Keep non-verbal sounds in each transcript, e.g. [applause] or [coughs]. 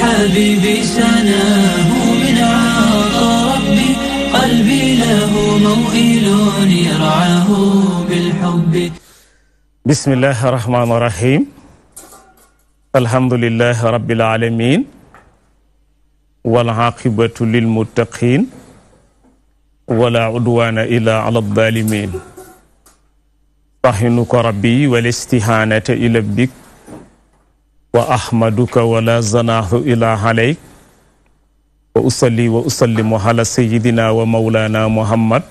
حبيبي سناه من عطاء ربي قلبي له موئل يرعاه بالحب بسم الله الرحمن الرحيم الحمد لله رب العالمين والعاقبة للمتقين ولا عدوان إلا على الظالمين طهنك ربي والاستهانة إلى بك وأحمدك ولا زناه إلى عليك وأصلي وأسلم على سيدنا ومولانا محمد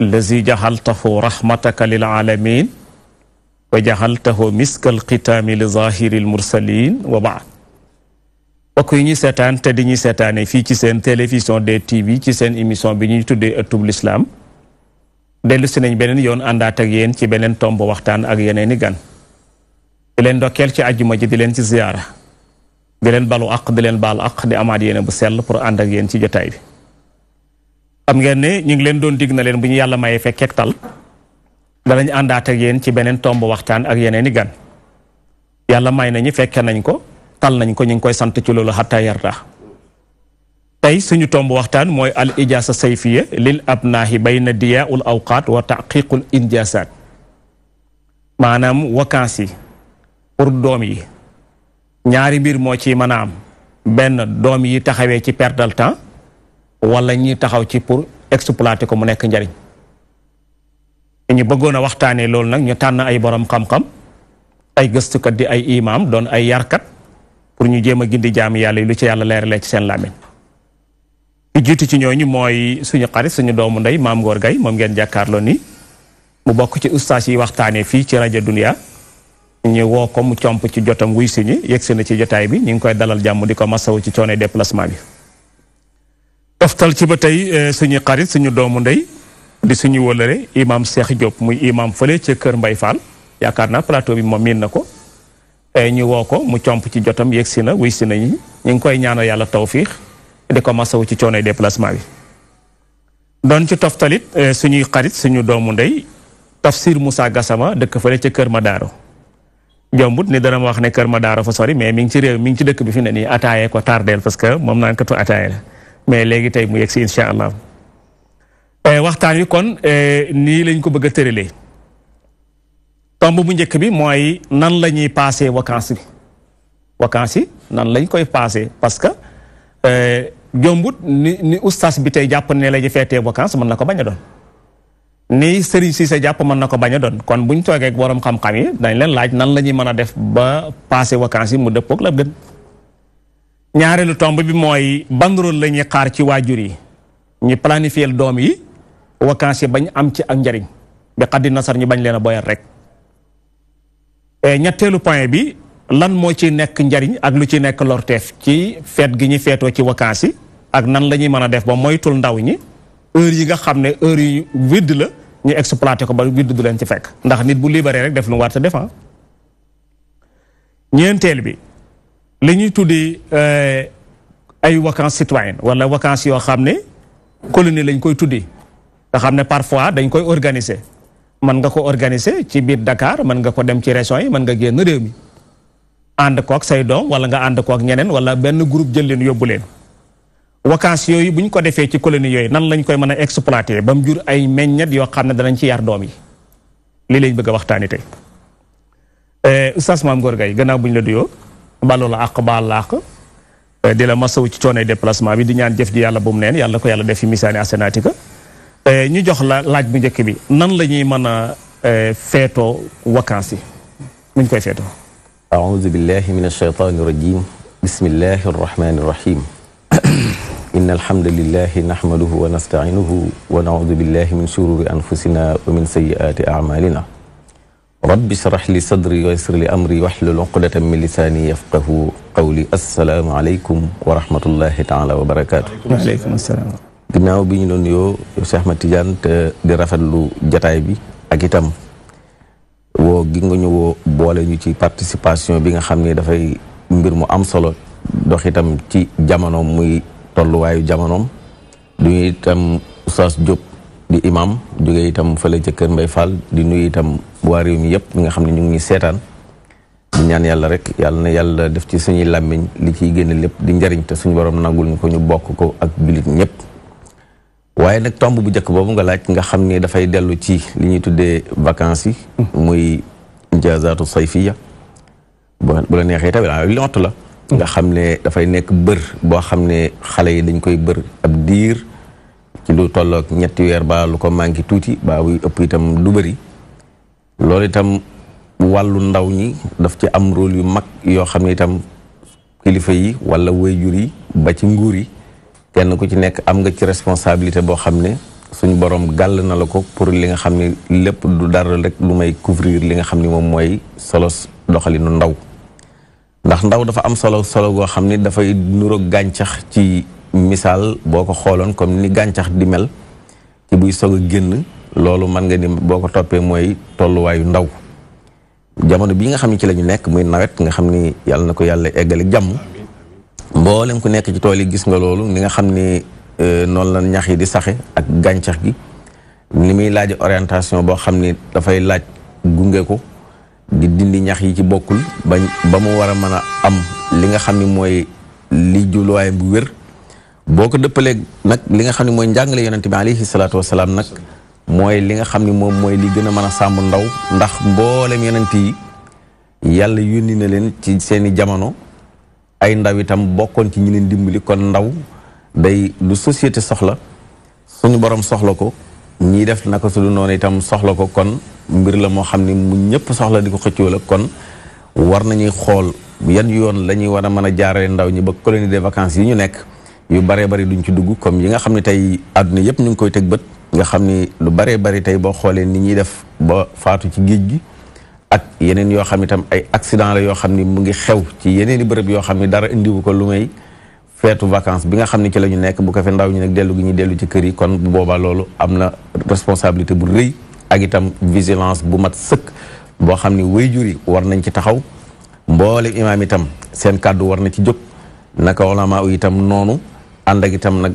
الذي جعلته رحمتك للعالمين وجعلته مسك القتام لظاهر المرسلين وبعد mbokk ñi sétan te di ñi sétané fi ci sen télévision des tv ci sen émission bi ñi tuddé ëttub l'islam délu si nañ beneen yoon àndaat ak yéen ci benen tombe waxtaan ak yeneeni gan di len ndokkeel ci aljuma ji di len ci ziyara di len balu aq di len bal aq di amad yene bu sel pour and ak yéen ci jotay bi am ngeen ne ñing len doon dig na leen bu ñu maye fe fekkeek tal lañ andat ak yéen ci benen tombe waxtaan ak yeneen gan yalla may nañu fekke nañ ko tal nañ ko ñing koy sant ci lolu hatta yarda tay suñu tombe waxtaan moy al ijasa sayfiya lil abnahi bayna diya ul awqat wa taqiqul injasat manam wakansi. pour doom yi ñaari mbir moo ci mën am benn doom yi taxawee ci perte de temps wala ñi taxaw ci pour exploiter ko mu nekk njariñ ñu bëggoon a waxtaanee loolu nag ñu tànn ay boroom xam-xam ay gëstukat di ay imaam doon ay yarkat pour ñu jéem a gindi jaamu yàlla yi lu ci yàlla leer leeralee ci seen làmmiñ ki jiitu ci ñooñu mooy suñu xarit suñu doomu ndey maam Ngor Gaye moom ngeen jàkkaarloo ni mu bokk ci ustaas yi waxtaanee fii ci rajo Dunia. ñu woo ko mu comp ci jotam wuy si ñi yegsi na ci jotaay bi ñu ngi koy dalal jàmm di ko masawu ci coonee déplacement bi. toftal ci ba tey eh, suñu xarit suñu doomu ndey di suñu wëlëre imaam Cheikh Diop muy imaam fële ca Kër Mbay yaakaar naa plateau bi moom miin na ko. Eh, ñu woo ko mu comp ci jotam yegsi na wuy si nañu ñu ngi koy ñaanal yàlla tawfiix di ko masawu ci coonee déplacement bi. doon ci toftalit eh, suñuy xarit suñu doomu ndey tafsir Moussa Gassama dëkk fële ca Kër ma daaro jombut ni dana ma wax ne Kër Madaro fa sori mais mi ngi ci réew mi ngi ci dëkk bi fi ne nii ataaya ko tardeel parce que moom naan katu ataaya la mais léegi tey mu yegg si incha allah eh, waxtaan wi kon eh, nii lañ ko bëgg a tëralee tomb bu njëkk bi mooy nan la ñuy passé vacances bi vacances yi nan lañ koy passé parce que eh, jombut ni ni oustaz bi tey jàpp ne la feetee vacances mën na ko bañ a doon ni Serigne Cissé japp man nako baña don kon buñ togué ak borom xam-xam yi dañ leen laaj nan lañuy mëna def ba passé vacances yi mu dëppoog la gën lu tomb bi moy bandrol lañuy xaar ci wajuri ñi planifier doom yi vacances yi bañ am ci ak njariñ bi xaddi nasar ñu bañ leena boyal rek ñettelu point bi lan mo ci nekk njariñ ak lu ci nekk lortef ci fête gi ñu feetoo ci vacances yi ak nan lañuy mëna def ba moytul ndaw ñi heure yi nga xam ne heure yi widd la ñu exploité ko ba widd du leen ci fekk ndax nit bu libéré rek def lu war te ah. ñeenteel bi li ñuy tuddee euh, ay vacances citoyennes wala vacances yoo xam ne colonie lañ koy tuddee nga xam ne parfois dañ koy organiser mën nga ko organiser ci biir dakaar mën nga ko dem ci régions yi mën nga génn réew mi ànd kook say doom wala nga ànd kook ñeneen wala benn groupe jël leen yóbbu leen. vacances yooyu bu ñu ko defee ci colonie yooyu nan lañu koy mën a exploiter ba mu jur ay meññet yoo xam ne danañ ci yar doom yi lii lañ bëgg a waxtaani tey eh, oustaz Mame Gor Gueye gannaaw bu ñu la duyoo baloo la àq baal la àq eh, di la masawu ci coonoy déplacement bi di ñaan jëf ji yàlla bu mu neen yàlla ko yàlla def fi misaani asenaatika eh, ñu jox la laaj bu njëkk bi nan la ñuy mën a feetoo vacances yi nuñ koy feetoo aoudu billahi min alcheytan irajim bismillahi arrahmani irrahim إن الحمد لله نحمده ونستعينه ونعوذ بالله من شرور أنفسنا ومن سيئات أعمالنا رب اشرح لي صدري ويسر لي أمري واحلل عقدة من لساني يفقه قولي السلام عليكم ورحمة الله تعالى وبركاته وعليكم السلام ginnaaw bi ñu doon yoo Cheikh Ahmed Tidiane te di rafetlu jataay bi ak itam woo gi nga ñu woo boole ñu ci participation bi nga xam ne dafay mbir mu am solo dox itam ci jamono muy tolluwaayu jamonoom du nuyu itam Oustaz Diop di imam jóge itam fële ca Kër Mbay Fall di nuyu itam waa réew mi yëpp nga xam ne ñu ngi seetaan di ñaan yàlla rek yàlla na yàlla def ci suñuy làmmiñ li ciy génn lépp di njariñ te suñu borom nangul ko ñu bokk ko ak jullit ñëpp waaye nag tomb bu njëkk boobu nga laaj nga xam ni dafay dellu ci li ñuy tuddee vacances yi hmm. muy injaazaatu sayfiya bu la neexee tamit lont la nga xam ne dafay nekk bër boo xam ne xale yi dañ koy bër ab diir ci lu tollook ñetti weer ba lu ko manqué tuuti ba buy ëpp itam du bëri loolu itam wàllu ndaw ñi daf ci am rôle yu mag yoo xam ne itam kilifa yi wala wayjur yi ba ci nguur yi kenn ku ci nekk am nga ci responsabilité boo xam ne suñu borom gàll na la ko pour li nga xam ne lépp du dara rek lu may couvrir li nga xam ni moom mooy solos doxalinu ndaw ndax ndaw dafa am solo solo goo xam ni dafay nuroog gàncax ci misaal boo ko xooloon comme ni gàncax di mel ci buy soog a génn loolu mën nga ni boo ko toppee mooy tolluwaayu ndaw jamono bii nga xam ne ci la nekk muy nawet nga xam ni yàlla na ko yàlla eggale jàmm mboolem ku nekk ci tool yi gis nga loolu ni nga xam ni euh, noonu la ñax yi di saxe ak gàncax gi ni muy laaj orientation boo xam ni dafay laaj gunge ko di dindi ñax yi ci bokkul ba mu war a mën a am li nga xam ni mooy li jubluwaayam bu wér boo ko dëppalee nag li nga xam ne mooy njàngale yonente bi alayhi salaatu wasalaam nag mooy li nga xam ni moom mooy li gën a mën a sàmm ndaw ndax mboolem yonent yi yàlla yónni leen ci seeni jamono ay ndaw itam bokkoon ci ñi leen dimbali kon ndaw day lu société soxla suñu borom soxla ko ñii def naka su lu noonu itam soxla ko kon mbir la moo xam ne mu ñëpp soxla di ko xëccoo la kon war nañuy xool yan yoon la ñuy war a mën a jaarale ndaw ñi ba colonie des vacance yi ñu nekk yu baree bari duñ ci dugg comme yi nga xam ne tey àdduna yëpp ñu ngi koy teg bët nga xam ni lu baree bari tey boo xoolee ni ñuy def ba faatu ci géej gi ak yeneen yoo xam tam ay accident la yoo xam ni mu ngi xew ci yeneen i bërëb yoo xam ni dara indiwu ko lu may feetu vacances bi nga xam ne ci la ñu nekk bu ko fe ndaw ñi nag dellu gi ñuy dellu ci kër yi kon bu loolu am na responsabilité bu rëy ak itam vigilance bu mat sëkk boo xam ne waajur yi war nañ ci taxaw mboole imaam itam seen kàddu war na ci jóg naka ulama u itam noonu ànd ak itam nag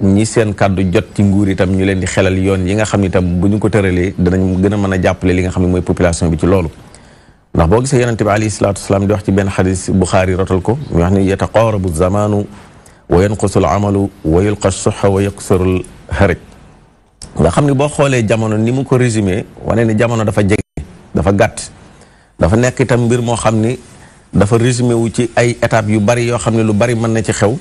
ñi seen kàddu jot ci nguur itam ñu leen di xelal yoon yi nga xam ne itam bu ñu ko tëralee danañ gën a mën a jàppale li nga xam ne mooy population bi ci loolu ndax boo gisee yonente bi alayhi salaatu wasalaam di wax ci benn xadis buxaari rotal ko mu wax ni al zamaanu wa yanqusu al amalu wa yulqa suxa wa yaksaru al haraj nga xam ne boo xoolee jamono ni mu ko résumé wane ni jamono dafa jege dafa gàtt dafa nekk itam mbir moo xam ni dafa résumé wu ci ay étapes yu bari yoo xam ne lu bari mën na ci xew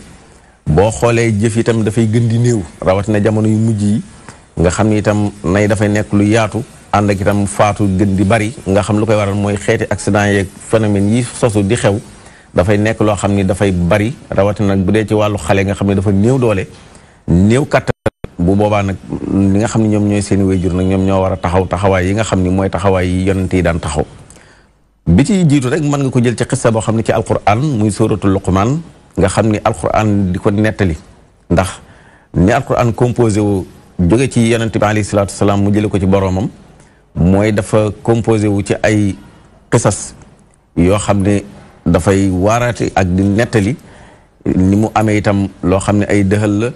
boo xoolee jëf itam dafay gën di néew rawatina jamono yu mujj yi nga xam ni itam nay dafay nekk lu yaatu ànd ak itam faatu gën di bari nga xam lu koy waral mooy xeeti accident yeeg phénomène yi sosu di xew dafay nekk loo xam ni dafay bari rawatina bu dee ci wàllu xale nga xam ne dafa néew doole néew kattan bu boobaa nag li nga xam ne ñoom ñooy seen wéyjur nag ñoom ñoo war a taxaw taxawaay yi nga xam ni mooy taxawaay yi yonent yi daan taxaw bi ci jiitu rek mën nga ko jël ci xissa boo xam ne ci alquran muy sóoratu luqman nga xam ni alquran di ko nettali ndax ni alquran composé wu jóge ci yonent bi alayhi salaatu wasalaam mu jële ko ci boroomam mooy dafa composé wu ci ay kisas yoo xam ne dafay waaraate ak di nettali ni mu amee itam loo xam ne ay dëxal la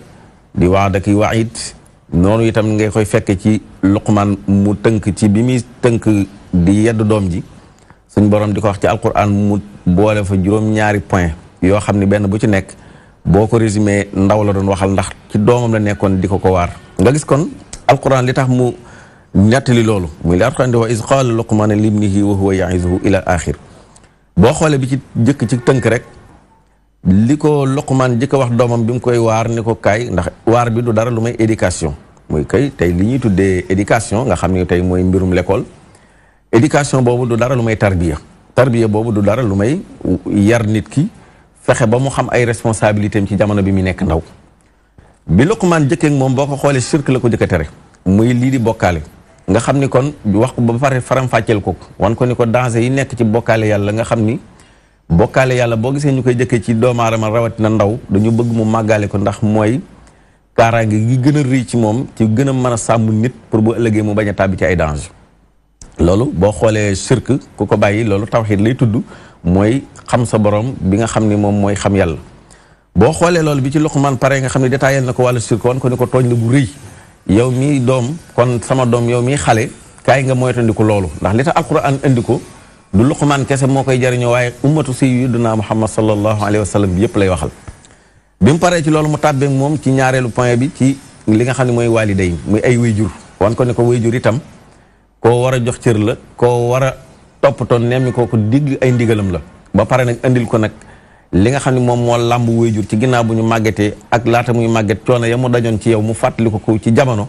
di wax daki waxiit noonu itam ngay koy fekke ci luqmaan mu tënk ci bi muy tënk di yedd doom ji suñ borom di ko wax ci alquran mu boole fa juróom-ñaari point yoo xam ne benn bu ci nekk boo ko résumé ndaw la doon waxal ndax ci doomam la nekkoon di ko ko waar nga gis kon alquran li tax mu nettali loolu muy li Alxuraan di wax iz qaala luqmaanu libnihi wa huwa ya'izuhu ila axir boo xoolee bi ci jëkk ci tënk rek li ko Luqmaan jëkk wax doomam bi mu koy waar ni ndax waar bi du dara lu may éducation muy kay tey li ñuy tuddee éducation nga xam ne tey mooy mbirum l'école éducation boobu du dara lu may tarbiya tarbiya boobu du dara lu may yar nit ki fexe ba mu xam ay responsabilité am ci jamono bi mu nekk ndaw bi Luqmaan jëkkee ak moom boo ko xoolee shirk la ko jëkk a tere muy lii di bokkaale nga xam ni kon wax ko ba pare faram-fàcceel ko wan ko ni ko danger yi nekk ci bokkaale yàlla nga xam ni bokkaale yàlla boo gisee ñu koy jëkkee ci doomu aadama rawatina ndaw dañu bëgg mu màggaale ko ndax mooy kaaraange gi gën a rëy ci moom ci gën a mën a sàmm nit pour bu ëllëgee mu bañ a tàbbi ci ay danger loolu boo xoolee sirk ku ko bàyyi loolu tawxiid lay tudd mooy xam sa borom bi nga xam ni moom mooy xam yàlla boo xoolee loolu bi ci Luqmaan pare nga xam ne détaillé na ko wàllu sirk ko ni ko tooñ la bu rëy yow mii doom kon sama doom yow mii xale kaay nga moytandiku loolu ndax li tax alquran indi ko du luqmaan kese moo koy jariñoo waaye ummatu sayyidina muhammad sallallahu alayhi wa sallam bi yëpp lay waxal bi mu paree ci loolu mu tàbbeeg moom ci ñaareelu point bi ci li nga xam ne mooy waaliday muy ay wayjur wan ko ne ko wayjur itam koo war a jox cër la koo war a toppatoo nemmi ko digg ay ndigalam la ba pare nag indil ko nag li nga xam ne moom moo làmb wéyjur ci ginnaaw bu ñu màggetee ak laata muy màgget coono ya mu ci yow mu fàttaliku ko ci jamono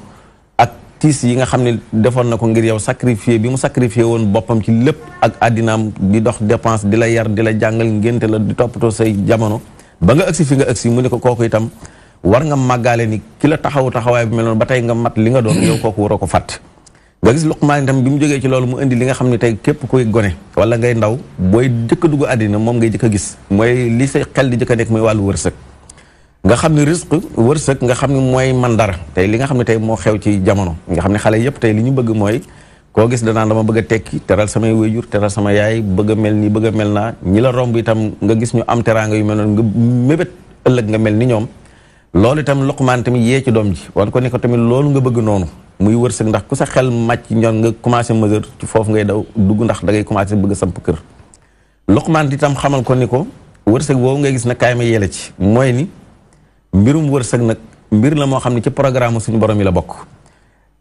ak tiis yi nga xam ne defoon na ko ngir yow sacrifié bi mu sacrifié woon boppam ci lépp ak àddinaam di dox dépense di la yar di la jàngal ngénte la di toppatoo say jamono ba nga agsi fi nga agsi mu ne ko kooku itam war nga màggaale ni ki la taxawu taxawaay bi meloon ba tey nga mat li nga doon yow kooku waroo ko fàtt nga gis Luqmaan itam bi mu jógee ci loolu mu indi li nga xam ne tey képp kuy gone wala ngay ndaw booy dëkka a dugg àddina moom ngay jëkk a gis mooy li sa xel di jëkk a nekk mooy wàllu wërsëg nga xam ne risque wërsëg nga xam ne mooy man dara tey li nga xam ne tey moo xew ci jamono nga xam ne xale yëpp tey li ñu bëgg mooy koo gis danaan dama bëgg a tekki teral samay wéyjur teral sama yaay bëgg a mel nii bëgg a mel naa ñi la romb itam nga gis ñu am teraanga yu mel nga mébét ëllëg nga mel ni ñoom loolu itam Luqmaan tamit yee ci doom ji wan ko ne tamit loolu nga bëgg noonu muy wërsëg ndax ku sa xel màcc ñoon nga commencé mesure ci foofu ngay daw dugg ndax da ngay commencé bëgg a samp kër Luqmaan itam xamal ko ni ko wërsëg boobu ngay gis nag kaay ma yele ci mooy ni mbirum wërsëg nag mbir la moo xam ne ci programme suñu borom yi la bokk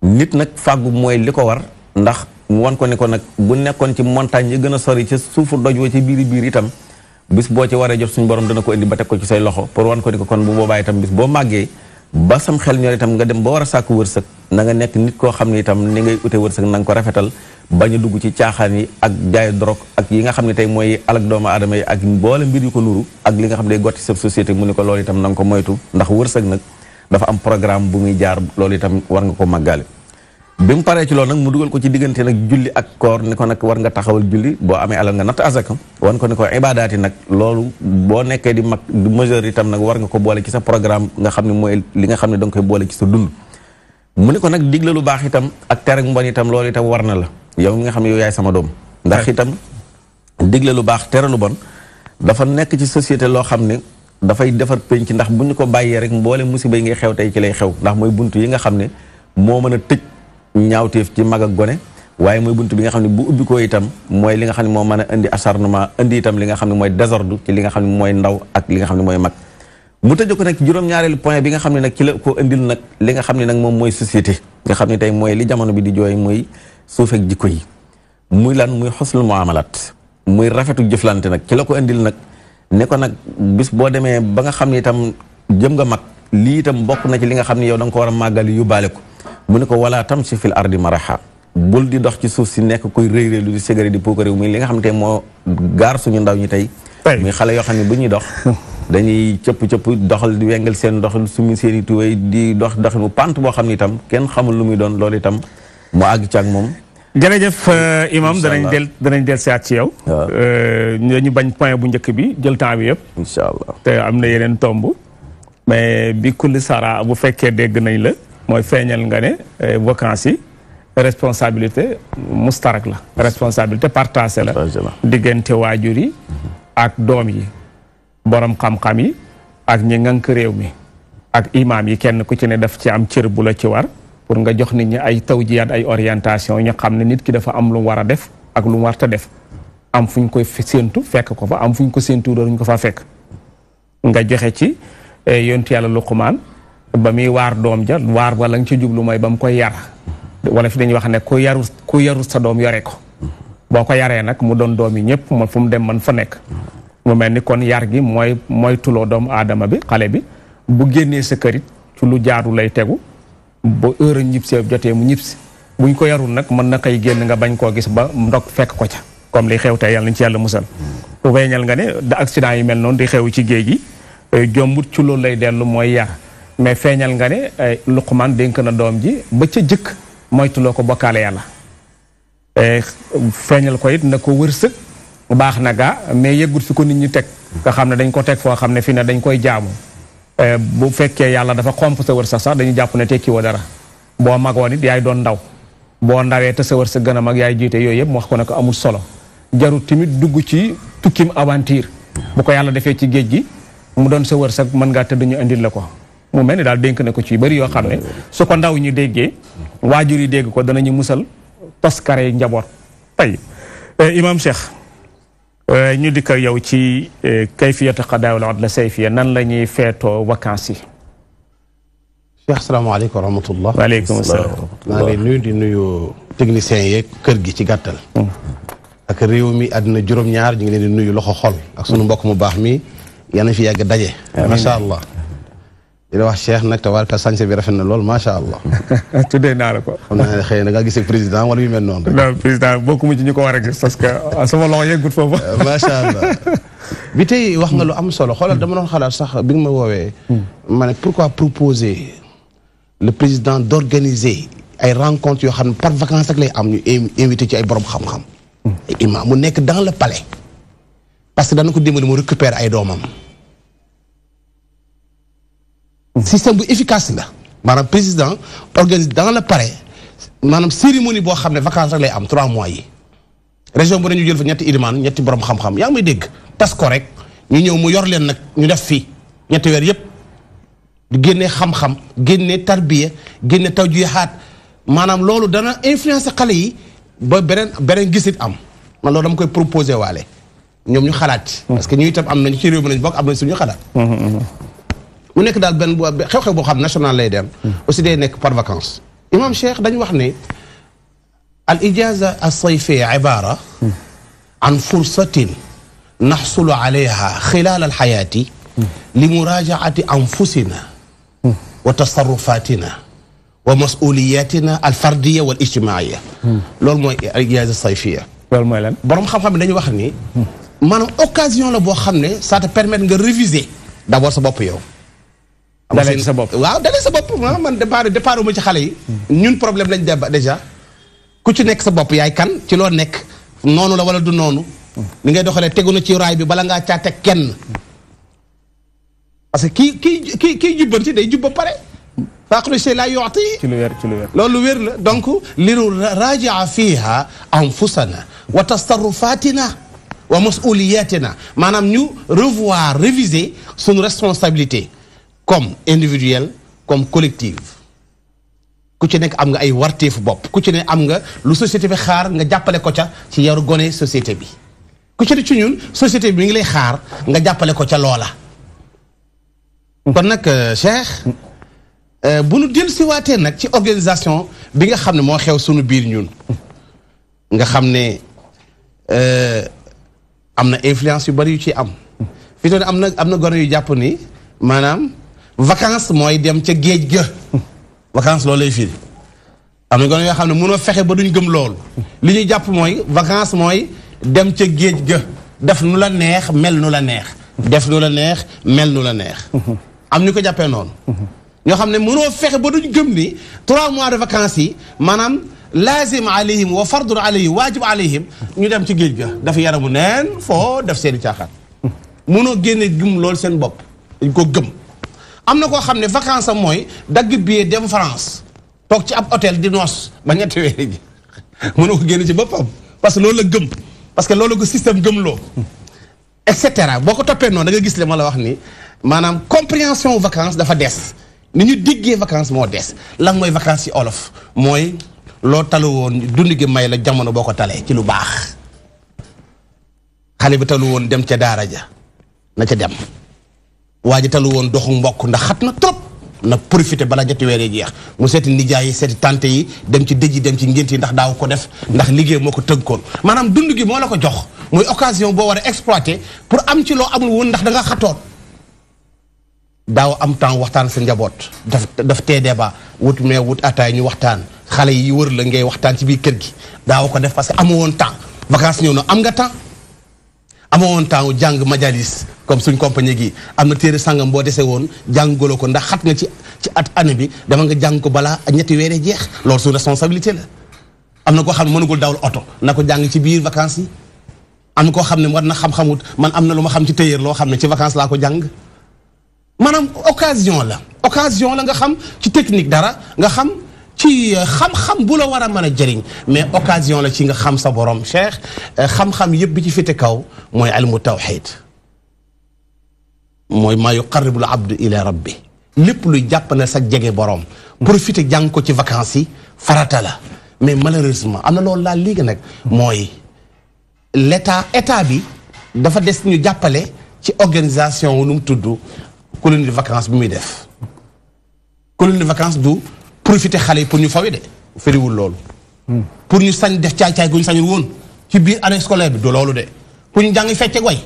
nit nag fàggu mooy li ko war ndax mu wan ko ni ko nag bu nekkoon ci montagne yi gën a sori ca suufu doj wa ci biiri biir itam bis boo ci waree jot suñu borom dana ko indi ba teg ko ci say loxo pour wan ko ni ko kon bu boobaa itam bis boo màggee ba sam xel ñor itam nga dem ba war a sàkku wërsëg na nga nekk nit koo xam ne itam ni ngay ute wërsëg na nga ko rafetal bañ a dugg ci caaxaan yi ak jaay drogue ak yi nga xam ne tey mooy alak doomu aadama yi ak mboole mbir yu ko nuru ak li nga xam ne gotti sa société mu ne ko lool itam nanga nga ko moytu ndax wërsëg nag dafa am programme bu muy jaar loolu itam war nga ko màggaale bi mu paree ci loolu nag mu dugal ko ci diggante nag julli ak koor ni ko nag war nga taxawal julli boo amee alal nga natt azaka wan ko ni ko ibaadaati nag loolu boo nekkee di mag di itam nag war nga ko boole ci sa programme nga xam ne mooy li nga xam ne danga koy boole ci sa dund mu ni ko nag digle lu baax itam ak tere ak mbon itam loolu itam war na la yow mi nga xam ne yow yaay sama doom ndax itam digle lu baax tere lu bon dafa nekk ci société loo xam ne dafay defar penc ndax bu ñu ko bàyyee rek mboole musiba yi ngay xew tey ci lay xew ndax mooy bunt yi nga xam ne moo mën a tëj ñaawteef ci mag ak gone waaye mooy buntu bi nga xam ne bu ubbi ko itam mooy li nga xam ne mën a indi acharnement indi li nga xam ne mooy désordre ci li nga xam ne mooy ndaw ak li nga xam ne mooy mag mu tëjee ko nag juróom-ñaareelu point bi nga xam ne nag ci la ko indil nag li nga xam ne moom mooy société nga xam ne tey mooy li jamono bi di jooy muy suufeeg jikko yi muy lan muy xoslu muamalat muy rafetu jëflante nag ci la ko indil nag ne ko nag bis boo demee ba nga xam ne itam jëm nga mag lii itam bokk na ci li nga xam ne yow da nga ko war a màggali yóbbaale ko mu ne ko tam si fil ardi maraha bul di dox ci suuf si nekk kuy rëy rëy lu di ségare di puukare muy li nga xam te moo gaar suñu ndaw ñi tey muy xale yoo xam ne bu ñuy dox [laughs] dañuy cëpp-cëpp doxal di wengal seen doxal suñu seen i tuwéy di dox doxin mu pant boo xam ne itam kenn xamul lu muy doon loolu itam mu àgg ci ak moom jërëjëf euh, imam danañ del danañ del si ci yow dañu euh, bañ point bu njëkk bi jël temps bi yëpp te am na yeneen tomb mais bi kulli sara bu fekkee dégg nañ la mooy feeñal nga ne eh, vacances yi responsabilité mustarak la responsabilité partagée la diggante waajur yi ak doom yi borom xam-xam yi ak ñi ngànk réew mi ak imaam yi kenn ku ci ne def ci am cër bu la ci war pour nga jox nit ñi ay tawjiyaat ay orientation ñu xam ne nit ki dafa am lu war a def ak lu warta def am fu ñu koy séentu fekk ko fa am fu ñu ko séentu dooruñ ko fa fekk nga joxe ci eh, yontu yàlla Luqmaan ba muy waar doom ja waar ba la nga ci jublu mooy ba mu koy yar wala fi dañuy wax ne ku yarut ku yarut sa doom yore ko boo ko yaree nag mu doon doom yi ñëpp man fu mu dem man fa nekk mu mel ni kon yar gi mooy mooy tuloo doomu aadama bi xale bi bu génnee sa kërit ci lu jaaru lay tegu ba heure ñib si jotee mu ñib buñ ko yarul nag mën na kay génn nga bañ koo gis ba ndog fekk ko ca comme li xew te yàlla nañ ci yàlla musal weñal nga ne da accident mel noonu di xew ci géej gi eh, jombut ci loolu lay dellu mais feeñal nga ne eh, luqmaan dénk na doom ji ba ca jëkk moytuloo ko bokkaale yàlla eh, feeñal ko it na ko wërsëg baax na gaa mais yëgut fi ko nit ñu teg nga xam ne dañ ko teg foo xam ne fi ne dañ koy jaamu eh, bu fekkee yàlla dafa xomp sa wërsëg sax dañu jàpp ne tekki woo dara boo magoon it yaay doon ndaw boo ndawee te sa wërsëg gën a mag yaay jiite yooyu yëpp mu wax ko ne ko amul solo jaru tamit dugg ci tukkim aventure bu ko yàlla defee ci géej gi mu doon sa wërsëg mën ngaa tëdd indil la ko mu mel ni daal dénk na ko ci yu bëri yoo xam ne su ko ndaw ñu déggee waajur yi dégg ko danañu musal toskare njaboot tey eh, imam Cheikh eh, ñu dikk yow ci eh, kayfiyatu qadaa'il adl sayfiya nan la ñuy feetoo vacances yi cheikh asalaamaaleykum wa rahmatullah salaam maa ngi nuyu di nuyu techniciens yeeg kër gi ci gàttal mm. ak réew mi àddina juróom-ñaar ñu ngi leen di nuyu loxo xol ak sunu mbokk mu baax mi yal na fi yàgg daje masha allah suis wax Cheikh nak te ka bi rafet na ma sha allah. [laughs] tudé na la ko. xam nga président wala mel non président mu ci ñuko gis parce que ah, sama loxo fofu euh, ma sha allah. [laughs] bi wax nga lu am solo xolal dama sax bi ma wowe hmm. mané pourquoi proposer le président d'organiser ay rencontres yo par vacances avec lay am ñu invité ci ay borom xam-xam. Hmm. imam mu dans le palais. parce que dana ko dimbali mu récupérer ay système bu efficace la maanaam président organise dans la pare maanaam cérémonie boo xam ne vacances rek lay am trois mois yi région bu nañu jël fa ñetti ilimaan ñetti borom xam-xam yaa ngi may dégg tas ko rek ñu ñëw mu yor leen nag ñu def fii ñetti weer yépp di génne xam-xam génne tarbiya génne taw ju maanaam loolu dana influencer xale yi ba beneen beneen gisit am man loolu dama koy proposer waale ñoom ñu xalaat parce que ñu itam am nañu ci réew mi nañ bokk am suñu xalaat mm-hmm, mm-hmm. mu nekk daal benn xew-xew boo xam national lay dem. aussi day nekk par vacance. imam Cheikh dañ wax ne al ijaza as-sayfiya ibara an fursatin naxsulu alayha xilal alxayaati li muraajaati anfusina wa tasarrufatina wa masuliyatina alfardiya wal ijtimaaiya loolu mooy al ijaza sayfiya loolu mooy lan borom xam-xam ne dañu wax ni maanaam occasion la boo xam ne ça te permettre nga réviser d'abord sa bopp yow dalee sa bopp waaw sa bopp ah, man départ départ ci xale yi. ñun problème lañu deba déjà ku ci nekk sa bopp yaay kan ci loo nekk noonu la wala du noonu. ni ngay doxalee tegu na ci raay bi bala ngaa caate kenn. parce que kii kii kii kii jubbanti day jubba pare. faqru shay laa yu'ti ci lu wér ci lu wér loolu wér la donc liru raajaa fiiha anfusana wa tasarrufatina wa masuliyatina maanaam ñu revoir réviser suñu responsabilité. comme individuel, comme collective ku ci nek am nga ay bop ku nga lu société bi xaar nga vous ko ca ci société bi ku ci ci société nga jappalé ko ca lola kon nak euh, Cheikh euh, bu nu waté ci organisation bi nga xamné mo xew sunu biir nga euh, influence yu bari yu ci am fi amna amna vacance mooy dem ca géej ga vacance loolu lay firi am na gone yoo xam ne mënoo fexe ba duñ gëm loolu li ñuy jàpp mooy vacance mooy dem ca géej ga def nu la neex mel nu la neex def nu la neex mel nu la neex am ñu ko jàppee noonu ñoo xam ne mënoo fexe ba duñ gëm ni trois mois de vacances yi maanaam laazim alayhim wa fardun alayhim waajib alayhim ñu dem ci géej ga dafa yaramu neen foo def seen i caaxaan mënoo génne gëm loolu seen bopp dañ ko gëm amna na koo xam ne vacance am mooy dagg billet dem France toog ci ab hotel di noos ba ñetti weer ji mën na ko génn ci boppam parce que loolu la gëm parce que loolu ko système gëm loo et cetera boko ko toppee da nga gis le ma wax ni maanaam compréhension vacance dafa des ni ñu diggee vacance des lan moy vacance ci olof moy, lo talu woon dund gi may la jamono boko ko ci lu baax xale bi talu woon dem ca daara ja na ca dem waa ji talu woon doxu mbokk ndax xat na trop na profité bala ñetti weer yi jeex mu seeti nijaay yi seeti tante yi dem ci dëj yi dem ci ngént yi ndax daaw ko def ndax liggéey moo ko koon maanaam dund gi moo la ko jox muy occasion boo war a exploité pour am ci loo amul woon ndax da nga xatoon daaw am temps waxtaan sa njaboot daf daf tee débat wut mais wut ataay ñu waxtaan xale yi wër la ngay waxtaan ci biir kër gi daaw ko def parce que amu woon temps vacances ñëw am nga temps amoo woon temps jàng majalis comme suñ compagnie gi am na téere sàngam boo dese woon jàngaloo ko ndax xat nga ci ci at année bi dama nga jàng ko balaa ñetti weere jeex loolu suñ responsabilité la am na koo xam ne mënugul dawal oto na ko jàng ci biir vacances yi am na koo xam ne war na xam-xamut man am na lu ma xam ci téyeer loo xam ne ci vacances laa ko jàng maanaam occasion la occasion la nga xam ci technique dara nga xam ci xam-xam bu la wara a mën jëriñ mais occasion la ci nga xam sa borom cheikh xam-xam yëpp ci fite kaw mooy almu tawxid mooy maa yuqarribul abdu ila rabbi lépp luy jàpp na sa jege borom profité jàng ko ci vacances yi farata la mais malheureusement am na loolu laa léegi nag mooy état bi dafa des ñu jàppale ci organisation wu nu mu colonie de vacances bi muy def colonie de vacances du profité xale yi pour ñu fawe de feriwul loolu pour ñu sañ def caay-caay gu ñu sañul woon ci biir année scolaire bi du loolu de pour ñu jàng fecc ak way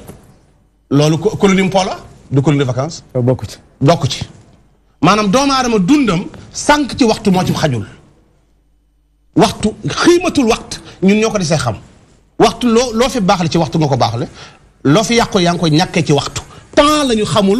loolu colonie mpo la du colonie de vacances bokku ci bokku ci maanaam doomu aadama dundam sànq ci waxtu moo ci xajul waxtu xiimatul waxtu ñun ñoo ko desee xam waxtu loo loo fi baax baaxle ci waxtu nga ko baax baaxle loo fi yàqu yaa ngi koy ñàkkee ci waxtu temps lañu xamul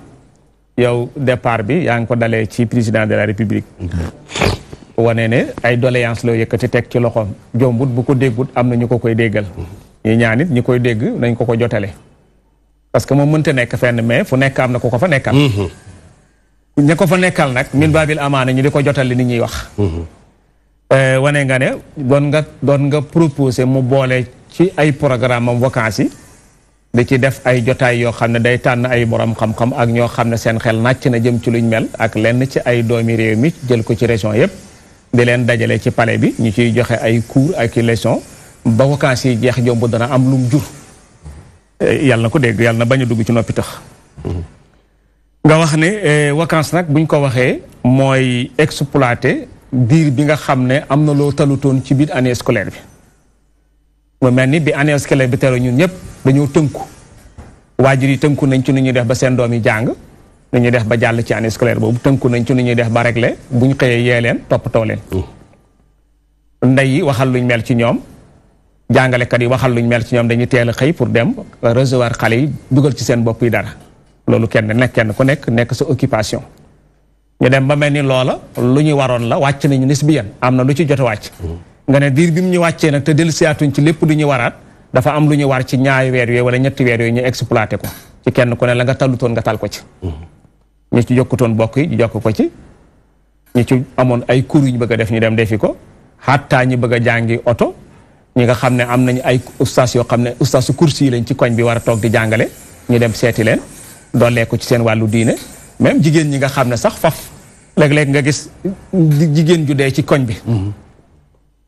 yow départ bi yaa ngi ko dalee ci président de la république wane ne ay doléance la yëkkati teg ci loxoom jombut bu ko déggut am na ñu ko koy déggal mhm. ñu ñaanit ñi koy dégg nañ ko ko jotale parce que moom mënta nekk fenn mais fu nekk am na ko ko fa nekkal mhm. ña ko fa nekkal nag min baabil amaana ñu di ko jotale li ñuy wax mhm. eh, wane nga ne doon nga doon nga proposé mu boole ci ay programme am vacances yi di ci def ay jotaay yoo xam ne day tànn ay borom xam-xam ak ñoo xam ne seen xel nàcc na jëm ci luñ mel ak lenn ci ay doomi réew mi jël ko ci région yépp di leen dajale ci pale bi ñu ciy joxe ay cours ak leçon ba vacances yi jeex jomb dana am lum jur eh, yal na ko dégg yàlla na bañ dugg ci noppi tax mm-hmm. nga wax ne eh, vacances nag buñ ko waxee mooy exploiter diir bi nga xam ne am na loo talutoon ci biir année scolaire bi mu mel ni bi année scolaire bi teru ñun ñëpp dañoo tënku waajur yi tënku nañ ci nu ñuy def ba seen doom yi jàng nu ñuy def ba jàll ci année scolaire boobu tënku nañ ci nu ñuy def ba réglé bu ñu xëyee yee leen toppatoo leen. Oh. ndey yi waxal luñ mel ci ñoom jàngalekat yi waxal luñ mel ci ñoom dañuy teel a xëy pour dem recevoir xale yi dugal ci seen bopp yi dara loolu kenn nekk kenn ku nekk nekk sa occupation. ñu dem ba mel ni loola lu ñuy waroon la wàcc nañu nisbiyan am na lu ci jot wàcc. Oh. nga ne diir bi mu ñu wàccee na te dellu siyaatuñ ci lépp du ñu waraat dafa am lu ñu war ci ñaari weer yooyu wala ñetti weer yooyu ñu exploité ko ci kenn ku ne la nga toon nga tal ko ci mm-hmm. ñu ci jokkutoon bokk yi ñu jokk ko ci ñu ci amoon ay cours yu ñu bëgg def ñu dem defi ko xattaa ñu bëgg a jàngi oto ñi nga xam ne am nañu ay ustaas yoo xam ne ustaasu cours yi lañ ci koñ bi war a toog di jàngale ñu dem seeti leen doolee ko ci seen wàllu diine même jigéen ñi nga xam ne sax faf léeg-léeg nga gis jigéen ju dee ci koñ bi mm-hmm.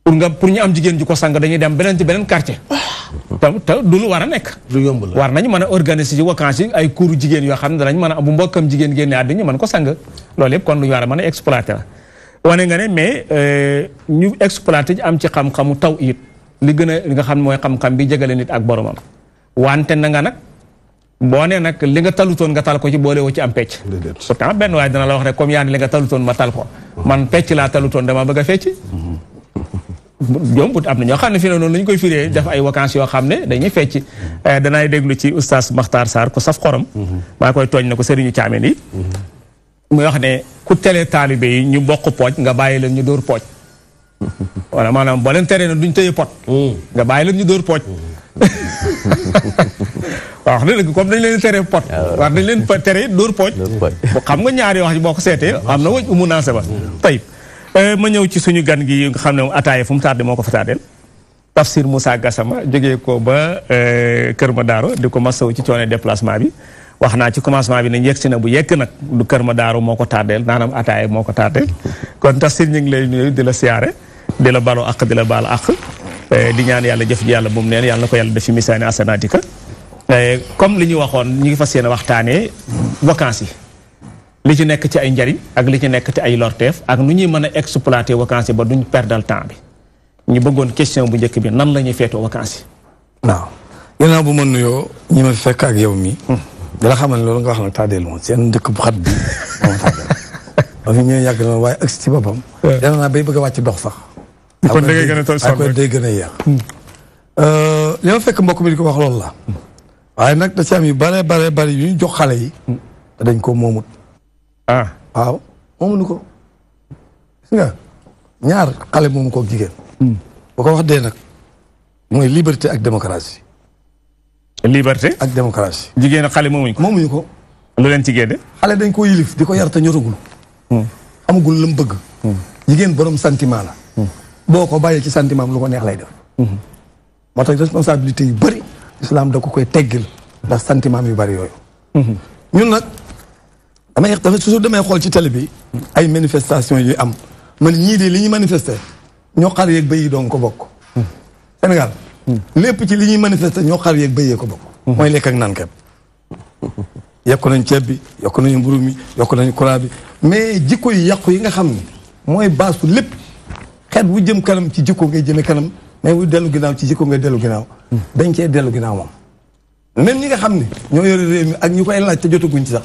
pour nga pour ñu am jigéen ju ko sang dañuy dem beneen ci beneen quartier. [laughs] te te du lu war a nekk. lu yomb la war nañu mën a organiser ci vacances yi ay cours jigéen yoo xam ne dañ mën a bu mbokkam jigéen génne àddina ñu mën ko sang loolu yëpp kon lu a mën a exploiter la. nga ne mais euh, ñu exploiter am ci xam-xamu taw it li gën a li nga xam mooy xam-xam bi jegale nit ak boromam wante na nga nag. boo nee nag li nga talutoon nga tal ko ci boole woo ci am pecc pourtant benn waaye dana la wax rek comme yaa ni li nga talutoon ma tal ko man pecc laa talutoon dama bëgg a fecc mm-hmm. [laughs] ñoom am na ñoo xam ne fi ne noonu lañu koy firee def ay vacances yoo xam ne dañuy fecc eh, danaay déglu ci oustaz Makhtar Sarr ko saf xorom maa koy tooñ na ko sëriñu caameen yi muy wax ne ku tele taalibe yi ñu bokk pooj nga bàyyi leen ñu dóor pooj wala maanaam boo leen teree na duñ tëye pot nga bàyyi leen ñu dóor pooj waaw wax na dëgg comme dañ leen tere pot war dañ leen tere dóor pooj xam nga ñaari wax ji boo ko seetee am na wëj umu naase ba tayib Euh, ma ñëw ci suñu gan gi nga xam ne moom ataaya fu mu tardé moo ko fa tardé Tafsir Moussa Gassama jógee ko ba euh, Kër daaru di ko masaw ci coone déplacement bi wax naa ci commencement bi nañ yegg si na bu yekk nag du Kër Madaro moo ko tardé naanam ataaya moo ko tardé kon Tafsir ñu ngi lay nuyu di la siyaare di la baloo àq di la baal àq euh, di ñaan yàlla jaf ji yàlla bu neen yàlla na ko yàlla def fi misaani asanaatika comme li ñu waxoon ñu ngi fa yéene waxtaanee vacances yi. li ci nekk ci ay njariñ ak li ci nekk ci ay lorteef ak nu ñuy mën a exploiter vacances ba duñu per perdal temps bi ñu bëggoon question bu njëkk bi nan la ñuy feetoo vacances yi. waaw gannaaw bu ma nuyoo ñi fekk ak yow mi hmm. dala xamal ne loolu wax nag tàddeel seen dëkk bu xat bi moom tàddeel ba fi ñëw waaye boppam. dana naa bëgg a wàcc dox sax. kon da a toll sonn rek day gën hmm. euh, fekk mbokk mi di ko wax la. Hmm. waaye nag da ci am yu bare bare bari yu ñu jox xale yi. dañ ko moomut. ah waaw moomuñu ko. gis nga ñaar xale moomu ko jigéen. Hmm. boo ko wax dee nag mooy liberté ak démocratie. liberté ak démocratie. jigéen ak xale moomuñu ko moomuñu ko. lu leen ci génne. xale dañ koo yilif di ko yar te ñoragul. Hmm. amagul lu mu bëgg. Hmm. jigéen borom sentiment la. boo ko bàyyee ci sentiment am lu ko neex lay def. moo tax responsabilité yu bëri islam da ko koy teggil ndax sentiment yu bari yooyu. ñun nag. damay dafa toujours damay xool ci télé bi ay manifestation yu am man ñii de li ñuy manifester ñoo xar yeeg béy yi ko bokk. Sénégal lépp ci li ñuy manifester ñoo xar yeeg béy ko bokk. mooy lekk ak naan képp. yokk nañ ceeb bi yokk nañu mburu mi yokk nañu courant bi mais jikko yu yàqu yi nga xam ni mooy baasu lépp xeet bu jëm kanam ci jikko ngay jëme kanam mais wu dellu ginnaaw ci jikko ngay dellu ginnaaw. dañ cee dellu ginnaaw moom. même ñi nga xam ne ñoo yore réew mi ak ñu koy laaj jotaguñ ci sax.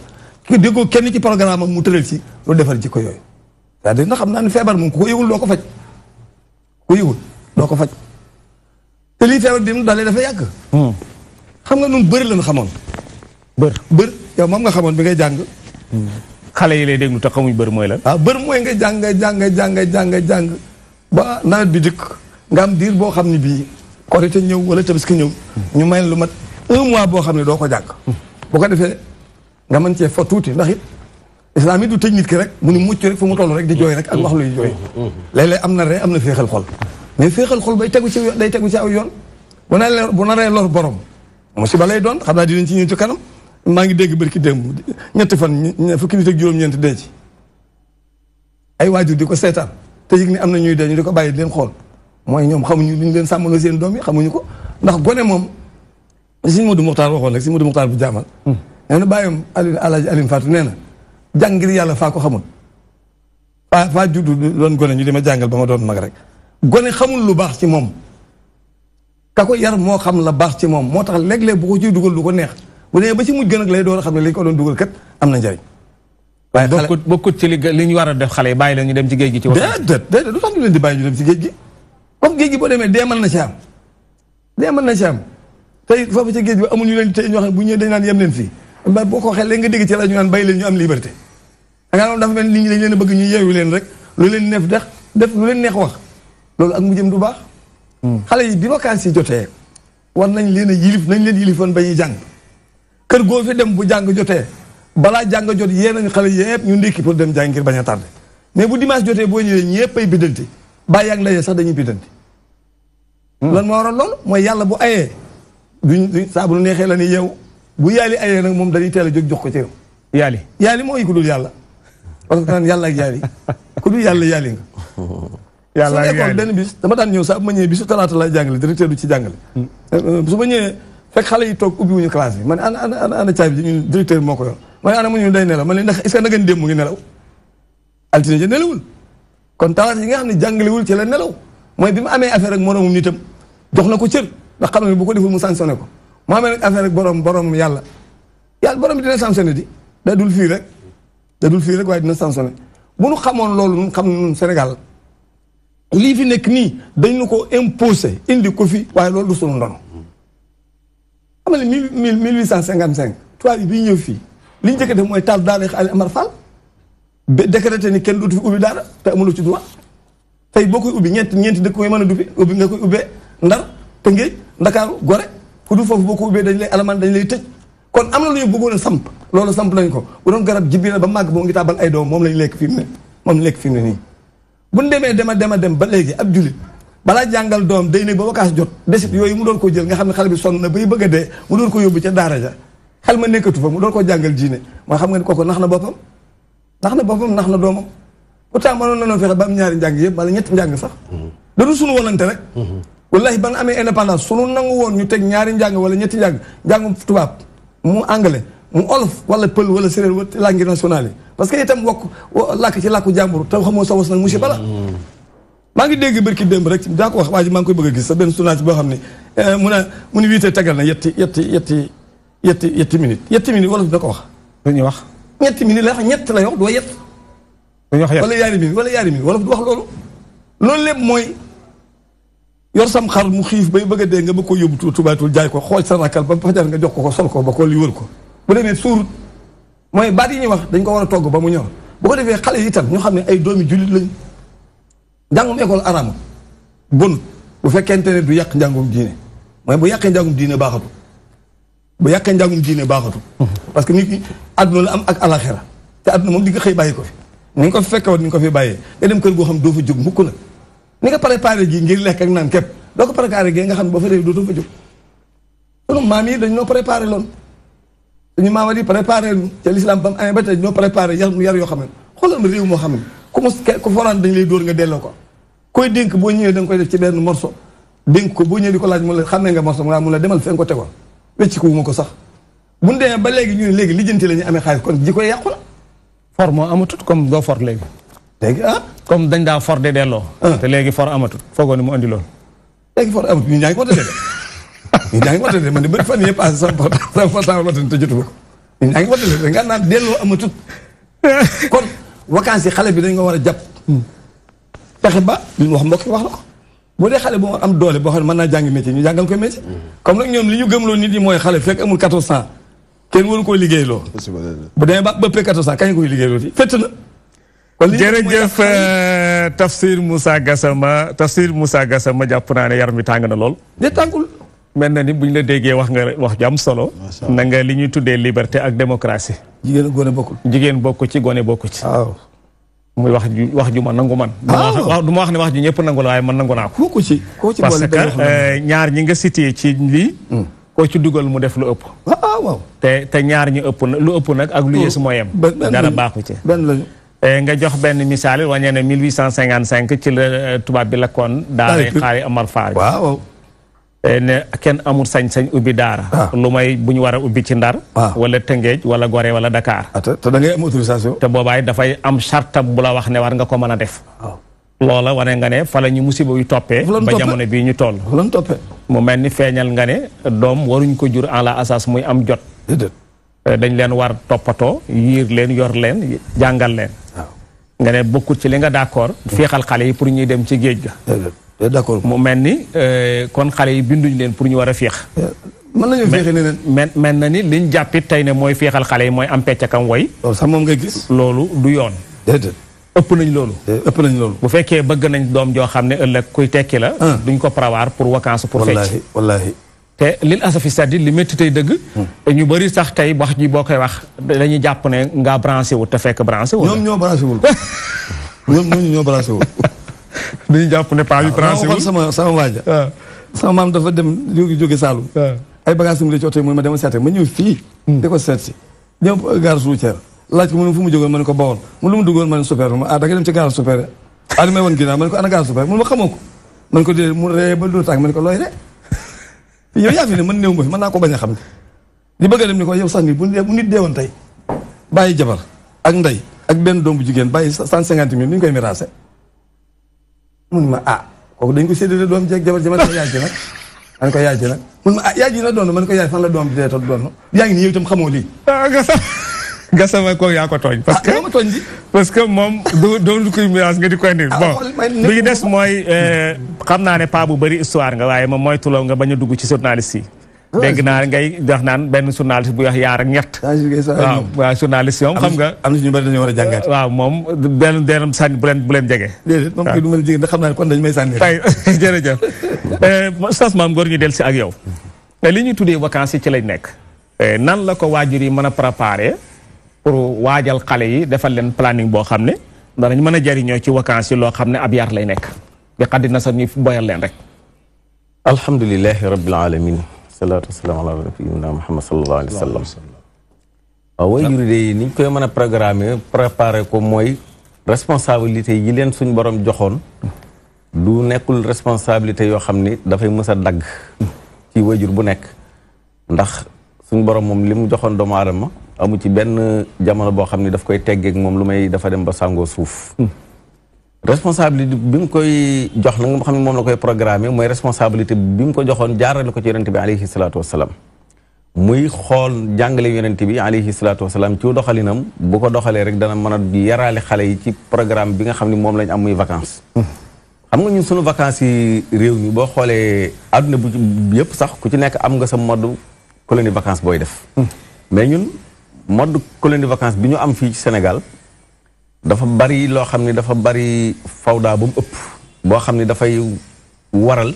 déggoo kenn ci programme am mu tëral ci lu defar jikko yooyu cest à na xam naa ne feebar moom ku ko yëgul doo ko faj ku doo ko faj te lii feebar bi dalee dafa yàgg hmm. xam nga nun bëri lañ xamoon bër bër yow moom nga xamoon bi ngay jàng hmm. xale yi lay déglu te xamuñ bër mooy la waaw ah, bër mooy nga jàng nga jàng nga jàng nga jàng nga jàng ba nawet bi dikk nga am diir boo xam ne bii korite ñëw wala tabaski ñëw hmm. ñu may lu mat un mois boo xam ne doo ko jàng bu ko defee nga mën cee fa tuuti ndax it islam it du tëj nit ki rek mu ni mucc rek fu mu toll rek di jooy rek ak wax luy jooy mm-hmm. Mm-hmm. léeg-léeg am na ree am na féexal xol mais féexal xol bay tegu ci day tegu ci aw yoon bu na bu na ree lor borom musiba lay doon xam naa dinañ ci ñëw ci kanam maa ngi dégg bërki démb ñetti fan fukki nit ak juróom-ñeent denc ay waajur di ko seetaan te yëg ni am na ñuy dee ñu di ko bàyyi leen xool mooy ñoom xamuñu li ñu leen sàmmaloo seen doom yi xamuñu ko ndax gone moom Sëñ Modou Mokhtar waxoon rek Sëñ Modou Mokhtar bu jaamal mm. nee na bàyyam Alioune El Hadj Alioune Fatou nee na jàng ngir yàlla faa ko xamul faa faa juddu doon gone ñu di ma jàngal ba ma doon mag rek gone xamul lu baax ci moom ka ko yar moo xam la baax ci moom moo tax léeg-léeg bu ko ciy dugal du ko neex bu dee ba ci mujj gën ak lay door a xam ne lañ ñu doon dugal kat am na njëriñ. waaye xale bokkut bokkut ci li li ñu war a def xale yi bàyyi leen ñu dem ci géej gi. ci waxtaan déedéet déedéet du tax dem ci géej gi comme géej gi boo demee dee na ci am dee mën na ci am tey foofu ci géej bi amul ñu leen bu ñëwee naan yem leen fii ba boko xel nga dégg ci la ñu naan bay leen ñu am liberté da ngaa dafa mel nit ñi dañ leen bëgg ñu yewu leen rek lu leen neef def def lu leen neex wax lolu ak mu jëm du baax. Hmm. xalé yi bi vacances yi war nañ leen yilif nañ leen yilifon ba jang jàng kër goo fi dem bu jang jotee bala jang jot yee nañ xalé yépp ñu ndékki pour dem jàng ngir bañ tardé mais bu dimanche jotee bo ñëw ñëpp ay biddanti ba yaak ndaje sax dañuy biddanti. Hmm. lan mo waral lool moy yalla bu ayé duñ duñ bu neexé la ni yeewu bu yaali ayee nag moom dañuy teel a jóg jox ko ci yow. yaali yaali mooy ku dul yàlla parce que daan yàlla ak yaali ku dul yàlla yaali nga. yàlla ak yaali benn bis dama daan ñëw sax bu ma ñëwee bisu talaata laay jàngale directeur du ci jàngale. Hmm. Euh, su ma ñëwee fekk xale yi toog ubbi wuñu classe bi man ana ana ana caabi ji ñun directeur bi moo ko yor man ana mu ñu day nelaw man ne ndax est-ce que nageen démb mu ngi nelaw. altine ji nelawul kon talaata yi nga xam ne jàngalewul ci la nelaw mooy bi mu amee affaire ak moromam nitam jox na ko cër ndax xam ne bu ko deful mu sanctionné ko mu amee nag affaire rek borom borom yàlla yàlla borom bi dina sanctionné di da dul fii rek da dul fii rek waaye dina sanctionné bu nu xamoon loolu nun xam nun Sénégal lii fi nekk nii dañu ko imposé indi ko fii waaye loolu du sunu ndono xam nga mille mille mille huit cent cinquante cinq tubaab yi ñëw fii li ñu jëkk mooy taal daara Ali Amar Fall ba décrété ni kenn dootu fi ubbi daara te amuloo ci droit tey boo koy ubbi ñeenti ñeenti dëkk mooy man a dubbi ubbi nga koy ubbee Ndar Tëngéej Ndakaaru Gore ku dul foofu boo ko ubbee dañ lay alamaan dañ lay tëj kon am na lu ñu bëggoon a samp loolu samp lañ ko bu doon garab jibbi na ba màgg moo ngi ay doom moom lañ lekk fi mu ne fi mu nii buñ demee dema dema dem ba léegi ab balaa jàngal doom day ne ba wakaas jot desit yooyu mu doon ko jël nga xam ne xale bi sonn na bay bëgg a dee mu doon ko yóbbu ca daara ja xel ma nekkatu fa mu doon ko jàngal diine moo xam nga ne kooku nax na boppam nax na boppam nax na doomam pourtant mënoon nañoo fexe ba am ñaari njàng yëpp wala ñetti njàng sax dañu mm-hmm. sunu wolante rek mm-hmm. wallahi ba nga amee indépendance sunu nangu woon ñu teg ñaari njàng wala ñetti njàng njàngum tubaab mu anglais mu olof wala pël wala séréer wala langue nationale yi parce que itam wokk làkk ci làkku jàmbur te xamoo sa was nag monsieur bala mm. maa ngi dégg bërki démb rek daa ko wax waa ji maa ngi koy bëgg a gis sa benn sunaaci boo xam eh, ne mun a mun wiitee tegal na yetti yetti yetti yetti minute yetti minute wala da ko wax dañuy wax ñetti minute la wax la yox doo yett dañuy wax wala yaari minute wala yaari minute wala du yor sam xar mu xiif bay bëgg a dee nga bëgg ko yóbbu tubaatul jaay ko xooj sa rakkal ba fajar nga jox ko ko sol ko ba ko li wër ko bu mooy baat yi ñuy wax dañ ko war a togg ba mu ñor bu ko defee xale yi itam ñu xam ne ay doomi jullit lañ njàngum école araam bon bu fekkente ne du yàq njàngum diine mooy bu yàqee njàngum diine baaxatu bu yàqee njàngum diine baaxatu mhm. parce que nit ki àdduna la am ak alaxira te àdduna moom di nga xëy bàyyi ko fi ni nga ko fi fekkewoon ni nga ko fi bàyyee nga dem kër goo doo jóg mukk nag ni nga préparé gi ngir lekk ak naan képp doo ko préparé gee nga xam ne boo fa réew dootoo fa jóg kon maam yi dañ noo préparé loon dañu maam yi préparé ñu ca ba mu amee ba tey ñoo préparé yar yoo xam ne xoolal ma réew moo xam ne ku mu ku foraan dañ lay dóor nga delloo ko koy dénk boo ñëwee danga koy def ci benn morso dénk ko boo ñëwee di ko laaj mu la xamee nga morso mu laa ah mu la demal fenn ko tegoon wecc ko wu ma ko sax bu ñu demee ba léegi ñu léegi lijjanti la ñu amee xaalis kon ji koy yàqu la for moo amatut comme doo for léegi léegi ah. comme dañ da for de delo ah. te legi for amatu fogo ni mo andi lool. legi for amatul ñun ñaa ngi te de. [laughs] ñun ñaa ngi ko de man de bëri fan yëpp ah sama sama portable te jotu ma ko. ñun ñaa ngi ko de da ngaa naan delloo [laughs] kon vacances yi xale bi dañ ko war a jàpp. Hmm. pexe ba li mu wax mbokk wax na ko. boo dee xale am doole boo xam ne mën naa jàngi métier ñu jàngal ko métier. Hmm. comme nag ñoom li ñu gëmloo nit ñi mooy xale fekk amul 1400. kenn waru koo liggéeyloo. bu demee ba bëppee 1400 kañ koy liggéeyloo fii fett na. jëre jërëjëf euh, Tafsir Moussa Gassama Tafsir Moussa Gassama jàpp naa ne yaram bi tàng na lool. ne tàngul. mel na ni buñ la déggee wax nga wax ju am solo. na li ñuy tuddee liberté ak démocratie. jigéen gone bokkul. jigéen bokku ci gone bokku ci. muy wax ju wax ju ma nangu man. Ah. waaw du ma wax ne wax ju ñëpp nangu la waaye man nangu naa ko. koo ci koo ci parce euh, ñaar ñi nga cité ci lii. Hmm. koo ci dugal mu def lu ëpp. Ah, ah, te ñaar ñi ëpp na lu ëpp nag ak lu hmm. yées mooy yem. dara baaxu ci Eh, nga jox benn misaal wàññee ne 1855 ci la eh, tubaab bi lakkoon. daara xaari Amar Faar. waaw. Eh, ne kenn amul sañ-sañ ubbi daara. Ah. lu may bu ñu war ubbi ci ndar. Ah. wala Tëngéej wala Gorée wala dakaar ah, te da ngay am autorisation. te boobaay dafay am charte bu la wax ne war nga ko mën a def. loola wane nga ne fa ñu musiba yu toppee. ba jamono bii ñu tool mu mel ni feeñal nga ne doom waruñ ko jur en la asas muy am jot. Eh, dañ leen war toppatoo yiir leen yor leen jàngal leen nga ne bokkut ci li nga d'accord fiixal xale yi pour ñuy dem ci géej ga eh, eh, d'accord mu mel ni kon xale yi binduñ leen pour ñu war a fiix mën nañu féexee ne leen mel na ni liñ jàppit tey ne mooy fiixal xale yi mooy am peccakam woy sax moom ngay gis loolu du yoon déedéet ëpp nañ loolu ëpp nañ loolu bu fekkee bëgg nañ doom joo xam ne ëllëg kuy tekki la ah. duñ ko prévoir pour vacances pour fecc te lil asafi saddi li métti tey dëgg. te hmm. ñu bëri sax tey wax ji boo koy wax dañuy jàpp ne ngaa branché wul te fekk branché wul. ñoom ñoo branché wul [laughs] ñoom ñooñu ñoo branché wul. dañuy jàpp ne paa bi ah, branché wul sama sama waaja ah. sama maam dafa dem jóge jóge Saalum. Ah. ay bagages yu mu la ci oto yi mooy ma dem ma ñëw fii. Hmm. di ko seet si ñëw gare routière laaj ko mu ne fu mu jógee ma ne ko Bawol mu lu mu duggoon ma ne super ma ah da nga dem ci gare super ah li may wan ginnaaw ma ne ko ana gare super mu ma xamoo ko ma ne ko déedéet mu ree ba lu tàgg ma ne ko looy de yow yaa fi ne man néew ma fi naa ko bañ a xam ni bëgg a dem ni ko yow sax ni bu nit deewoon tey bàyyi jabar ak ndey ak benn doom bu jigéen bàyyi cent cinquante mi ni ñu koy miraase mun ma ah kooku dañ ko séddale doom jeeg jabar jabar yaay ji nag man ko yaay ji nag mun ma ah yaay ji la doon man ko yaay fan la doom bi dee tot doon yaa ngi ni yow itam xamoo lii ah, Gassama ko yaa ko tooñ. parce que ah, parce moom du doon koy mirage nga di koy indil. Ah, bi ñu des mooy eh, xam naa ne pas bu bari histoire nga waaye moom mooy tuloo nga bañ a dugg ci journaliste yi. Ah, dégg naa ngay wax naan benn journaliste bu wax yaar ak ñett. waaw waaw journaliste moom xam nga. am na suñu bëri dañoo war a jàngat waaw moom benn benn sànni bu leen bu leen jege. déedéet moom kay ndax xam naa ne kon dañ may sànni. tey [laughs] jërëjëf eh, Oustaz Mame Ngor ñu del si ak yow. Eh, li ñuy tuddee vacances yi ci lañ nekk. nan la ko waajur yi mën a préparer pour waajal xale yi defal leen planning boo xam ne danañ mën a jariñoo ci vacances loo xam ne ab yar lay nekk bi xaddi na sax ñu boyal leen rek alhamdulilahi rabbil alamin salaatu wasalaam ala nabiyina muhammad sallallahu alayhi wa niñ koy mën a programmer préparer ko mooy responsabilité yi leen suñ borom joxoon du nekkul responsabilité yoo xam ni dafay mës a dagg ci wayjur bu nekk ndax suñ borom moom li mu joxoon doomu aadama amu ci benn jamono boo xam ne daf koy teggeek moom lu may dafa dem ba sàngoo suuf hmm. responsabilité bi mu koy jox la nga xam ne moom la koy programme mooy responsabilité bi mu ko joxoon jaarale ko ci yonente bi alayhi salaatu muy xool jàngale yonente bi alayhi salaatu wasalaam ci doxalinam bu ko doxalee rek dana mën a yaraale xale yi ci programme bi nga xam ne moom lañ am muy vacances hmm. xam nga ñun sunu vacances yi réew mi boo xoolee àdduna bu yëpp sax ku ci nekk am nga sa mode colonie vacances booy def hmm. mais ñun mode colonie de vacances bi ñu am fii ci senegal dafa bari loo xam ni dafa bari fawda bu ëpp boo xam ni dafay waral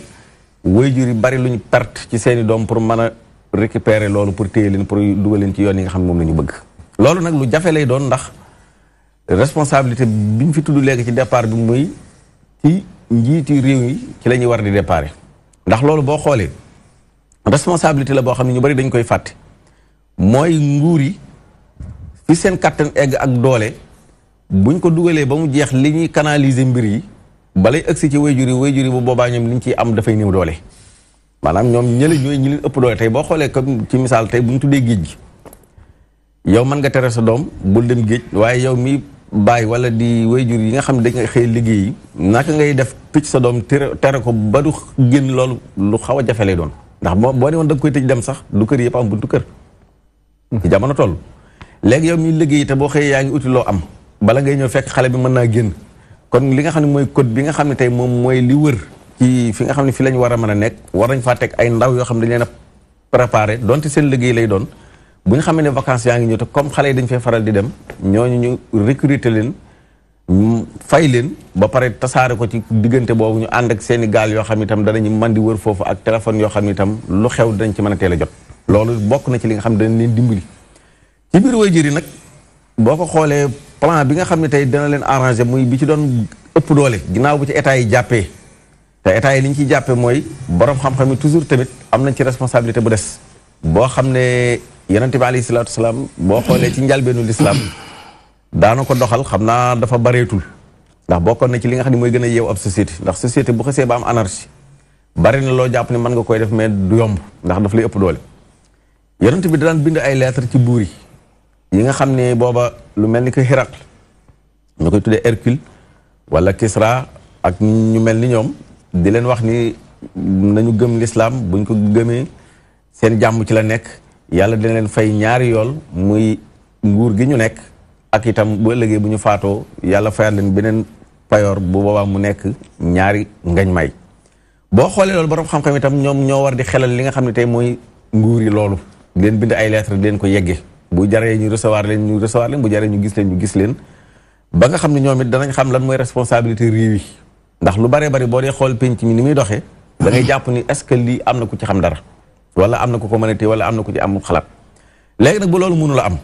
waajur yi bari lu ñu perte ci seeni doom pour mën a récupérer loolu pour téye leen pour dugaleen ci yoon yi nga xam ne moom la ñu bëgg loolu nag lu jafe lay doon ndax responsabilité bi ñu fi tudd léegi ci départ bi muy ci njiiti réew yi ci la ñuy war di départ ndax loolu boo xoolee responsabilité la boo xam ne ñu bari dañ koy fàtte mooy nguur yi fi seen kàttan egg ak doole buñ ko dugalee ba mu jeex li ñuy canaliser mbir yi balay ëgsi ci wayjur yi wayjur yi bu boobaa ñoom liñ ciy am dafay néew doole maanaam ñoom ñële ñooy ñu leen ëpp doole tey boo xoolee comme ci misaal tey bu ñu tuddee géej gi yow mën nga tere sa doom bul dem géej waaye yow mii bàyyi wala di wayjur yi nga xam ne dañ xëy liggéeyi naka ngay def picc sa doom tere tere ko ba du génn loolu lu xaw a jafe lay doon ndax boo boo ne woon koy tëj dem sax du kër yëpp am buntu kër ci jamono toll léegi yow mi liggéey boo xëyee yaa ngi uti loo am bala ngay ñëw fekk xale bi mën naa génn kon li nga xam ne mooy code bi nga xam ne tey moom mooy li wër ci fi nga xam ne fi lañ war a mën a nekk war nañ teg ay ndaw yoo xam ne dañ leen a donte seen liggéey lay doon bu ñu xamee ne vacances yaa ngi ñëw comme xale dañ fay faral di dem ñooñu ñu recruter leen fay leen ba pare tasaare ko ci ñu ànd ak seeni yoo xam ne itam danañu mën di wër foofu ak téléphone yoo xam ne itam lu xew dañ ci mën a teel a jot. loolu bokk na ci li nga xam ne danañ leen dimbali ci biir way jëri nag boo ko xoolee plan bi nga xam ne tey dana leen arrangé muy bi ci doon ëpp doole ginnaaw bu ci état yi jàppee te état yi li ñu ciy jàppee mooy borom xam-xam toujours tamit am nañ ci responsabilité bu des boo xam ne yonente bi alayhi salaatu salaam boo xoolee ci njalbeenu lislaam daana ko doxal xam naa dafa bareetul ndax bokkoon na ci li nga xam ne mooy gën a yeew ab société ndax société bu xasee ba am bari na loo jàpp ne mën nga koy def mais du yomb ndax daf lay ëpp doole yonent bi daan bind ay lettre ci buur yi yi nga xam ne booba lu mel ni que Hiraql ñu koy tuddee Hercule wala Kisra ak ñu mel ni ñoom di leen wax ni nañu gëm lislaam buñ ko gëmee seen jàmm ci la nekk yàlla dina leen fay ñaari yool muy nguur gi ñu nekk ak itam bu ëllëgee bu ñu faatoo yàlla fayal leen beneen payoor bu boobaa mu nekk ñaari ngañ may boo xoolee loolu borom xam-xam itam ñoom ñoo war di xelal li nga xam ne tey mooy nguur yi loolu leen bind ay lettre di leen ko yeggee bu jaree ñu recevoir leen ñu recevoir leen bu jaree ñu gis gis leen ba nga xam ne ñoom it danañ xam lan mooy responsabilité réew yi lu baree bari boo dee xool penc mi ni muy doxee da ngay jàpp ni est-ce que lii am na ku ci xam dara wala am na ko mën wala am na ku ci am xalaat léegi nag bu loolu mënu am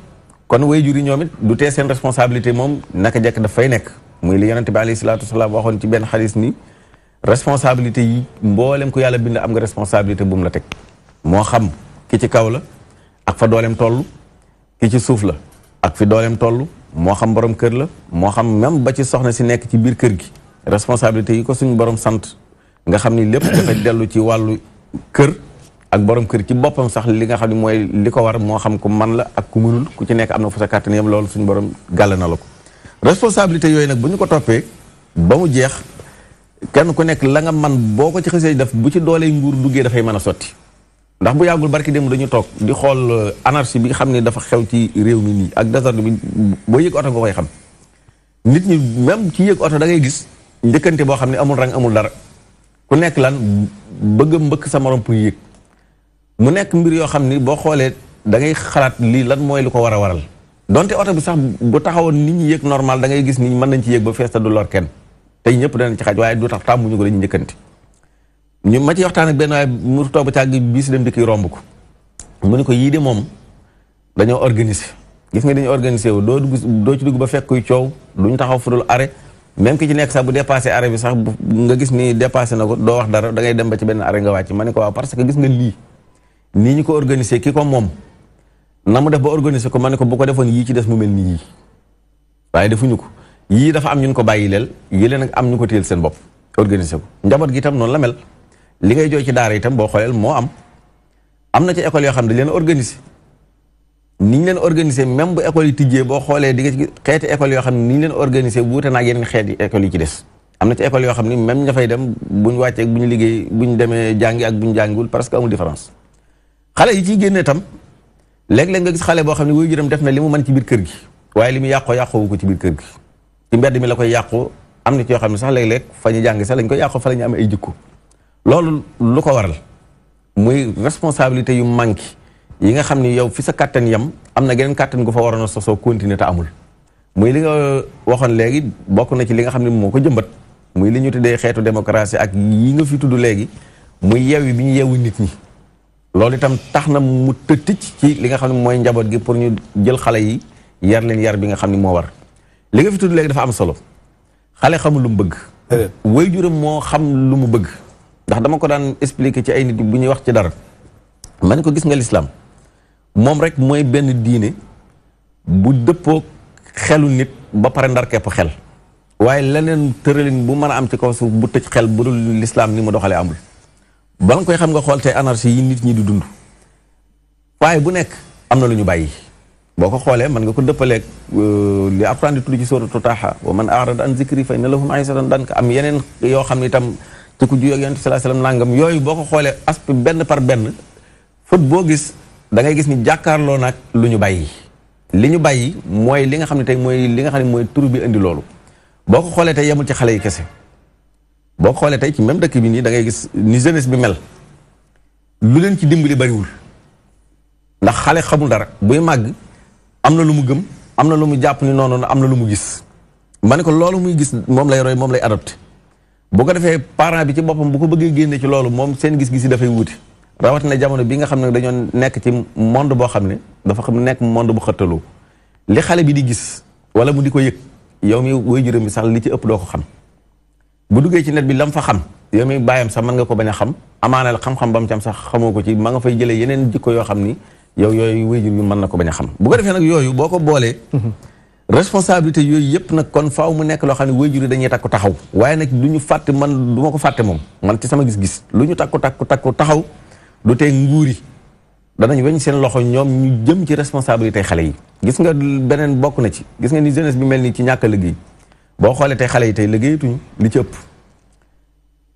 kon waajur yi ñoom it du tee seen responsabilité moom naka jekk daf fay nekk muy li yonente bi alayhi salaatu wasalaam waxoon ci benn ni responsabilité yi mboolem ku yàlla bind am nga responsabilité bu mu la teg moo xam ki ci kaw la ak fa dooleem toll ki ci souf la ak fi dolem tollu mo xam borom keur la mo xam même ba ci soxna ci nek ci bir keur gi responsabilité yi ko suñu borom sant nga xamni ni dafa delu ci walu keur ak borom keur ci bopam sax li nga xamni moy liko war mo xam ku man la ak ku mënul ku ci nek amna fu sa carte ñam lool suñu borom gàll na responsabilité yoy nak bu ko topé ba mu jeex kenn ku nek la nga man boko ci xese def bu ci doolee nguur duggé da fay mëna sotti ndax bu yàggul barki dem dañu toog di xool euh, anarchie bi xam ne dafa xew ci réew mi nii ak désordre bi boo yëg oto nga koy xam nit ñi même ci yëg oto da ngay gis njëkkante boo xam ne amul rang amul dara ku nekk lan bëgg mbëkk sa morom pour yëg mu nekk mbir yoo xam ni boo xoolee da ngay xalaat lii lan mooy lu ko war a waral donte oto bi sax bu taxawoon nit ñi yëg normal da ngay gis ni mën nañ ci yëg ba fees te du lor kenn te ñëpp danañ ci xaj waaye du tax tàmmuñu ko dañu njëkkante ñu ma ci waxtaan ak mu toog ba càgg bii si dem dikk romb ko mu ne ko yii de moom dañoo organiser gis nga dañoo organiser wu doo dugg doo ci dugg ba fekk kuy coow duñu taxaw fudul arrêt même ki ci nekk sax bu dépassé arrêt bi sax nga gis ni dépassé na ko doo wax dara da dem ba ci benn arrêt nga wàcc ma ne ko waaw parce que gis nga lii nii ñu ko organiser ki ko moom na mu def ba organiser ko ma ne ko bu ko defoon yii ci des mu mel ni yii waaye defuñu ko yii dafa am ñun ko bàyyi leel yële nag am ñu ko téyel seen bopp organiser ko njaboot gi itam noonu la mel li ngay jooy ci daara itam boo xooleel moo am am na ci école yoo xam ne dañ leen organiser ni ñu leen organiser même bu école yi tijjee boo xoolee di nga ci xeeti école yoo xam ne ni ñu leen organiser wuute naa yeneen xeeti école yi ci des am na ci école yoo xam ne même ña fay dem buñ wàccee ak bu ñu liggéey bu ñu demee jàngi ak bu ñu jàngiwul parce que amul différence xale yi ciy génnee tam léeg-léeg nga gis xale boo xam ne wuyu juróom def na li mu mën ci biir kër gi waaye li mu yàqoo yàqoo wu ko ci biir kër gi ci mbedd mi la koy yàqoo am na ci yoo xam ne sax léeg-léeg fa ñu jàng sax lañ koy yàqoo fa la ñu am ay jikko loolu lu ko waral muy responsabilité yu manqué yi nga xam ni yow fi sa kàttan yam am na geneen kàttan gu fa waroon a sosoo continuer te amul muy li nga waxoon léegi bokk na ci li nga xam ne moo ko jëmbat muy li ñu tuddee xeetu démocratie ak yi nga fi tudd léegi muy yewi bi ñu yewu nit ñi loolu itam tax na mu tëttic ci li nga xam ne mooy njaboot gi pour ñu jël xale yi yar leen yar bi nga xam ne moo war li nga fi tudd léegi dafa am solo xale xamul lu mu bëgg way juram moo xam lu mu bëgg ndax dama ko daan expliquer ci ay nit bu ñuy wax ci dara man ko gis nga l'islam mom rek moy benn diiné bu deppo xelu nit ba paré ndar kepp xel waye leneen tëralin bu mën am ci kaw bu tëj xel bu dul l'islam ni mu doxale amul ba nga koy xam nga xol tay anarchie yi nit ñi di dund waye bu nek amna luñu bayyi boko xolé man ko nga ko dëppaleeg euh, li afrandi di ci sura tutaha wa man arada an zikri fa inna lahum aysatan danka am yenen yo xamni tam te ku juyoo ak yonent bi sallallahu nangam yooyu boo ko xoolee aspect benn par benn fët boo gis dangay gis ni jàkkaarloo nag lu ñu bàyyi. li ñu bàyyi mooy li nga xam ne tey mooy li nga xam ne mooy tur bi indi loolu boo ko xoolee tey yemul ci xale yi kese boo ko xoolee tey ci même dëkk bi nii da ngay gis ni jeunesse bi mel lu leen ci dimbali bariwul ndax xale xamul dara buy màgg am na lu mu gëm am na lu mu jàpp ni noonu am na lu mu gis ma ne ko loolu muy gis moom lay roy moom lay adopté. bu ko defee parent bi ci boppam bu ko bëggee génne ci loolu moom seen gis-gis yi dafay wuti rawatina jamono bi nga xam ne dañoo nekk ci monde boo xam ne dafa xam nekk monde bu xëttaloo li xale bi di gis wala mu di ko yëg yow mi waajuram bi sax li ci ëpp doo ko xam bu duggee ci net bi lam fa xam yow mi bàyyam sax mën nga ko bañ a xam amaanal xam-xam ba mu sax xamoo ko ci ma nga fay jëlee yeneen jikko yoo xam ni yow yooyu waajur bi mën na ko bañ a xam bu ko defee nag yooyu boo ko boolee mhm. responsabilité yooyu yëpp nag kon faaw mu nekk loo xam ne waajur yi dañuy takku taxaw waaye nag lu ñu fàtte man du ma ko fàtte moom man ci sama gis-gis lu ñu takku takku takku taxaw du tey nguur yi danañ weñ seen loxo ñoom ñu jëm ci responsabilité xale yi gis nga beneen bokk na ci gis nga ni jeunesse bi mel ni ci ñàkk a liggéey boo xoolee tey xale yi tey liggéeyatuñu li ci ëpp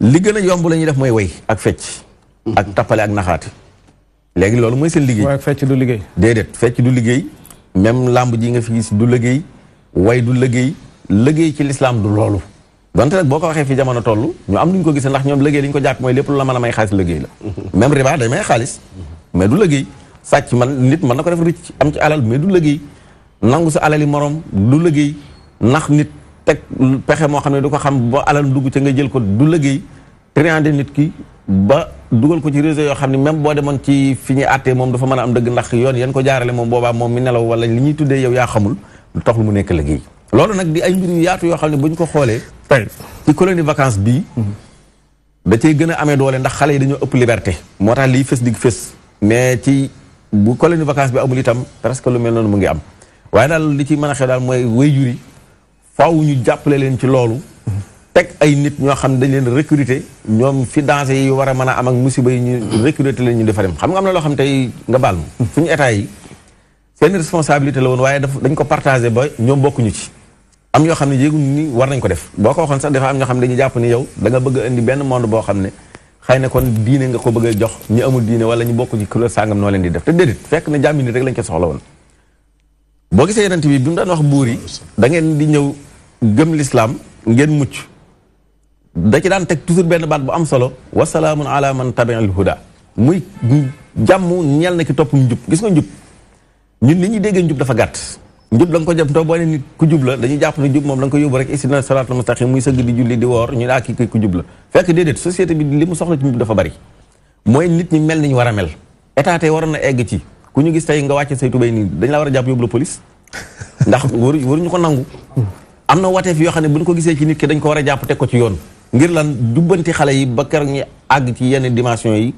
li gën yomb la ñuy def mooy way ak fecc ak tappale ak naxaati léegi loolu mooy seen liggéey waaye du liggéey déedéet fecc du liggéey même làmb ji nga fi gis du liggéey way du liggéey liggéey ci lislaam du loolu donte nag boo ko waxee fi jamono toll ñu am luñ ko gisee ndax ñoom liggéey li ko jàpp mooy lépp lu la mën a may xaalis liggéey la [laughs] même riba day may xaalis mais du liggéey sàcc man nit mën na ko def ricc am ci alal mais du liggéey nangu sa alali morom du liggéey nax nit teg pexe moo xam ne du ko xam boo alal dugg ca nga jël ko du liggéey triande nit ki ba dugal ko ci réseau yoo xam ne même boo demoon ci fi ñuy àttee moom dafa mën a am dëgg ndax yoon yan ko jaarale moom boobaa moom mi nelaw wala li ñuy tuddee yow yaa xamul lu tax lu mu nekk liggéey loolu nag ay mbir yu yoo xam ne bu ñu ko xoolee ci colonie vacances bii mhm. da cey gën a amee doole ndax xale yi dañoo ëpp liberté moo tax liy fës dig fës mais ci bu colonie vacances bi amul itam presque lu mel noonu mu ngi am waaye daal li ci mën a xew daal mooy wéy juri faaw ñu jàppale leen ci loolu teg ay nit ñoo xam dañ leen recruter ñoom fi danger yi war a mën a am ak musiba yi ñu recruter leen ñu defa dem xam nga am na loo xam tey nga baal ma hmm. suñu état yi seen responsabilité la woon waaye daf dañ ko partagé ba ñoom bokkuñu ci am yoo xam ne yéegu ni war nañ ko def boo ko waxoon sax dafa am xam ne dañuy jàpp ni yow danga nga bëgg a indi benn monde boo xam ne xëy na kon diine nga ko bëgg jox ñu amul diine wala ñu bokkuñu ci kuréel sàngam noo leen di def te déedéet fekk na jàmmi nit rek lañ ko soxla woon boo gisee yeneen bi bi mu daan wax buur yi da ngeen di ñëw gëm lislaam ngeen mucc da ci daan teg toujours benn baat bu am solo wasalaamun ala man tabi'al huda muy jàmm ñel na ki topp njub gis nga njub ñun li ñuy déggee njub dafa gàtt njub da nga ko jëm ku jub la dañuy jàpp ne njub moom da nga ko yóbbu rek isina salaatul mustaqim muy sëgg di ah fekk déedéet société bi li mu soxla ci njub dafa bari mooy nit ñi mel niñu war a mel état tey waroon na egg ci ku ñu gis tey nga wàcce say tubéy nii dañ la war a jàpp yóbbu la police ndax waruñu ko nangu am na wateef yoo xam ne buñ ko gisee ci nit ki dañ ko war a jàpp teg ko ci yoon ngir lan jubbanti xale yi ba keroog ñu àgg ci yenn dimension yi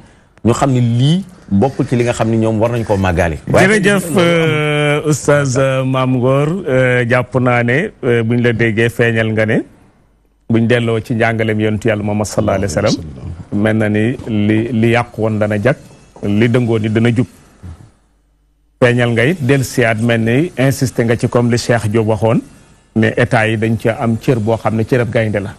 ñu xam ne lii bokkul ci li nga xam ni ñoom war nañ koo màggaale. jërëjëf euh, oustaz euh, Mame Ngor euh, jàpp naa ne buñ la déggee feeñal nga ne buñ delloo ci njàngaleem yontu yàlla moom sallallahu alayhi wa sallam mel na ni li li yàqu woon dana jag li dëngoo dana jub feeñal nga it del siyaat mel ni insisté nga ci comme li Cheikh Diop waxoon ne état yi dañ ci am cër boo xam ne cërëb gaynde la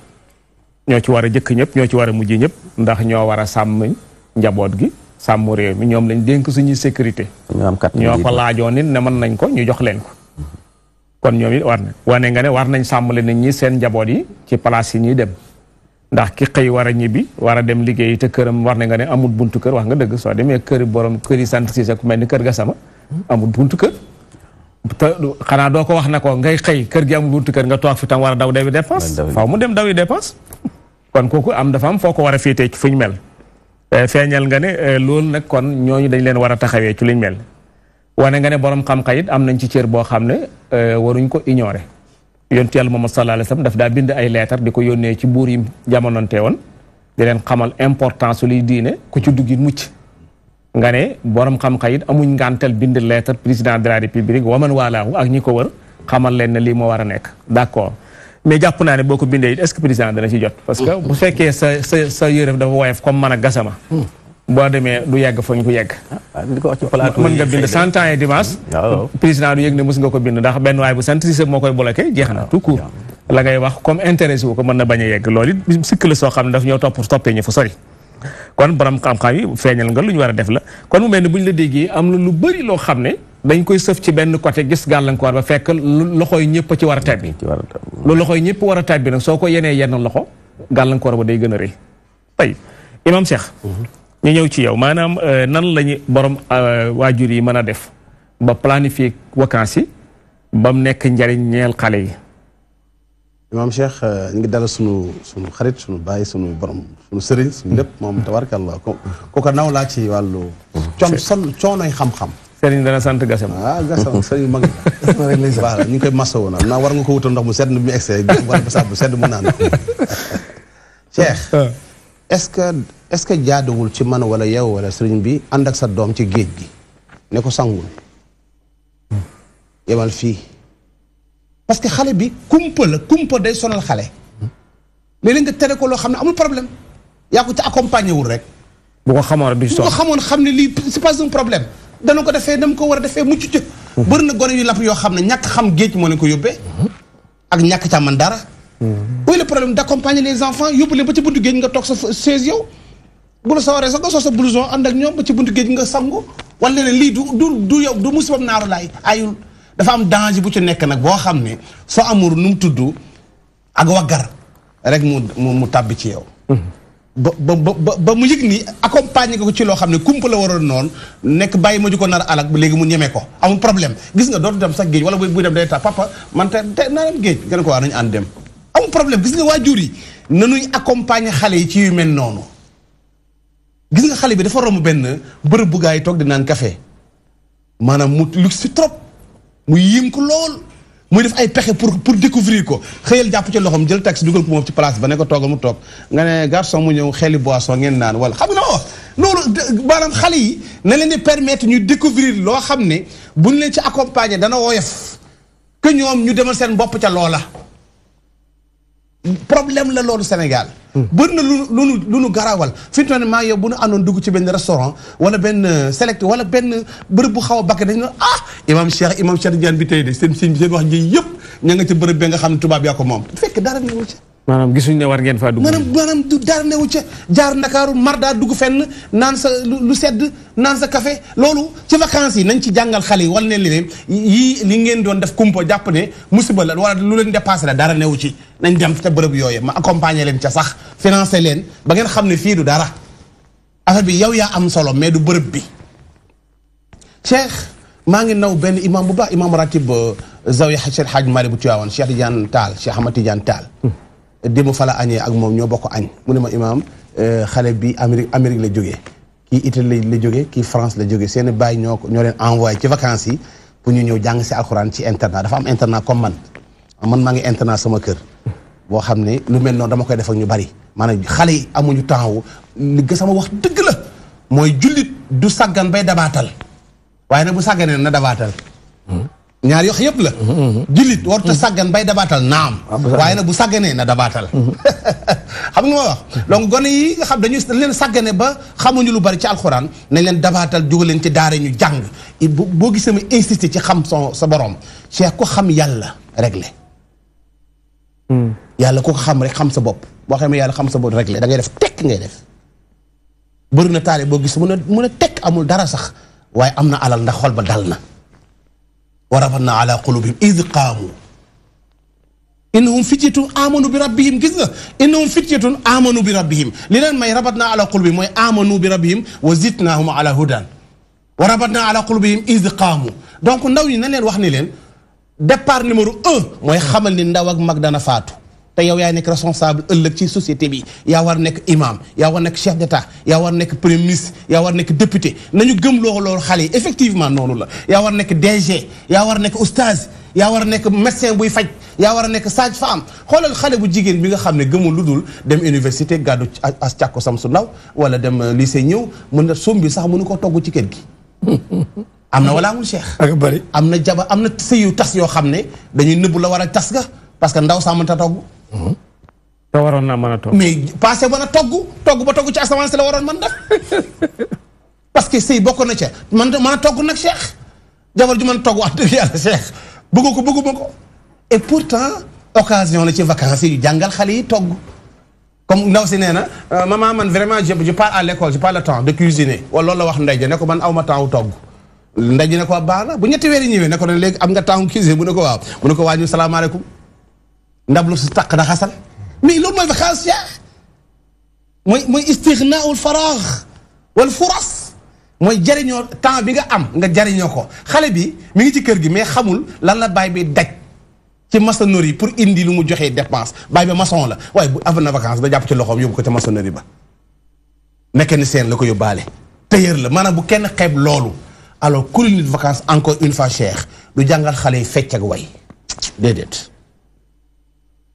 ñoo ci wara jëk ñëpp ñoo ci wara a mujj ñëpp ndax ñoo wara sam sàmm gi sam réew mi ñom lañ denk suñu sécurité ñoo fa lajoon ne nañ ko ñu jox leen ko kon ñoom it war na wané nga ne war nañ sam leen ñi seen yi ci place yi ñi dem ndax ki xey wara ñibi wara dem liggéey te kërëm war na nga ne amul buntu kër wax nga dëgg so démé kër borom këri sant ku kër ga sama amul buntu kër ta xana do ko wax na ko ngay xey kër gi amul buntu kër nga toog fi tam wara daw dawi dépense faaw mu dem dawi dépense kon kooku am dafa am foo ko war a féetee ci fu mel eh, feeñal nga ne eh, loolu nag kon ñooñu dañ leen war a taxawee ci liñ mel wane nga ne borom xam-xam am nañ ci cër boo xam ne eh, waruñ ko ignorer yontu yàlla moom sallallahu alayhi wasallam daf daa bind ay leetar di ko yónnee ci buur yi jamononte woon di leen xamal importance su luy diine ku ci dugg mucc nga ne borom xam-xam it amuñ ngàntal bind leetar président de la république waman waalaahu ak ñi ko wër xamal leen ne lii moo war a nekk d'accord mais jàpp naa ne boo ko bindee est-ce que président dana ci jot. parce que bu fekkee sa sa sa yërëf dafa woyof comme man a gasama. boo demee du yegg fa ñu ko yegg. Ah, mën ah, nga ko bind ndax benn waay bu sant si moo koy bloqué jeex na ah, tout court. la ngay wax comme intéressé ko mën na bañ a yegg loolu it sikk la soo xam ne daf ñoo topp toppee ñu fa sori. kon borom xam-xam yi feeñal nga lu ñu war a def la kon mu mel ne la déggee am na lu bëri loo xam ne. dañ koy sëf ci benn côté gis gàllankoor ba fekk loxo yi ñëpp ci war a tàbbi lu loxo yi ñëpp war a tàbbi nag soo ko yenee yenn loxo gàllankoor ba day gën a rëy tey imam Cheikh ñu ñëw ci yow maanaam euh, nan lañu borom euh, waajur yi mën a def ba planifie vacances yi ba mu nekk njariñ ñeel xale yi imam Cheikh euh, ñu ngi dalal sunu xarit sunu baay sunu borom sunu sëriñ sunu lépp moom tabarkàllah ko ko naw laa ci wàllu mm-hmm. coon sol coonoy xam-xam Serigne dana sant Gassam. ah Gassam Serigne mag la. [laughs] ñu ngi koy masawoon nag naa war nga ko wutal ndox mu sedd bi mu egsee wala bisaab [laughs] ah. est-ce que est-ce que jaaduwul ci man wala yow wala Serigne bi ànd ak sa doom ci géej gi ne ko sangul. yemal fii parce que xale bi kumpa la kumpa day sonal xale. léeg-léeg nga tere ko loo xam ne amul problème yaa ko ci accompagner wul rek. bu ko xamoon rek du bu ko xamoon xam ne lii c'est pas un problème. dana ko defee dam ko war a defee mucc ci bëri na gone yu lapp yoo xam ne ñàkk xam géej moo leen ko yóbbee ak ñàkk ca man dara mm-hmm. oui le problème d' accompagner les enfants yóbbu leen ba ci buntu géej nga toog sa chaise yow bu la sawaree sax nga soo sa blouson ànd ak ñoom ba ci buntu géej nga sangu wala ne lii du du du yow du musibam naaru laay ayul dafa am danger bu ci nekk nag boo xam ne soo amul nu mu tudd ak waggar rek mu mu tàbbi ci yow mm-hmm. ba ba ba ba mu yëg ni accompagner ko ci loo xam ne kumpa la waroon noon nekk bàyyi ma ju ko nar alak bu léegi mu ñeme ko amul problème gis nga dootu dem sax géej wala buy buy dem day tax papa man te te naa dem géej nga ne ko waa nañu ànd dem. amul problème gis nga waajur yi accompagner xale yi ci yu mel noonu gis nga xale bi dafa romb benn bërëb bu yi toog di naan kafe maanaam mu luxe trop mu yéem lool. muy def ay pexe pour pour découvrir ko xëyal jàpp ci loxoom jël taxi dugal ko moom ci place ba ne ko toogal mu toog nga ne garçon mu ñëw xeeli boisson ngeen naan wala xam nga oh loolu maanaam xale yi na leen di permettre ñu découvrir loo xam ne bu buñ leen ci accompagner dana woyof que ñoom ñu demal seen bopp ca loola. problème la loolu Sénégal. Hmm. bëri na lu lu nu lu nu garawal fi mu toll nii yow bu nu àndoon dugg ci benn restaurant wala benn euh, select wala benn bërëb bu xaw a bakk dañu ne ah imam Cheikh imam Cheikh Ndiane bi tey de seen seen wax ji yëpp ña nga bërëb bi nga xam ne tubaab yaa ko moom fekk dara newu ci. maanaam gisuñ ne war ngeen faa dugg. maanaam maanaam du dara newu ca jaar ndakaaru marda dugg fen naan sa lu sedd naan sa kafe loolu ci vacances yi nañ ci jàngal xale yi wal ne leen yii li ngeen doon def kumpa jàpp ne musiba la wala lu leen dépassé la dara newu ci nañ dem ca bërëb yooyu ma accompagner leen ca sax financé leen ba ngeen xam ne fii du dara affaire bi yow yaa am solo mais du bërëb bi. Cheikh maa ngi naw benn imam bu baax imam ratib euh, zawiya xaaj Hadj Malick bu Tivaouane Cheikh Tidiane Tall Cheikh Ahmad Tidiane démb fa la añee ak moom ñoo bokk añ mu ne ma imaam euh, xale bi Amérique Amérique la jóge kii Italie la jóge kii France la jóge seen bàyyi ñoo ñoo leen envoyé ci vacance yi pour ñu ñëw jàng si alxuraan ci internat dafa am internat comme man man maa ngi internat sama kër boo xam ne lu mel noonu dama koy def ak ñu bari maanaam xale yi amuñu temps wu li nga sama wax dëgg la mooy jullit du sàggan bay dabaatal waaye nag bu sàgganee na dabaatal hmm? ñaar yox yëpp la julit war ta saggan bay dabatal naam ah, waaye nag bu saggane na dabatal [laughs] xam nga ma wax donc gone yi nga xam dañu leen saggane ba xamuñu lu bari ci alxuraan nañ leen dabatal jóga leen ci daara ñu jàng boo gisee ma insister ci xam son sa borom cheikh ko xam yàlla régler yàlla ku ko xam rek xam sa bopp boo xamee yàlla xam sa bopp régler da ngay def tekk ngay def bëri na taale boo gis mun a mun a amul dara sax waaye am na alal ndax xol ba dal wa rafatna ala qulubihim id qaamu innahum fityatun amanu bi rabbihim gis nga innahum fityatun amanu bi rabbihim li leen may rabatna ala qulubihim mooy amanu bi rabbihim wa zidnahum ala hudan wa rabatna ala qulubihim id qaamu donc ndaw ñi na leen wax ni leen départ numéro un mooy xamal ni ndaw ak mag dana faatu te yow yaay nekk responsable ëllëg ci société bi yaa war nekk imam yaa war nekk chef d'état yaa war nekk premier ministre yaa war nekk député nañu gëm loolu loolu xale yi effectivement noonu la yaa war nekk DG yaa war nekk oustaz yaa war a nekk médecin buy faj yaa war a nekk sage am xoolal xale bu jigéen bi nga xam ne gëmul lu dul dem université gàddu as càkko sam su ndaw wala dem euh, lycée ñëw mën na sombi sax mënu ko togg ci kër gi [laughs] am na wala amul cheikh ak bari am na jaba am na sëyu tas yoo xam ne dañuy nëbb la war a tas ga parce que ndaw sa mënta togg te waroon naa mën a togg. mais passé mën a togg togg ba togg ci asamaan si la waroon man def parce que sëy bokk na ca man mën a togg nag Cheikh jabar ju mën a togg wax dëgg yàlla Cheikh bëggu ko bëgguma ko et pourtant occasion la ci vacances yu jàngal xale yi togg. comme ndaw si nee na euh, maman man vraiment je je pars à l'école je pas le temps de cuisiner wala loolu la wax ndey ne ko man aw ma temps wu togg ndey ji ne ko baax na bu ñetti weer yi ñëwee ne ko ne léegi am nga temps cuisiner bu ne ko waaw bu ne ko waa ñu salaamaaleykum نابلس استق دا خسر مي لون ما دخلش يا موي موي استغناء الفراغ والفرص موي جارينيو تان بيغا ام nga جارينيو كو خالي بي مي تي كيرغي مي خامول لان لا باي بي داج تي سنوري بور اندي لومو جوخي ديبانس باي بي ماسون لا واي بو افنا فاكانس دا جاب تي لوخوم يوب كو تي ماسونوري با ميكانيسيان لاكو يوبالي تيير لا مانا بو كين خيب لولو الو كل فاكانس انكور اون فا شيخ لو جانغال خالي فيتياك واي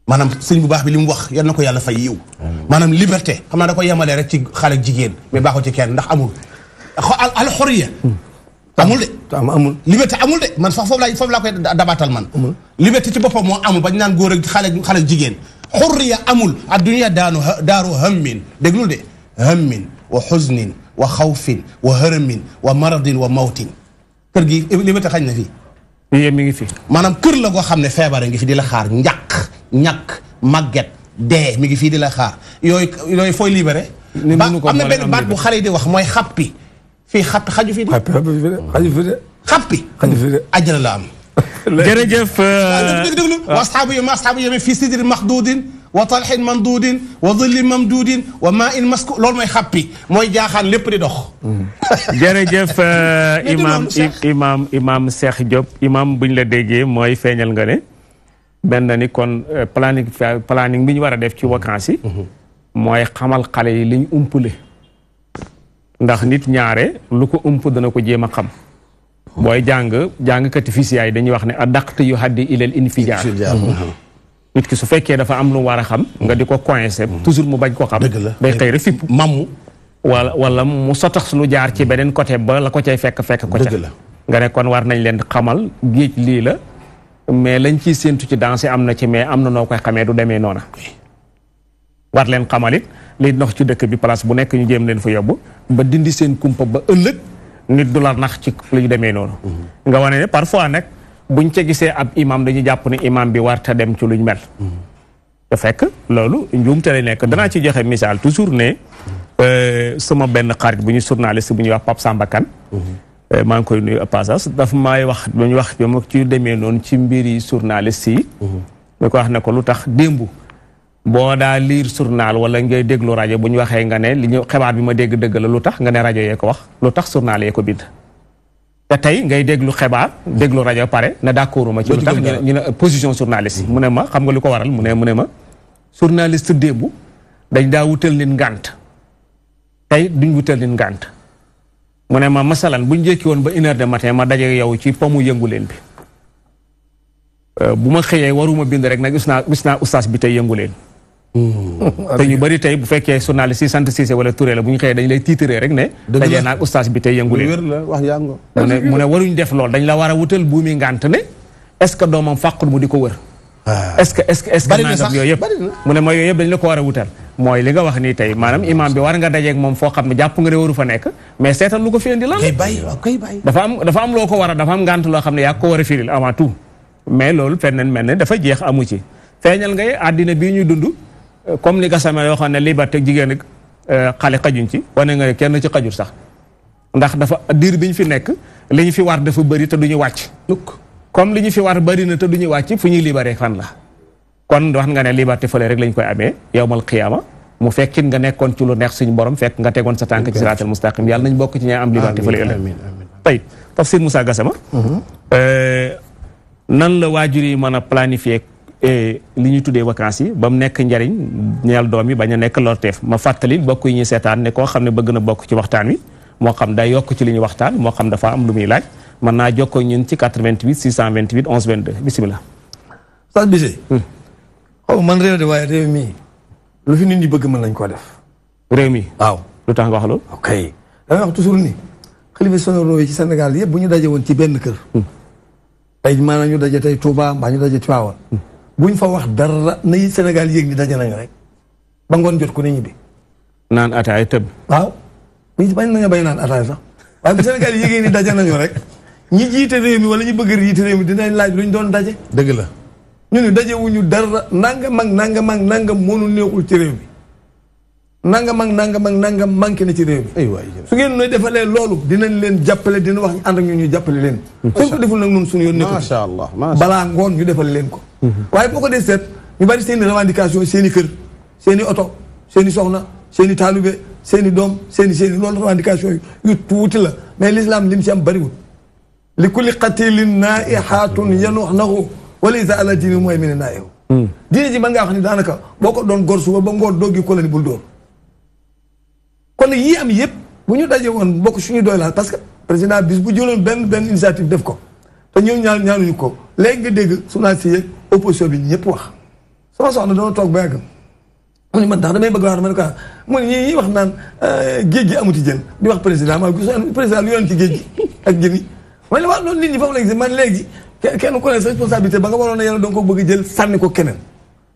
maanaam sëñ bu baax bi li mu wax yal na ko yàlla fay yiw maanaam liberté xam naa da ko yemalee rek ci xale ak jigéen mais baaxul ci kenn ndax amul al xoriya hmm. amul de amul amul de man sax foofu laa foofu laa koy dabaatal man liberté ci boppa moo amul bañ naan góor ak xale xale jigéen xurriya amul addunya daanu daaru hammin déglul de hammin wa xusnin wa xawfin wa hërëmin wa maradin wa mawtin kër gi liberté xañ na fii mi ngi fi maanaam kër la goo xam ne feebare ngi fi di la xaar njàq ñak màgget dé mi ngi fi di la xaar yoy yoy foy libéré. amna ben baat bu xale di wax moy xàppi fi xàppi xaju fi di xaju fi di xàppi xaju fi di àjjana la am. jërëjëf. waaw dégg déglu wasxaabu ma sahabu yami fi sidri mahdudin wa talhin mandudin wa dhillin mamdudin wa ma'in in masku loolu mooy xàppi moy jaxan lépp di dox. jërëjëf imam imam imam Cheikh job imam buñ la déggé moy feñal nga ne. benn ni kon euh, planning planning bi ñu war a def ci vacances yi. Mhm. mooy xamal xale yi li ñu umpule. ndax nit ñaare lu ko ump dana ko jéem a xam. booy jàng jàngkati fisiyaa yi dañuy wax ne a adaqt yu haddi fi infijaar mhm. mhm. nit ki su fekkee dafa am lu war xam. nga di ko coincé toujours mu bañ ko xam. day xëy rek fipp mamu. wala wala mu sotax lu jaar ci beneen côté ba la ko cay fekk fekk ko ca. nga ne kon war nañ leen xamal géej lii la. mais lañ ciy séentu ci danse am na ci mais am na noo koy xamee du demee noona war leen xamalit liy ndox ci dëkk bi place bu nekk ñu jéem leen fa yóbbu ba dindi seen kumpa ba ëllëg nit du la nax ci lu ñu demee noonu mhm. nga wane ne parfois nag buñ ca gisee ab imam dañu jàpp ne imam bi war ta dem ci luñ mel mhm. te fekk loolu njuumte lay nekk danaa ci joxe misaal toujours ne euh, sama benn xarit bu ñu journaliste bu ñuy wax Pape Samba Kane mhm. Euh, maa ngi koy nuyu passage daf maay wax dañu wax ba ma ci demee noonu ci mbiri journaliste yi. ñu mhm. ko wax na ko lu tax démb. boo daa liir journal wala ngay déglu rajo bu ñu waxee nga ne li ñu xibaar bi ma dégg dëgg la lu tax nga ne rajo yee ko wax lu tax journal yee ko bind. te tey ngay déglu xibaar déglu rajo pare na d'accord ma ci lu tax ñu ne position journaliste yi mu ne ma xam nga lu ko waral mu ne mu ne ma journaliste démb dañ daa wutal nit ngànt tey duñ wutal nit ngànt mu ne ma masalan bu ñu jékki woon ba une heure de matin ma daje yow ci pomu yëngu leen bi euh, bu ma xëyee waruma bind rek nag gis naa gis naa ustaas bi tey yëngu leen. Hmm. te ñu bëri tey bu fekkee journaliste yi sant Cissé wala Touré la bu ñu xëyee dañ lay tiitiree rek ne. dajee naa ustaas bi tey yëngu leen wax mu ne mu waruñ def lool dañ la war a wutal buumi ngànt ne est-ce que doomam fàqul mu di ko wër. Ah. est-ce que est-ce que est-ce que nangam yooyu yëpp mu ne mooy yooyu yëpp dañ la ko war a wutal mooy li nga wax nii tey maanaam imam bi war nga dajeeg moom foo xam ne jàpp nga ne waru fa nekk mais seetal lu ko fi indi lan dafa am dafa am loo ko war a am ngànt loo xam ne yaa ko a firil avant tout mais loolu feneen mel ne dafa jeex amu ci feeñal ngay àddina bii ñu dund comme ni gasame yoo xam ne liberté jigéen ak euh, xale xajuñ ci wane nga kenn ci xajul sax ndax dafa diir bi ñu fi nekk li ñu fi war dafa bëri te du ñu wàcc comme li ñu fi war bari na te du ñu wàcc fu ñuy libéré fan la kon wax nga ne liberté fële rek lañ koy amee yowmal xiyaama mu fekkit nga nekkoon ci lu neex suñu borom fekk nga tegoon sa tànk ci siraatal mustaqim yàlla bokk ci ñaa am liberté fële ëllëg mhm. euh, nan la waajur yi mën a planifier euh, li ñuy tuddee vacances yi ba mu nekk njariñ ñeel doom yi bañ a nekk lorteef ma fàttali bokk yi ñuy seetaan ne koo xam ne bëgg na bokk ci waxtaan wi moo xam day yokk ci lu ñu waxtaan moo xam dafa am lu muy laaj man na joko ñun ci 88 628 11 22 bismillah. Sass Bissé. Hmm. Oh, man réew de waaye réew mi lu fi nit ñi bëgg mën nañ koo def. réew mi waaw lu tax nga wax loolu. ok damay wax toujours ni xalifa sonoro yi ci Sénégal yëpp bu ñu daje ci benn kër. Hmm. tey maanaam ñu daje tey Touba mbaa ñu daje Tivaouane. Hmm. buñ fa wax dara na Sénégal yéeg ni daje nañ rek ba ngoon jot ku ne ñibbi. ataay waaw bañ bay ataay sax ni nañu rek. ñi jiite réew mi wala ñu bëgg a jiite réew mi dinañ laaj lu ñu doon daje. dëgg la ñu ne daje wuñu dara nanga mag nanga ak nangam moonu neexul ci réew mi nangam ak nangam ak nangam manqué na ci réew mi. aywa su ngeen nooy defalee loolu dinañ leen jàppale dina wax ñu ànd ak ñu ñu jàppale leen. macha allah ko deful nag ñun suñu yoon. macha allah balaa ngoon ñu defal leen ko. Mhm. waaye boo ko dee seet ñu bari seen i seeni seen i kër seeni i oto seen i soxna seeni i taalube seen i doom seen i seen i loolu revendication yu la mais l'islam lim si am bariwul likulli qatilin naihatun yanuhnahu walaysa ala dini mu'minin naihu diine ji man ngaa wax ni daanaka boo ko doon gor suba ba ngoon doggi ko la bul dóor kon yii am yëpp bu ñu daje woon mbokk suñu doy la parce que président bis bu jëloon benn benn initiative def ko te ñoom ñaan ñaanuñu ko léegi nga dégg su naa si yeeg opposition bi ñëpp wax sama soxna dama toog ba yàgg mu man ndax damay bëgg wax ma ne ko mu ñi ñii wax naan géej gi amuti jël di wax président ma président lu yoon ci géej gi ak jën yi mooy la wax noonu nit ñi foofu si man léegi kenn ku ne sa responsabilité ba nga waroon a yàlla danga ko bëgg jël sànni ko keneen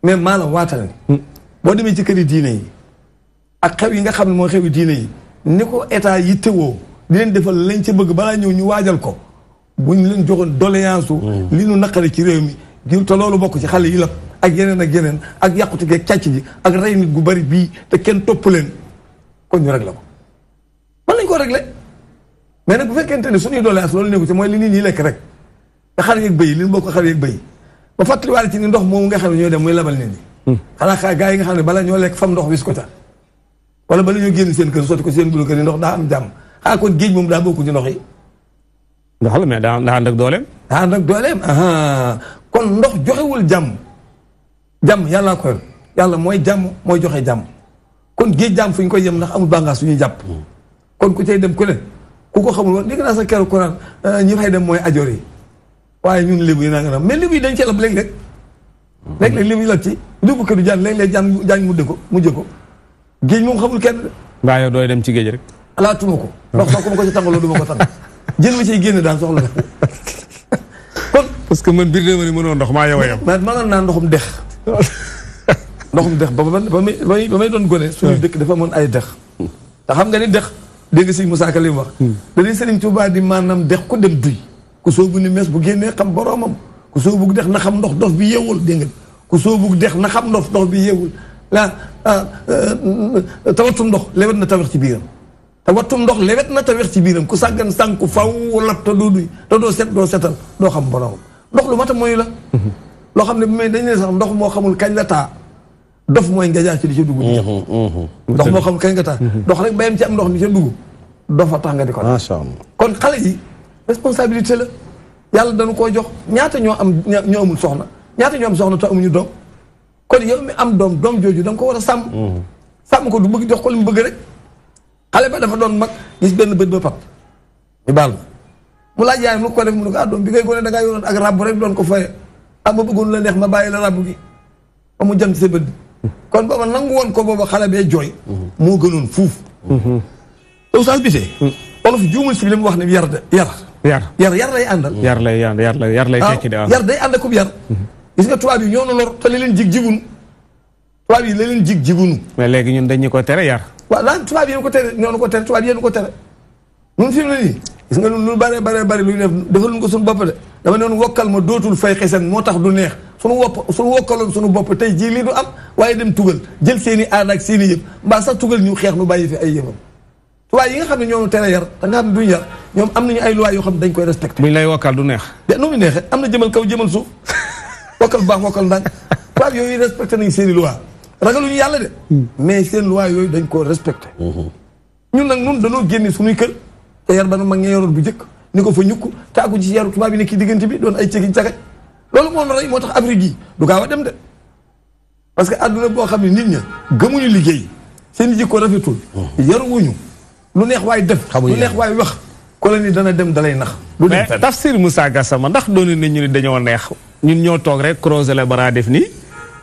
mais maa la waatal ni hmm. boo demee ci këri diine yi ak xew yi nga xam ne moo xewi diine yi ni ko état yi tewoo di leen defal lañ ci bëgg balaa ñëw ñu waajal ko ñu leen joxoon doléance u hmm. li ñu naqari ci réew mi gi te loolu bokk ci xale yi la ak yeneen ak yeneen ak yàqute geeg càcc ji ak rey mi gu bari bii te kenn topp leen kon ñu rek la ko lañ ko réglé mais nag bu fekkente ne suñuy doléance loolu nekku ci mooy li nit ñi lekk rek nga xar yeeg bëy li ñu bokk xar yeeg bëy ba fàttaliwaale ci ni ndox moom nga xam ne ñoo dem muy labal nit ñi hmm. xanaa xaa gars yi nga xam ne bala ñoo lekk fam ndox wis ko ca wala bala ñoo génn seen kër sotti ko seen bulu kër yi ndox daa am jàmm xaa kon géej moom daa bokku ci ndox yi ndox la mais daa ànd ak dooleem daa ànd ak dooleem kon ndox joxewul jàmm jàmm yàllaa ko yàlla mooy jàmm mooy joxe jàmm kon géej jàmm fu ñu koy yem ndax amul bàngaas suñuy jàpp hmm. kon ku cay dem ku ku ko xamul woon dégg naa sa keroog Koraan euh, ñi fay dem mooy ajoor yi waaye ñun lébu yi naa nga naan mais lébu yi dañ ci lab léeg-léeg. léeg-léeg lébu yi ci lébu këdu jaan léeg-léeg jaan jaan mu ko mu jëg ko géej moom xamul kenn. mbaa yow dooy dem ci géej rek. alaatuma ko. ndox sax ku ma ko ci tàngaloo du ma ko tàng jën ma ciy génne daan soxla na kon. parce que man biir dama mënoo ndox maa yow a yem. man maanaam naa ndoxum dex. ndoxum dex ba ba ba may ba may doon gone. suñu dëkk dafa mën ay dex. te xam nga ni dex dégg nga sëñ Moussa Ka li mu wax dañuy hmm. sëriñ Tuubaa di maanaam dex ko dem duy ku soobu ni mes bu génnee xam boroomam ku soobu dex na xam ndox dof bi yeewul dégg nga ku soobu dex na xam ndox dof bi yeewul la ah, ah, ndox lewet na tawex ci biiram tawattum ndox lewet na tawex ci biiram ku sàggan sànku faw lap te doo set doo setal doo xam la hmm. loo xam ne bu may dañ ne sax ndox moo xamul kañ la taa dof mooy nga jaar ci di ca dugg. ndox mm-hmm, mm-hmm. moo xam kañ nga tax. Mm-hmm. dox rek bayam ci am ndox mi ca dugg. dofa tax nga di ko macha allah kon xale yi responsabilité la yàlla dañu koo jox ñaata ñoo am ñoo amul soxna ñaata ñoo am soxna te amuñu doom kon yow mi am doom doom jooju da ko war a sàmm. sàmm ko du bëgg jox ko li mu bëgg rek xale ba dafa doon mag gis benn bët ba pat ñu baal ma mu laaj yaayam lu ko def mu ne ko ah doom bi ngay gone da ngaa yoroon ak ràbb rek doon ko faye ah ma bëggoon la neex ma bàyyi la ràbb gi amu jant sa bët. kon booba nangu woon ko booba xale bee jooy moo gënoon fuuf mm-hmm. ustaas Bisse mm-hmm. olof juumul si li mu wax ne yar yar yar yar yar lay àndal yar lay yar lay yar lay ah, tekki de ah. yar day ànd akub yar mm-hmm. gis nga tubaab yi ñoo nu lor te li leen jig jibunu tubaab yi li leen jig jibunu mais léegi ñun dañu ko tere yar waaw laan tubaab yéen ko tere ñoo nu ko tere tubaab yéen ko tere ñun fi mu ne nii gis nga lu bare bare bare lu ñu def defal ko suñu bopp de dama noonu wokkal ma dootul fay xesen moo tax du neex sunu wopp sunu wokkaloon sunu bopp tey jii lii du am waaye dem tugal jël seeni i aada ak seen i yëpp mbaa sax tugal ñu xeex nu bàyyi fi ay yëfam tubaab yi nga xam ne ñoom tere yar da nga xam ñoom am nañu ay loi yoo xam ne dañ koy respecté buñ lay wokkal du neex de nu muy neexee am na jëmal kaw jëmal suuf [laughs] wokkal baax wokkal ndànk tubaab yooyu respecté nañ seen i loi ragaluñu yàlla de hmm. mais seen loi yooyu dañ koo respecté hmm. ñun nag nun dañoo génne suñuy kër te yar ba nu mag ñi yoroon jëkk ni ko fa ñukk taaku ci yaru tubaab yi nekk ci diggante bi doon ay cegi cagaj loolu moom rey moo tax Afrique yi du gaaw a dem de parce que àdduna boo xam ne nit ña gëmuñu liggéey seen jikko rafetul hmm. yaruwuñu lu neex waay def lu neex waay wax ko ni dana dem dalay nax lu mais Tafsir Moussa sama ndax doon nañ ñu ni dañoo neex ñun ñoo toog rek croiser les bras def nii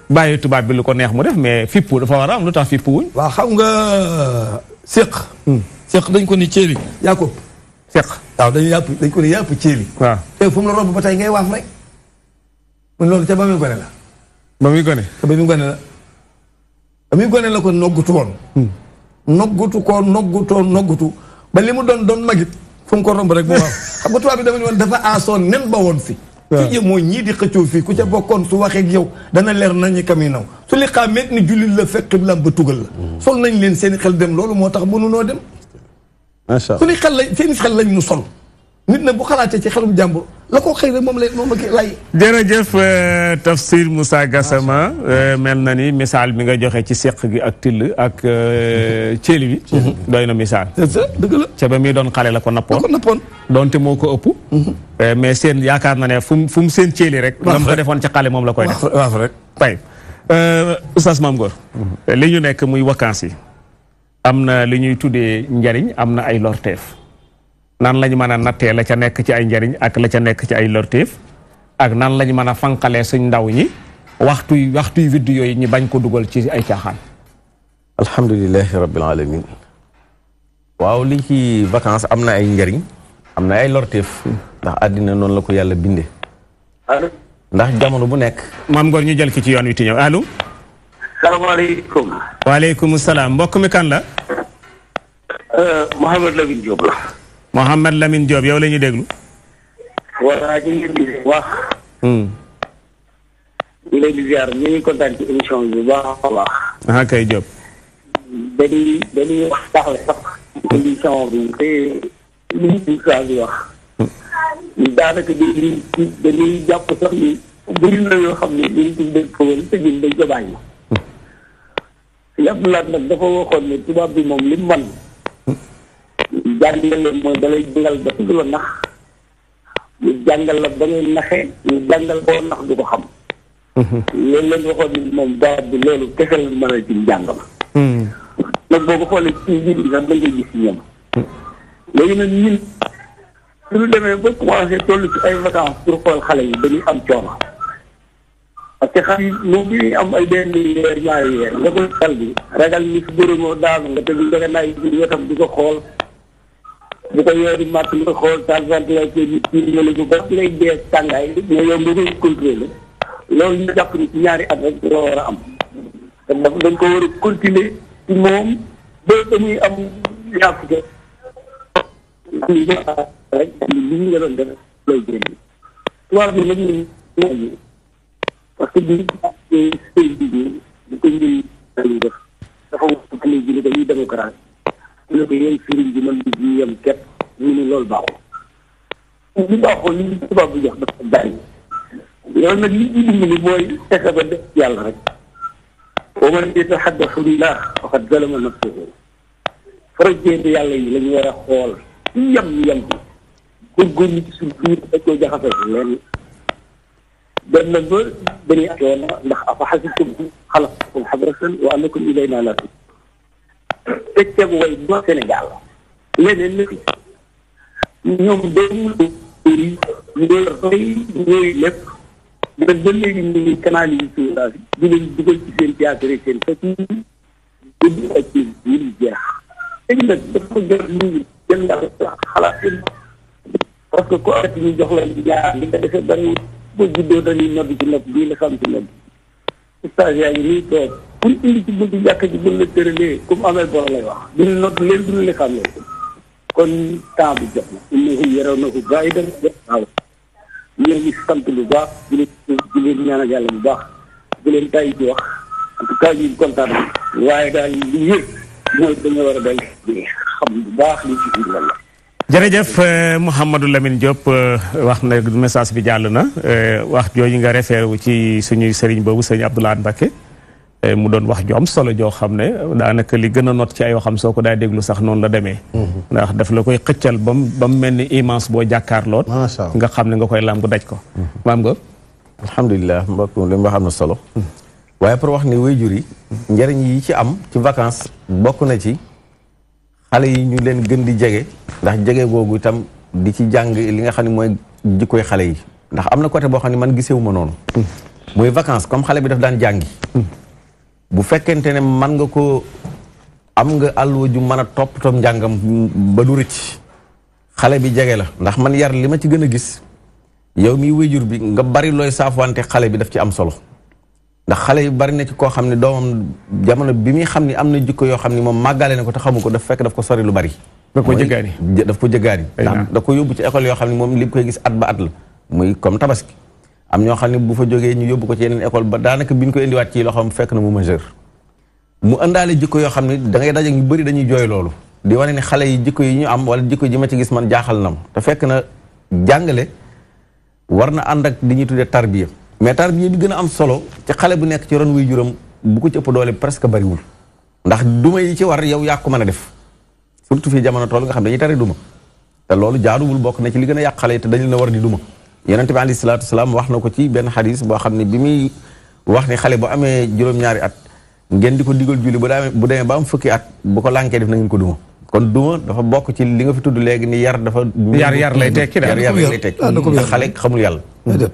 bàyyee tubaab bi lu ko neex mu def mais fippu dafa war a am lu tax fippu wuñ waaw nga euh, séq hmm. séq dañ ko ni céeri yaa seq waaw dañu yàpp dañ ko ne yàpp ceeli waaw tey fu la romb ba tey ngay waaf rek mun loolu ca ba muy gone la ba muy gone ca la ko noggutu woon hmm. noggutu ko noggutoon noggutu ba li mu doon doon magit fu mu ko romb rek mu waaw [laughs] xam nga tubaab bi dafa ne woon dafa aasoon nen ba woon fi ci mooy ñii di xëccoo fii ku ca bokkoon su waxee yow dana leer nañu kam yi naw su li xaameet ni jullit la fekk lam ba tugal la hmm. sol nañ leen seeni xel dem loolu moo tax mënu dem macha allah su ni xel lañ seen sol. nit na bu xalaatee ci xelum jàmbur la ko xëy rek moom lay moom lay. jërëjëf euh, Tafsir Moussa Gassama euh, mel na ni misaal bi nga joxe ci seq gi ak till ak euh, ceeli bi. Mhm. doy na misaal. la ca ba muy doon xale la ko nappoon. nappoon donte moo ko ëpp. Mhm. mais seen yaakaar na ne fu mu fu mu seen ceeli rek. waaw mu ko defoon ci xale moom la koy def. waaw rek tey oustaz mhm. li ñu nekk muy vacances yi. am na li ñuy tuddee njariñ am na ay lorteef nan lañ mën a nattee la ca nekk ci ay njariñ ak la ca nekk ci ay lorteef ak nan lañ mën a fanqalee suñ ndaw ñi waxtuy waxtuy widd yooyu ñi bañ ko dugal ci ay caaxaan alhamdulilahi rabbil alamin waaw li ci vacances am na ay njariñ am na ay lorteef ndax addina noonu la ko yàlla binde ndax jamono bu nekk maam Ngor ñu jël ki ci yoon wi ti salaamaaleykum. waaleykum salaam mbokk mi kan la. Ee, Mouhamed Lamine Diop la. Mouhamed Lamine Diop yow la ñuy déglu. voilà ñu ngi leen di wax. Hmm. ñu ngi leen di ziar ñu ngi kontaan ci émission bi bu baax a baax. ah kay Diop. dañuy dañuy wax taxaw sax émission bi te li ñu saa di wax. daanaka dañuy dañuy jàpp sax ni bëri na yoo xam ne dañu tuddee foofu te ñun dañu ko bàyyi. lépp laat nag dafa waxoon ne tubaab bi moom lim man jàngale mooy dalay jàngal ba tudd la nax mu jàngal la ba ngay naxe mu jàngal boo nax du ko xam loolu leen waxoon ne moom baat bi loolu kese la a ci njàng ma nag boo ko xoolee ci biir bi sax da ngay gis ñoom léegi nag ñun demee ba commencé toll ci ay vacances pour xool xale yi dañuy am coono parce que xam moom muy bi ragal ni si bërimoo daanu nga tegu nga ko xool bu ko yee di màtt nga xool cent ventilateur bi yële bu baax ngay dee tàngaay mais yow nga ñu jàpp ni ci ñaari a am te dafa ko war a continuer ci am parce que bi ñu sëy bi ñu ko ñuy def dafa wax ne ji dañuy démocrate ñu ne ko yéen sëriñ bi man di yem képp ñu ne loolu baaxul li baaxul li tubaab bi jox dafa bari yow nag li ñu dimbali mooy fexe ba def yàlla rek wa man a billah faqad zalama nafsahu frontière yàlla yi la ñu war a xool ci yem yem bi góorgóorlu ci suñu biir da koo jaxasal lenn لأن الزول بريء فحسبتم خلقتكم حبرة وأنكم إلينا لا تجدون تكتبوا ويدوا سنغال لأن النبي ñoom dañuy bëri ñooy rëy ñooy lépp ba ba léegi ñu ngi canaliser suuflaas di leen dugal ci seen théâtre seen fekk ñu dugg ak ci ñu jeex léegi nag dafa jot ñu ngi jëndal xalaat parce que ko arrêté ñu jox la ñaar li nga defee bariwul boo juddoo dañuy nodd ci nopp bii la xam ci nopp ustaas yaa ngi nii toog pour indi ci buntu jàkk ji buñ la tëralee comme amee bor lay wax duñu nodd leen duñu la xam leen kon temps bi jot na innahum yarawnahu ba'idan waaw ñu ngi sant lu baax di leen di leen ñaanal bu baax di leen tàyyi ci wax en tout cas ñu kontaan waaye daal li yëg mooy dañoo war a dal xam bu baax li ci indi lan la jërëjëf euh, Mouhamadou lamin Diop euh, wax na message bi jàll na euh, wax jooju nga référé ci suñuy sëriñ boobu sëriñ Abdoulaye Mbacké mu doon wax joom solo joo xam ne daanaka li gën a not ci ay waxam soo ko daay déglu sax noonu la demee. Mm-hmm. ndax daf la koy xëccal ba mu ba mu mel ni immense boo jàkkaarloot. nga xam ne nga koy lam gu daj ko. Mm-hmm. maam nga. alhamdulilah mbokk li nga xam na solo. Mm-hmm. waaye pour wax ni waajur yi. njëriñ yi ci am ci vacances bokk na ci. xale yi ñu leen gën di jege ndax jege googu itam di ci jàng li nga xam ne mooy jikkoy xale yi ndax am na côté boo xam ne man gisewu ma noonu mooy vacance comme xale bi daf daan jàngi bu fekkente ne man nga ko am nga àlluwa ju mën a toppatoo njàngam ba du rëcc xale bi jege la ndax man yar li ma ci gën a gis yow mi wéjur bi nga bari looy saafwante xale bi daf ci am solo ndax xale yu bari na ci koo xam ne doomam jamono bi muy xam ni am na jikko yoo xam ne moom màggale na ko te xamu ko daf fekk daf ko sori lu bari. daf ko jëggaani daf ko jëggaani ndax da ko yóbbu ci école yoo xam ne moom li koy gis at ba at la muy comme am ñoo xam ne bu fa jógee ñu yóbbu ko ci yeneen école ba daanaka bi ko indiwaat ci loxoom fekk na mu majeur mu ëndaale jikko yoo xam ne da daje ñu bëri dañuy jooy loolu di wane ne xale yi jikko yi ñu am wala jikko ji ma ci gis man jaaxal na ma te fekk na jàngale war na ànd ak di ñuy tuddee tarbiya mais tarbiya bi gën am solo ci xale bu nekk ci ron wuy juróom bu ko ci ëpp doole presque bariwul ndax duma yi ci war yow yaa ko mën a def surtout fii jamono tool nga xam ne dañuy tare duma te loolu jaaduwul bokk na ci li gën a yàq xale te dañu la war di duma yonente bi alayhi salaatu salaam wax na ko ci benn xadis boo xam ne bi muy wax ni xale bu amee juróom-ñaari at ngeen di ko digal julli bu daa bu demee ba am fukki at bu ko lànkee def na ngeen ko duma kon duma dafa bokk ci li nga fi tudd léegi ni yar dafa yar yar lay tekki yar yar lay tekki xale xamul yàlla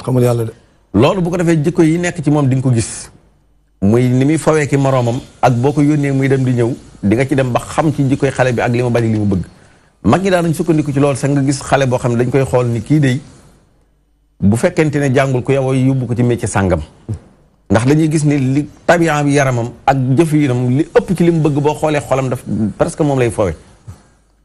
xamul yàlla de loolu bu ko defee jikko yi nekk ci moom di ko gis muy ni muy fawee ki moroomam ak boo ko yónnee muy dem di ñëw di nga ci dem ba xam ci jikkoy xale bi ak li mu bañ li mu bëgg mag ñi daanañ sukkandiku ci loolu sax nga gis xale boo xam ne dañ koy xool ni kii day bu fekkente ne jàngul ko yow yóbbu ko ci métier sàngam ndax dañuy gis ni li tabian bi yaramam ak jëf yi li ëpp ci li mu bëgg boo xoolee xolam daf presque moom lay fowe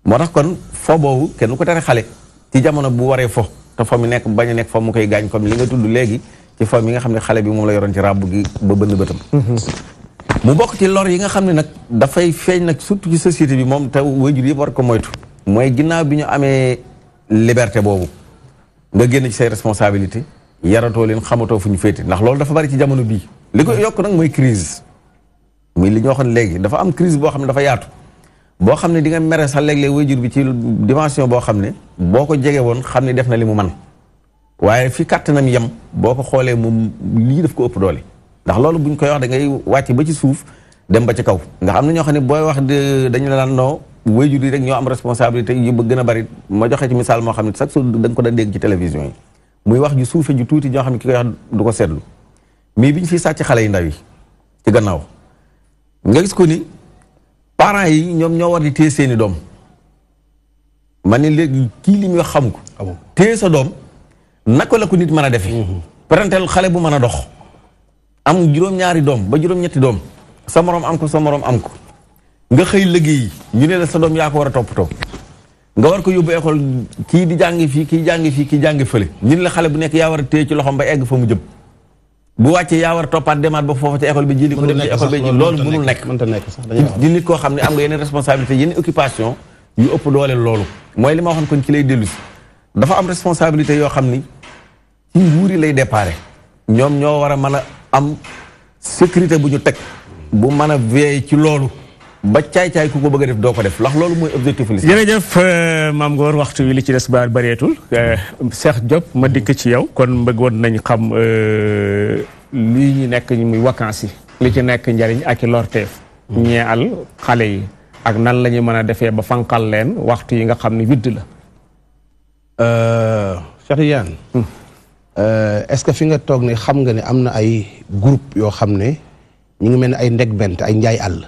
moo tax kon fo boobu kenn ko tere xale ci jamono bu waree fo te fo mu nekk bañ a nekk fo mu koy gaañ kom li nga tudd léegi ci fam yi nga xam ne xale bi moom la yoroon ci ràbb gi ba bënn bëtam mhm. mu bokk ci loor yi nga xam ne nag dafay feeñ nag surtout ci société bi moom taw waajur yëpp war ko moytu mooy ginnaaw bi ñu amee liberté boobu nga génn ci say responsabilité yaratoo leen xamatoo fu ñu féete ndax loolu dafa bari ci jamono bii li ko yokk nag mooy crise muy li ñu waxoon léegi dafa am crise boo xam ne dafa yaatu boo xam ne di nga mere sax léeg-léeg waajur bi ci dimension boo xam ne boo ko jege woon xam ne def na li mu man waaye fi kàttanam yem boo ko xoolee moom lii def ko ëpp doole ndax loolu buñ koy wax da ngay wàcc ba ci suuf dem ba ci kaw nga xam ne ñoo xam ne booy wax de dañu la naan noo wéyjur yi rek ñoo am responsabilité yu ba gën a bari ma joxe ci misaal moo xam ne sax su da nga ko daan dégg ci télévision yi muy wax ju suufe ju tuuti ñoo xam ne ki koy wax du ko seetlu mais bi ñu fiy sàcc xale yi ndaw yi ci gannaaw nga gis ko ni parents yi ñoom ñoo war di téye seeni doom ma ne léegi kii li muy xam ko ah téye sa doom naka la ko nit mën a defee. Mhm. parentel xale bu mën a dox. am juróom-ñaari doom ba juróom-ñetti doom. sa morom am ko sa morom am ko. nga xëy liggéey ñu ne la sa doom yaa ko war a toppatoo. nga war ko yóbbu kii di jàngi fii kii jàngi fii kii jàngi fële. ñu ne la xale nekk yaa war a téye ba egg a toppaat demaat ba foofa ci école bi jëli ko dem ci école bi ji loolu mënul nekk di nit koo xam ne am nga yeneen responsabilité yeneen occupation yu ëpp doole loolu mooy li ma waxoon kon ci lay dellu si dafa am responsabilité yo xamni ni ci lay déparé ñom ño wara mëna am sécurité buñu tek bu mëna a ci loolu ba caay-caay ku ko bëgg def doo ko def ndax loolu moy objectif li jërëjëf euh, mam Ngor waxtu wi li ci dess bar bariétul euh, Cheikh Diop ma dik ci yow kon won nañ xam ñi nek ñi muy vacances li ci nek ndariñ ak i lorteef hmm. ñee yi ak nan lañu mëna défé ba fankal leen waxtu yi nga xamni ne la Euh, Cheikh hmm. euh, est-ce que fi nga toog ne xam nga ne am na ay groupe yoo xam ne ñu ngi mel ne ay ndeg bent ay njaay àll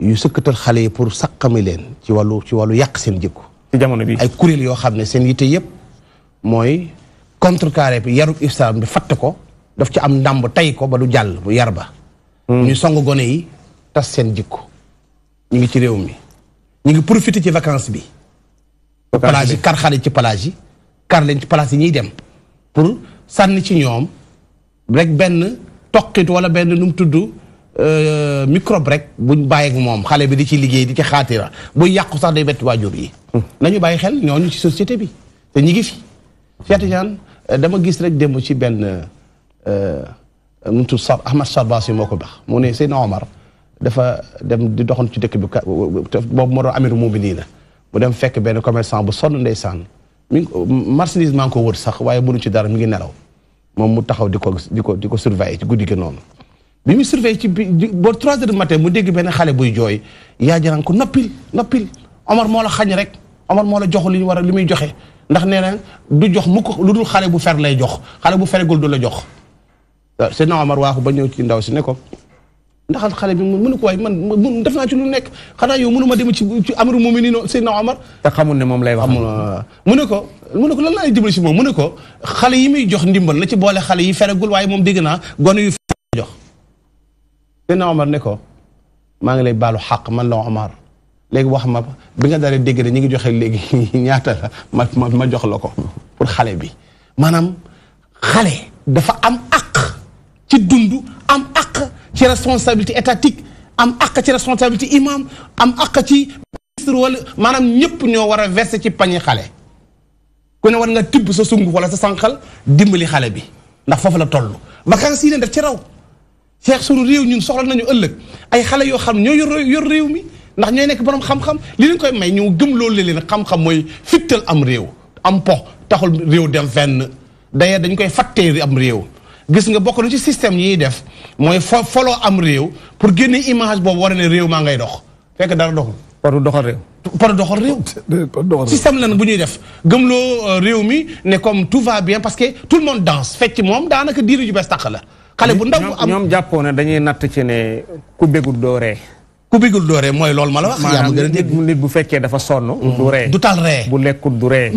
yu sëkkatal xale yi pour saqami leen ci wàllu ci wàllu yàq seen jikko jamono bi ay kuréel yoo xam ne seen yitte yëpp mooy contre contrecarré bi yarub islam bi fatt ko daf ci am ndàmb tay ko ba du jàll bu yar ba hmm. ñu song gone yi tas seen jikko ñu ngi ci réew mi ñu ngi profité ci vacances bi plage yi kar xale ci plage yi kar lañ ci place yi ñuy dem pour sànni ci ñoom rek benn toqit wala benn nu mu tudd euh, microbe rek buñ bàyyeek moom xale bi di ci liggéey di ci xaatira bu yàqu sax day bett waajur yi hmm. nañu bàyyi xel ñooñu ci société bi te ñi ngi fi Cheikh Tidiane euh, dama gis rek dem ci benn euh, mu tudd sar Ahmad Sarbaas yi moo ko bax mu ne Seydina Omar dafa dem di doxantu ci dëkk bi boobu moo doon amiru na mu dem fekk benn commerçant bu sonn ndeysaan mi marchandise ko wër sax waaye mënu ci dara mu ngi nelaw moom mu taxaw di ko di ko di ko surveiller ci guddi gi noonu bi muy surveiller ci ba trois heures du matin mu dégg benn xale buy jooy yaa janaan ko noppil noppil Omar moo la xañ rek Omar moo la jox li ñu war a li muy joxe ndax nee na du jox mukk lu dul xale bu fer lay jox xale bu feregul dul la jox c'est na Omar waaxu ba ñëw ci ndaw si ne ko ndaxal xale bi mënu ko way man def naa ci lu nekk xanaa yow mënu dem ci ci amaru mu'minin Seydina Omar te xamul ne moom lay wax mu ne ko mu ne ko lan lay jublu ci moom mu ne ko xale yi muy jox ndimbal la ci boole xale yi feregul waaye moom dégg naa gone yu jox Seydina Omar ne ko maa ngi lay baalu xaq man la Omar léegi wax ma bi nga dalee dégg ne ñi ngi joxe léegi ñaata la ma ma jox la ko pour xale bi maanaam xale dafa am aq ci dund am aq ci responsabilité étatique am àq ci responsabilité imam am àq ci ministre wala maanaam ñëpp ñoo war a verser ci pañi xale ku ne war nga tibb sa sunguf wala sa sànqal dimbali xale bi ndax foofu la toll vacances yi ne def ci raw seex sunu réew ñun soxla nañu ëllëg ay xale yoo xam ñoo yor yor réew mi ndax ñooy nekk borom xam-xam li leen koy may ñu gëm loolu la leen xam-xam mooy fittal am réew am po taxul réew dem fenn d'ailleurs dañ koy fàttee am réew gis nga bokk na ci système yi ñuy def mooy fo foloo am réew pour génne image boobu war ne réew maa ngay dox fekk dara doxul. par doxal réew. par [laughs] doxal réew. système lan bu ñuy def gëm loo euh, réew mi ne comme tout va bien parce que tout le monde danse fecc moom daanaka diiru ju bees tàq la. xale bu ndaw am ñoom jàppoo ne dañuy natt ci ne ku bégul dooree. ku bigul doo ree mooy loolu ma la wax. yaa ma a dégg bu fekkee dafa sonn. du mm-hmm. ree du bu lekkut du ree.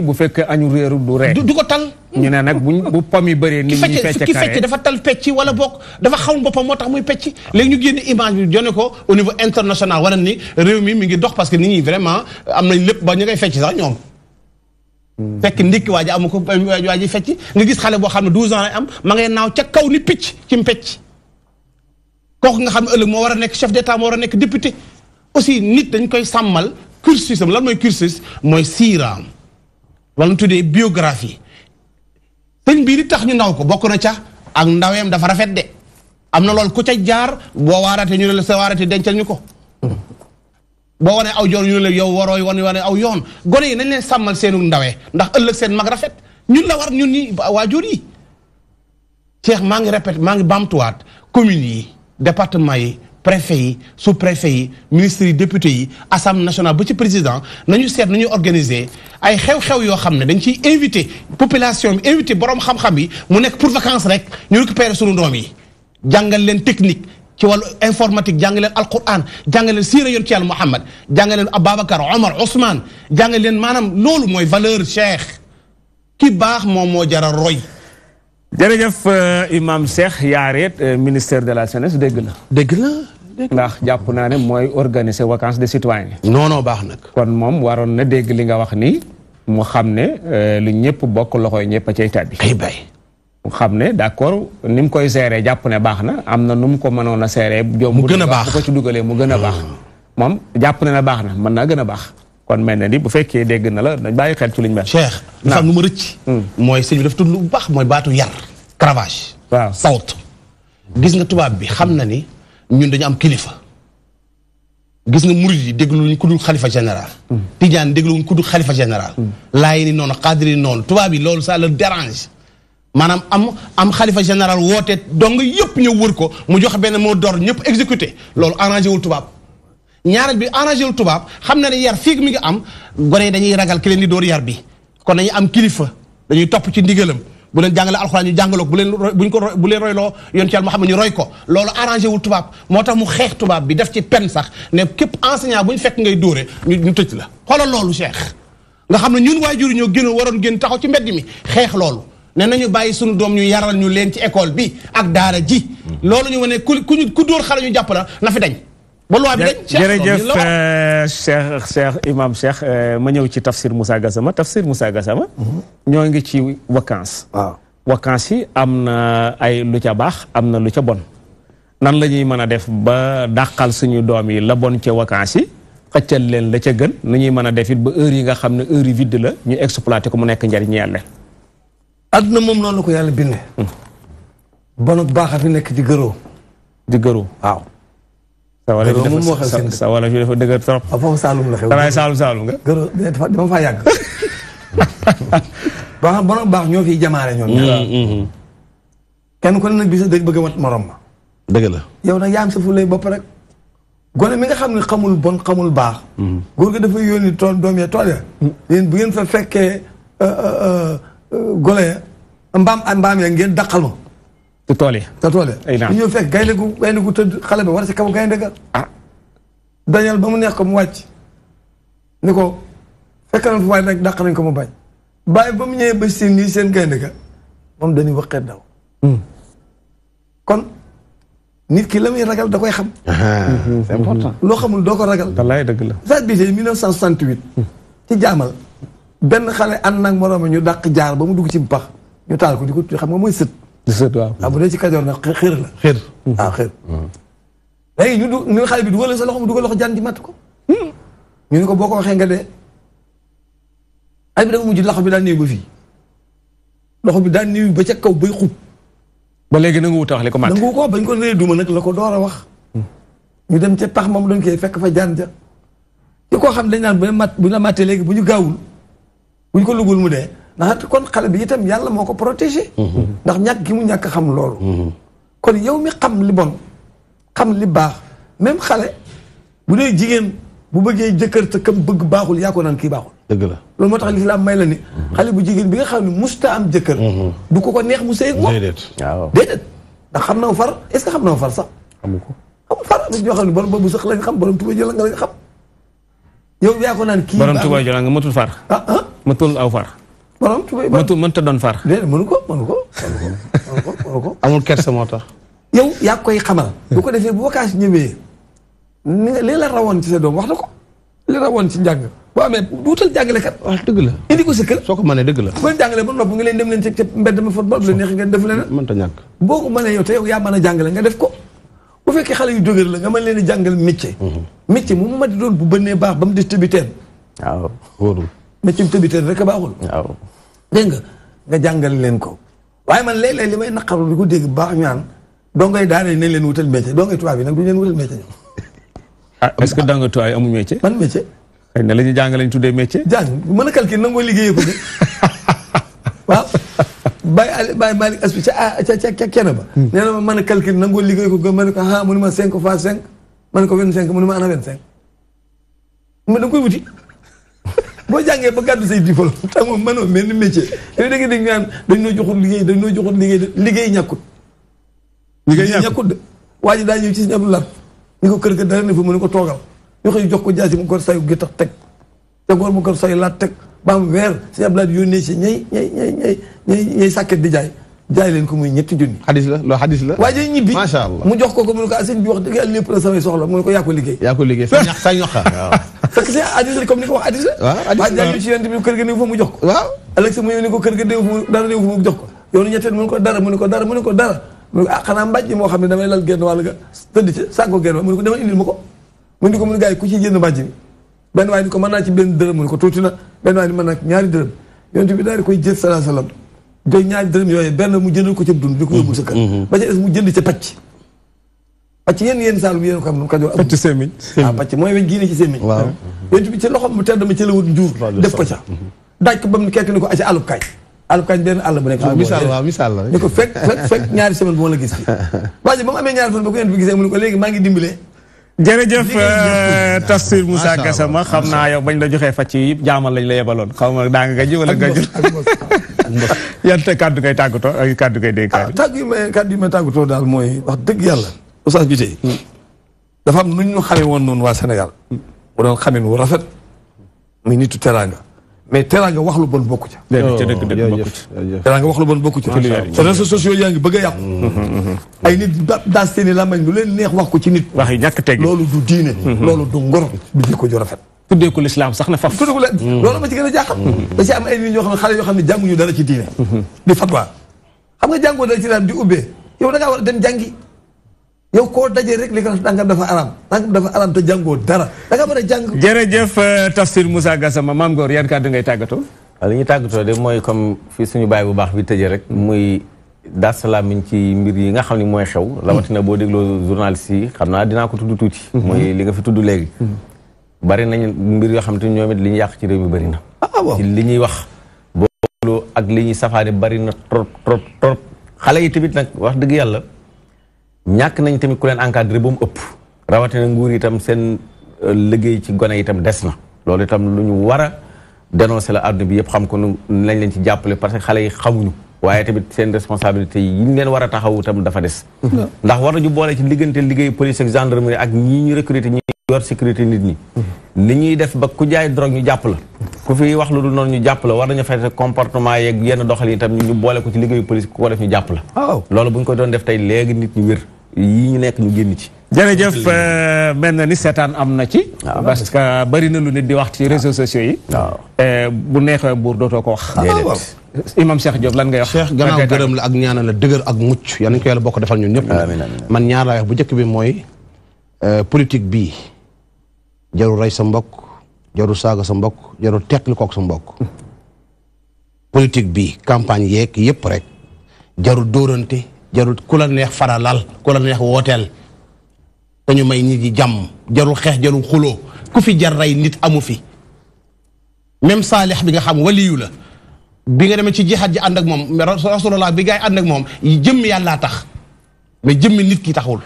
bu fekkee añu réeru du ree. du ko tal. ñu ne nag buñ bu pom yi bëree. nit ñi fecce dafa tal pecc wala bokk dafa xawul boppam moo tax muy pecc. léegi génn image jone ko au niveau international waral ni réew mi mi ngi dox parce que nit ñi vraiment am nañ lépp ba ñu koy fecc sax ñoom. Mm. fekk ndikki waa ji mu ko waa ji fecc nga gis xale boo xam ne 12 ans am ma ngay naaw ca kaw ni picc ci mpecc kooku nga xam ne ëllëg moo war a nekk chef d'état moo war a nekk député aussi nit dañ koy sàmmal cursus am mooy cursus mooy siiraam wala ñu tuddee biographie sëñ bii li tax ñu ndaw ko bokk na ca ak ndaweem dafa rafet de am na loolu ku ca jaar boo waarate ñu ne la sa waarate dencal ñu ko boo wanee aw joon ñu ne la yow warooy wan wane aw yoon gone yi nañ leen sàmmal seenu ndawee ndax ëllëg seen mag rafet ñun la war ñun ñi waajur yi Cheikh maa ngi répété maa ngi bamtuwaat communes yi département yi préfet yi sous préfet yi ministres députés yi assemblée nationale ba ci président nañu seet nañu organiser ay xew-xew yoo xam dañ ciy invité population invité borom xam-xam yi mu pour vacances rek ñu récupérer sur doom yi jàngal leen technique ci wal informatique jàngal leen alcorane jàngal leen siira yoon ci yàlla Muhammad jàngal leen Ababacar Omar Ousmane jàngal leen manam loolu moy valeur cheikh ki baax moom moo jara roy jërëjëf euh, Imam Cheikh Yaaret euh, ministère de la jeunesse dégg la. dégg la. ndax jàpp naa ne mooy organiser vacances de citoyens. non baax nag. kon moom waroon na dégg li nga wax nii mu xam ne euh, lu ñëpp bokk loxoy ñëpp a cay tàbbi. mu xam ne d' accord ni mu koy gérer jàpp ne baax na am na nu mu ko mënoon a gérer. mu gën a baax ko ci dugalee mu gën a baax. Ah. moom jàpp ne na baax na mën naa gën a baax. kon mel na ni bu fekkee dégg na la dañ bàyyi xel ci liñ mel. Cheikh am lu ma rëcc. Hmm. mooy sëñ bi dafa tudd lu baax mooy baatu yar. cravage. waaw gis nga tubaab bi xam na ni ñun dañu am kilifa. gis nga murid yi déglu ñu ku dul xalifa général. Hmm. tijaan déglu ñu ku dul xalifa général. Hmm. laay ni noonu xaadiri noonu tubaab yi loolu ça le dérange. maanaam am am xalifa général woote dong yëpp ñëw wër ko mu jox benn moo door ñëpp exécuté loolu arrangé wul tubaab. ñaareel bi arrangé lu tubaab xam na ne yar fii mi ngi am gone dañuy ragal ki leen di dóor yar bi kon dañuy am kilifa dañuy topp ci ndigalam bu leen jàngale alxuraan ñu jàngaloo bu leen buñ ko bu leen royloo yoon ci yàlla Muhammad roy ko loolu arrangé wul tubaab moo tax mu xeex tubaab bi def ci pen sax ne képp enseignant bu ñu fekk ngay dóore ñu tëj la xoolal loolu Cheikh nga xam ne ñun waajur ñoo génn waroon génn taxaw ci mbedd mi xeex loolu ne nañu bàyyi suñu doom ñu yaral ñu leen ci école bi ak daara ji hmm. loolu ñu wane ku ku dóor xale ñu jàpp la na dañ ba loi bi dañ. jërëjëf euh, Cheikh Cheikh Imam Cheikh euh, ma ñëw ci tafsir Moussa Gassama tafsir Moussa Gassama. Mhm. ñoo ngi ci vacances. waaw vacances yi am na ay lu ca baax am na lu ca bon. nan la ñuy mën a def ba dàqal suñu doom yi la bon ca vacances yi xëccal leen la ca gën nu ñuy mën a def it ba heure yi nga xam ne heure yi vide la ñu exploité ko mu nekk njariñ yàlla. àdduna moom noonu la ko yàlla bindee. Hmm. bon baax a fi nekk di gëroo. di gëroo waaw. sa wala fi dafa sa wala fi dafa dëgër trop. waaw foofu Saalum la xew. danaay Saalum Saalum nga. gërëm dama faa yàgg. [laughs] baax a baax ñoo fiy jamaare ñoom. Mm, mm, mm. kenn kon ne nag bis dañ bëgg a wat morom ma. dëgg la yow nag yaa am sa fulay bopp rek. gone mi nga xam ne xamul bon xamul baax. góor gi dafay yónni tool doom ya tool ya. bu ngeen fa fekkee euh, euh, euh, golo ya mbaam mbaam ya ngeen daqal ma. te tool yi te tool yi ñu ñëw fekk gaynde gu gaynde gu tëdd xale ba war si kaw gaynde ga ah dañal ba mu neex ko mu wàcc ni ko fekk nañ fu waaye nag dàq nañ ko mu bañ bàyyi ba mu ñëwee ba seen nii seen gaynde ga moom dañuy waxee daw hmm. kon nit ki la muy ragal da koy xam c'est important loo xamul doo ko ragal wallaay dëgg la sa bi tey mille neuf cent soixante-huit hmm. ci jaamal benn xale ànd nag moroom ñu dàq jaar ba mu dugg ci bu pax ñu taal ko di ko xam nga mooy sët 17 waaw ah bu dee ci Kajoor nag xir la. xir ah xir. léegi ñu du ñu xale bi dugal sa loxo mu dugal loxo jaan ji matt ko. ñu ne ko boo ko waxee nga dee. xale bi dafa mujj loxo bi daan néew ba fii. loxo bi daan néew ba ca kaw bay xub. ba léegi nangu wuta wax li ko matt nangu ko bañ ko nee duma nag la ko door a wax. ñu dem ca pax moom dañ koy fekk fa jaan ja. ci koo xam dañ naan bu ñu la matt bu ñu la mattee léegi bu ñu gaawul bu ñu ko lugul mu dee. Nah kon xale bi itam yalla moko protéger mhm. ndax ñak gi mu ñak xam lool mhm. kon yow mi xam li bon xam li bax même xale bu lay jigen bu bëggé jëkër te kam bëgg baxul ya ko nan ki baxul deug la lool motax l'islam may la ni. Mhm. xale bu jigen bi nga xam ni musta am jëkër du ko ko neex mu sey ak moom déedéet. waaw déedéet xam na far est ce xam na far sax. xamu xam far am jox ñoo borom sax lañ xam borom tuba jëla nga lañ xam. yow ya ko nan ki borom tuba nga matul far. ah ah matul aw far. borom tubay ba mënta doon far. déedéet mënu ko mënu ko mënu ko mënu ko. amul kersa moo tax. yow yaa koy xamal. bu ko defee bu vacance ñëwee. ni nga li la rawoon ci sa doom wax na ko. li rawoon ci njàng. waaw mais duutal jàngalekat. waaw dëgg la. indi ko sa kër. soo ko mënee dëgg la. boo jàngalee ba nopp nga leen dem leen ca mbedd ma football. bu la neex nga def leneen. mënta ñàkk boo ko mënee yow te yow yaa mën a jàngale nga def ko. bu fekkee xale yu dëgër la nga mën leen a jàngal métier. Mhm. métier mu ma di doon bu bënnee baax ba mu des tëbi teen. waaw wóorul métier tëbiteel rek a baaxul. waaw dégg nga nga jàngal leen ko. waaye man léeg-léeg li may naqaru di ko dégg bu baax ñu naan dongay daara nañ leen wutal métier dongay tubaab yi nag duñ leen wutal métier ñoom. ah est-ce que dongay tubaab yi amul métier. ban métier. xëy na la ñuy jàng lañ tuddee métier. jàng mën a calculer nangoo liggéeyee ko de [laughs] waaw Baye Ali Baye Malick Aspi ca ah, ca ca kenn ba. Hmm. nee na ma mën a calculer nangoo liggéey ko gëm ma ne ko ah mu ne ma cinq fois cinq ma ne ko vingt cinq mu ne ma ana vingt cinq. mais da nga koy wuti. boo jàngee ba gàddu say diplôme [laughs] te moom mënoo mel ni dañ yow da nga dégg naan dañ noo joxul liggéey dañ noo joxul liggéey liggéey ñàkkut liggéey ñàkkut de waa ji daa ñëw ci Sëñ Abdou Lahad kër ga dara ne fa mu ne ko toogal ñu xëy jox ko jaasi mu gor sayu géttax teg te gor mu gor sayu laat teg ba am weer Sëñ Abdou Lahad yónnee si ñay ñay ñay ñay ñay ñay sàkket di jaay la loolu xadis ñibbi mu jox ko ko mu ne ko sëñ bi wax dëgg yàlla lépp la samay soxla mu ne ko yaa liggéey yaa liggéey sa ñax [laughs] parce que addis la comme ni ko addis la. waaw addis kër ga néew fa mu jox waaw alex mu ni ko kër ga néew fa mu jox ko. yoonu ñetteel mu ne ko dara mu ko dara mu ne ko dara mu ne ko ah xanaa mbàjj moo xam ne damay lal genn wàll mu ko dama indil ko. mu ne ku ci jënd mbàjj mi benn waay ni ko mën naa ci benn dërëm mu ko tuuti na benn waay ni mën naa ñaari ñaari dërëm yooyu benn mu jëndal ko ca dund di ko yóbbul sa kër mm-hmm. ba ca des mu jënd ca pàcc yéen sal saalum yéen xam nu kajoor pàcc sémmiñ waaw pàcc mooy weñ gii ci sémmiñ waaw yéen ci loxom mu tedd ma ci la wut def ko ca daaj ko ba mu kekk ni ko aca àllub kañ àllub kañ bu nekk ah, misaal waaw misaal la ni ko fekk fekk ñaari semaine bu ma gis fi [laughs] waa ji ba ñaari fan ba ko yéen bi gisee mu ne ko léegi ngi dimbalee jërëjëf eh, Tafsir Moussa Gassama xam yow bañ la joxee jaamal lañ la nga wala [laughs] ngay ngay ah, wax oustaz bi am nu ñu xamee woon noonu waa Sénégal bu doon xamin wu rafet muy nitu teraanga mais teraanga wax lu bon bokku ca teraanga wax lu bon bokku ca te réseaux sociaux yaa ngi bëgg a yàqu mm-hmm, mm-hmm. ay nit daa seeni lamañ leen neex wax ci nit wax yu ñàkk teg loolu du diine mm-hmm. loolu du ngor du jikko ju rafet dee ko lislaam sax na faf tuddee ko loolu ma ci gën xam ne xale yoo xam ne jànguñu dara ci diine di fatwa xam nga jàngoo dara ci lislaam di ubbee yow da ngaa war a dem jàngi yow koo dajee rek li nga wax nangam dafa aram nangam te jàngoo dara da nga mën a jàng. jërëjëf euh, Tafsir Moussa Gassama maam Ngor yan kàddu ngay tàggatoo. li ñu tàggatoo de mooy comme fii suñu baay bu baax bi tëjee rek. muy daasalaam mi ci mbir yi nga xam ne mooy xew. lawatina boo dégloo journaliste yi xam naa dinaa ko tudd tuuti. Mhm. mooy li nga fi tudd léegi. Mhm. bari nañ mbir yoo xam te ñoom it li ñu yàq ci réew mi bari na. Ah, li ñuy wax. boo li ñuy safaane bari na trop xale yi tamit nag wax dëgg yàlla ñàkk nañ tamit ku leen encadré ba mu ëpp rawatina nguur itam seen euh, liggéey ci gone itam des na loolu itam lu ñu war a dénoncé la àdduna bi yëpp xam ko nu lañ leen ci jàppale parce que xale yi xamuñu waaye tamit seen responsabilité yi ñu leen war a taxaw itam dafa des mm-hmm. ndax war nañu boole ci diggante liggéey police ak gendarmerie ak ñii ñu recruté ñi yor sécurité nit ñi ni ñuy def ba ku jaay drogue ñu jàpp la ku fi wax lu dul noonu ñu jàpp la war nañu fexe comportement yeeg yenn doxalin itam ñu boole ko ci liggéeyu police ko def ñu jàpp la loolu nit ñu wér yii ñu nekk ñu génn ci jërëjëf mel na euh, ni seetaan am na ci ah, parce que bari na lu nit di wax ci réseaux ah. sociaux yi ah. euh, bu neexee buur dootoo ko wax imam Cheikh Diop lan ngay wax Cheikh gannaaw gërëm la ak ñaanal la dëgër ak mucc yal nañu ko yàlla bokk defal ñëpp man ñaar laay wax bu njëkk bi mooy euh, politique bii jaru ray sa mbokk jaru saga sa mbokk jaru tekli kok sa mbokk politique bi campagne yek yep rek jaru dóorante jaru kula neex faralal kula neex wotel dañu may nit yi jàmm jarul xeex jarul xuloo ku fi jar ray nit amu fi même salih bi nga xam waliyu la bi nga demé ci jihad ji and ak mom rasulullah bi gay and ak mom jëm yalla tax mais jëm nit ki taxul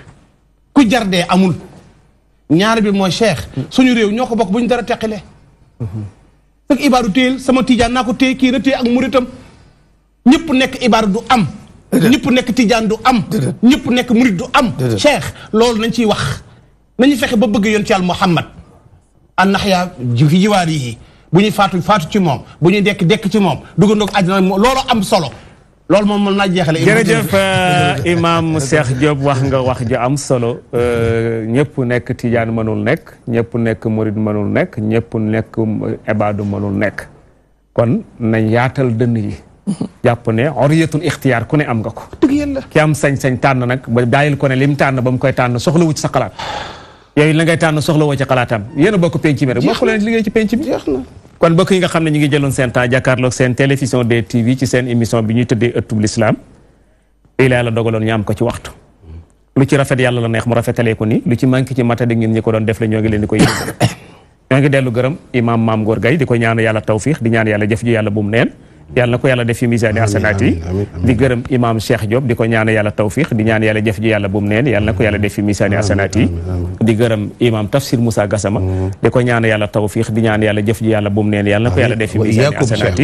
ku jar dé amul ñaar bi mooy cheikh suñu réew ñoo ko bokk bu ñu dara teqile sëg ibaaru sama tijaan naa ko téye kii na téye ak muritam ñëpp nekk ibaaru du am ñëpp nekk tiijaan du am ñëpp nekk murit du am cheikh loolu nañ ciy wax nañu fexe ba bëgg yoon ci yàlla muhammad an naxyaa fi jiwaar yi bu ñuy faatu faatu ci moom bu ñuy dekk dekk ci moom duggandoog àjjana loolu am solo loolu moom mën naa jeexale jërëjëf euh, Imaam Cheikh Diop wax nga wax ju am solo euh, ñëpp nekk Tijaan manul nekk ñëpp nekk Murid manul nekk ñëpp nekk Ebadu mënul nekk kon nañ yaatal dënn yi jàpp ne oriyatul ixtiyaar ku ne am nga ko ki am sañ-sañ tànn nag ba bàyyil ko ne lim tànn ba mu koy tànn soxlawu ci sa xalaat yooyu la ngay tànn soxla woo ci xalaatam yéen a bokk penc rek bokk leen liggéey ci penc mi jeex na kon bokk yi nga xam ne ñu ngi jëloon seen temps jàkkaarloog seen télévision DTV ci seen émission bi ñuy tëddee ëttub lislaam lii la yàlla dogaloon ñu am ko ci waxtu lu ci rafet yàlla la neex mu rafetaleeku ko ni lu ci manqué ci mata di ngeen ñi ko doon def la ñoo ngi leen di ko yëngal [coughs] ñoo ngi dellu gërëm imam maam Ngor Gaye di ko ñaanu yàlla tawfiix di ñaan yàlla jëf yàlla bu mu neen yàlla na ko yàlla def fi misaani asanaat yi di gërëm imam Cheikh Diop di ko ñaan yàlla tawfiq ñaan yàlla jëf ji yàlla bu mu neen yàlla na ko yàlla def fi misaani asanaat yi di gërëm imam Tafsir Moussa Gassama mm. di ko ñaan yàlla tawfiq di yàlla jëf ji yàlla bu mu neen yàlla misaani asanaat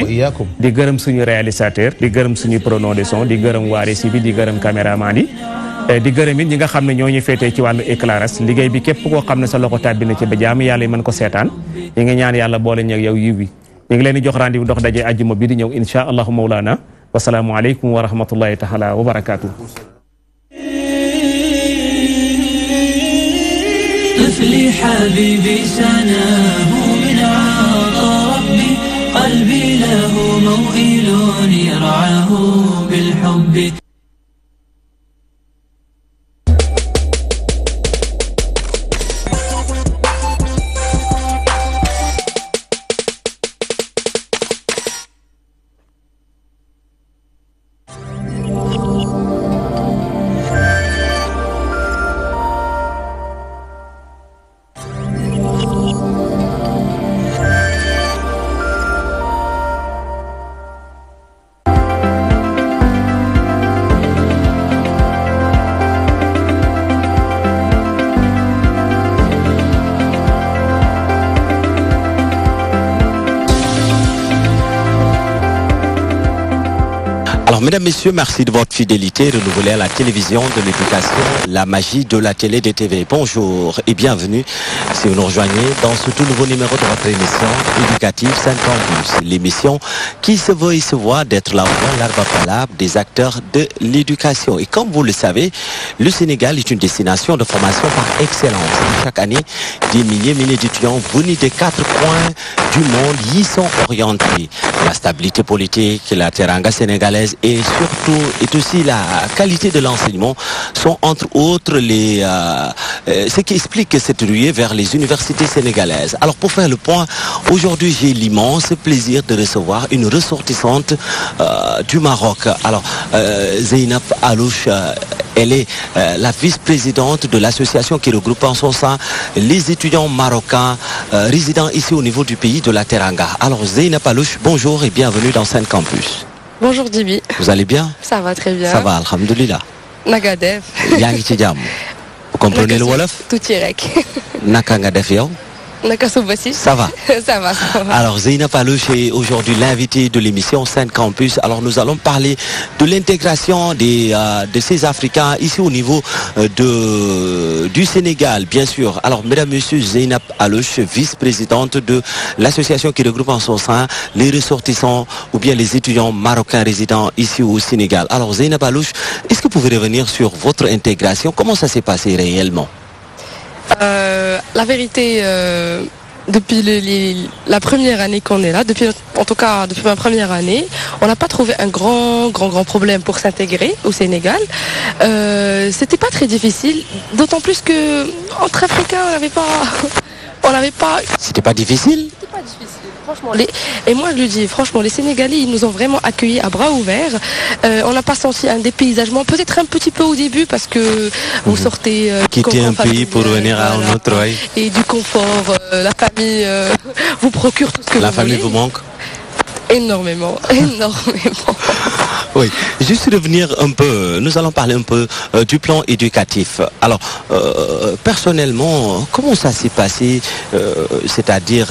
di gërëm suñu réalisateur di gërëm suñu preneur de son di gërëm waare si bi di gërëm caméraman yi eh, di gërëm ñi nga xam ne ñoo ñu féetee ci wàllu éclairage liggéey bi képp koo xam ne sa loxo tàbbi na ci ba jaam yàlla yi mën ko seetaan ñi nga ñaan yàlla boole ñeeg yow yiw ñu ngi leen di jox rendez-vous ndox daje àjjuma bi di ñëw insha allahu mawlaana wasalaamu aleykum wa rahmatullahi taala wa barakaatu طفلي حبيبي سناه من عطا ربي قلبي له موئل يرعاه بالحب Messieurs, merci de votre fidélité renouvelée à la télévision de l'éducation, la magie de la télé des TV. Bonjour et bienvenue si vous nous rejoignez dans ce tout nouveau numéro de votre émission éducative saint 50 L'émission qui se veut et se voit d'être la voix, l'arbre palable des acteurs de l'éducation. Et comme vous le savez, le Sénégal est une destination de formation par excellence. Chaque année, des milliers, milliers d'étudiants venus des quatre coins du monde y sont orientés. La stabilité politique, la teranga sénégalaise et surtout et aussi la qualité de l'enseignement sont entre autres les euh, euh, ce qui explique cette ruée vers les universités sénégalaises. Alors pour faire le point, aujourd'hui j'ai l'immense plaisir de recevoir une ressortissante euh, du Maroc. Alors euh, Zeynep Alouche elle est la vice-présidente de l'association qui regroupe en son sein les étudiants marocains résidant ici au niveau du pays de la Teranga. Alors Zeina Palouche, bonjour et bienvenue dans Saint Campus. Bonjour Dibi. Vous allez bien Ça va très bien. Ça va, alhamdoulilah. Nagadef. Yangi Vous comprenez le Wolof Tout irek. Naka nga [laughs] Ça va. ça va. Alors Zeina Palouche est aujourd'hui l'invité de l'émission Sainte Campus. Alors nous allons parler de l'intégration euh, de ces Africains ici au niveau euh, de, du Sénégal, bien sûr. Alors mesdames, messieurs, Zeina Palouche, vice-présidente de l'association qui regroupe en son sein les ressortissants ou bien les étudiants marocains résidents ici au Sénégal. Alors Zeina Palouche, est-ce que vous pouvez revenir sur votre intégration Comment ça s'est passé réellement euh, la vérité, euh, depuis la première année qu'on est là, depuis, en tout cas depuis ma première année, on n'a pas trouvé un grand, grand, grand problème pour s'intégrer au Sénégal. Euh, C'était pas très difficile, d'autant plus que entre Africains, on n'avait pas, on n'avait pas. C'était pas C'était pas difficile. Et moi, je lui dis, franchement, les Sénégalais, ils nous ont vraiment accueillis à bras ouverts. Euh, on n'a pas senti un dépaysagement, peut-être un petit peu au début, parce que vous mhm. sortez... qui euh, Quitter un pays pour venir à un autre, Et du confort, euh, la famille [laughs] vous procure tout ce que vous voulez. La famille vous manque Énormément, [laughs] énormément. Oui, juste venir un peu, nous allons parler un peu euh, du plan éducatif. Alors, euh, personnellement, comment ça s'est passé, euh, c'est-à-dire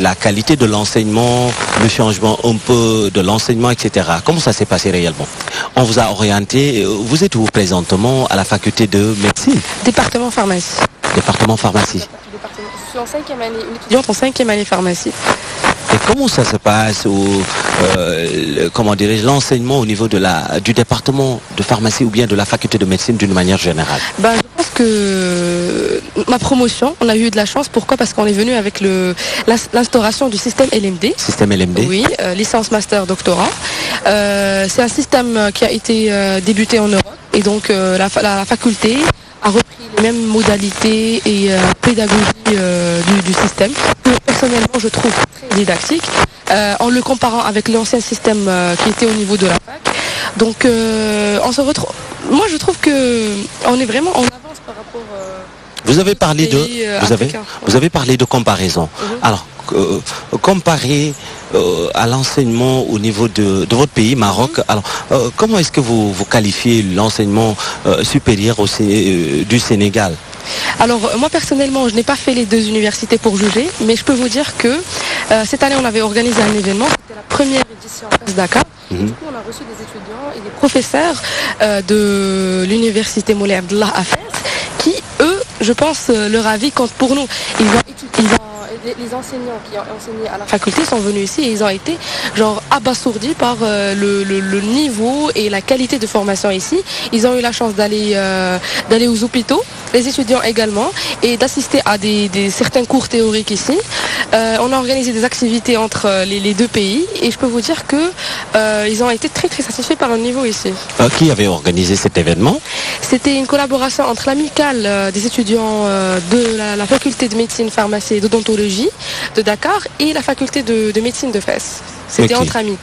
la qualité de l'enseignement, le changement un peu de l'enseignement, etc. Comment ça s'est passé réellement On vous a orienté, vous êtes où présentement à la faculté de médecine Département pharmacie. Département pharmacie. je suis en cinquième année, étudiante en cinquième année pharmacie comment ça se passe euh, comment l'enseignement au niveau de la du département de pharmacie ou bien de la faculté de médecine d'une manière générale ben, je pense que ma promotion, on a eu de la chance. Pourquoi Parce qu'on est venu avec le l'instauration du système LMD. Système LMD. Oui, euh, licence, master, doctorat. Euh, c'est un système qui a été débuté en Europe et donc la faculté a repris les mêmes modalités et pédagogies euh, pédagogie euh, du, système, que euh, personnellement je trouve très didactique, en le comparant avec l'ancien système qui était au niveau de la PAC. Donc on se retrouve. Moi je trouve que on est vraiment en avance par rapport. vous avez parlé de. Vous avez, vous avez parlé de comparaison. Mhm. Alors comparer euh, à l'enseignement au niveau de, votre pays, Maroc. Mhm. Alors, euh, comment est-ce que vous, vous qualifiez l'enseignement euh, supérieur au, du Sénégal alors moi personnellement, je n'ai pas fait les deux universités pour juger, mais je peux vous dire que cette année on avait organisé un événement, c'était la première édition Dakar. Mhm. on a reçu des étudiants et des professeurs de l'université Moulay Abdullah à Fès qui je pense, euh, leur avis compte pour nous. les enseignants qui ont enseigné à la faculté sont venus ici et ils ont été genre abasourdis par euh, le, niveau et la qualité de formation ici. Ils ont eu la chance d'aller euh, aux hôpitaux, les étudiants également, et d'assister à des, certains cours théoriques ici. on a organisé des activités entre les, deux pays et je peux vous dire qu'ils ont été très très satisfaits par le niveau ici. qui avait organisé cet événement C'était une collaboration entre l'amicale des étudiants euh, de la, faculté de médecine, pharmacie et d'odontologie de Dakar et la faculté de, médecine de Fès. C'était entre amis.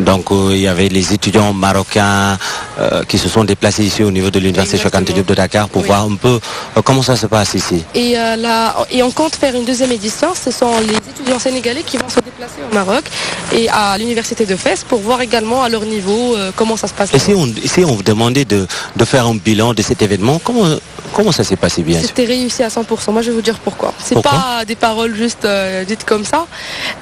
Donc euh, il y avait les étudiants marocains euh, qui se sont déplacés ici au niveau de l'université Anta de Dakar pour voir un peu euh, comment ça se passe ici. Et, là, et on compte faire une deuxième édition. Ce sont les étudiants sénégalais qui vont se déplacer au Maroc et à l'université de Fès pour voir également à leur niveau comment ça se passe. Et si on, on vous demandait de, faire un bilan de cet événement, comment, comment ça s'est passé bien C'était réussi à 100%. Moi je vais vous dire pourquoi. C'est pas des paroles juste dites comme ça.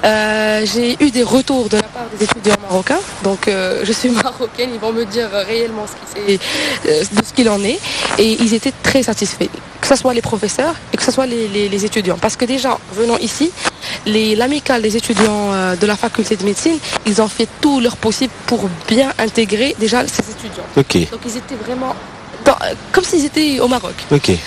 J'ai eu des retours de la part des étudiants marocains, Donc euh, je suis [laughs] marocaine, ils vont me dire euh, réellement ce qui, euh, de ce qu'il en est. Et ils étaient très satisfaits, que ce soit les professeurs et que ce soit les, étudiants. Parce que déjà, venant ici, les l'amicale des étudiants de la faculté de médecine, ils ont fait tout leur possible pour bien intégrer déjà ces étudiants. ok Donc ils étaient vraiment euh, comme s'ils étaient au Maroc.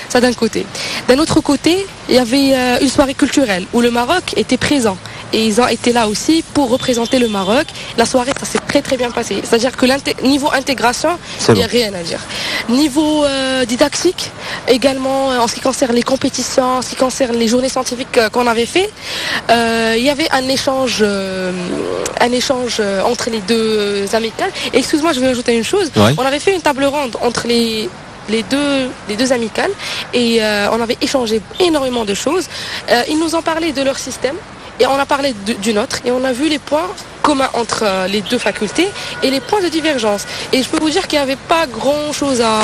Ça d'un côté. D'un autre côté, il y avait euh, une soirée culturelle où le Maroc était présent. Et ils ont été là aussi pour représenter le Maroc. La soirée, ça s'est très très bien passé. C'est-à-dire que niveau intégration, il n'y a rien à dire. Niveau euh, didactique, également en ce qui concerne les compétitions, en ce qui concerne les journées scientifiques qu'on avait fait, il y avait un échange, un échange entre les deux amicales. Excuse-moi, je vais ajouter une chose. On avait fait une table ronde entre les les deux, deux amicales et euh, on avait échangé énormément de choses. Euh, ils nous ont parlé de leur système et on a parlé du nôtre et on a vu les points commun entre euh, les deux facultés et les points de divergence. Et je peux vous dire qu'il n'y avait pas grand-chose à...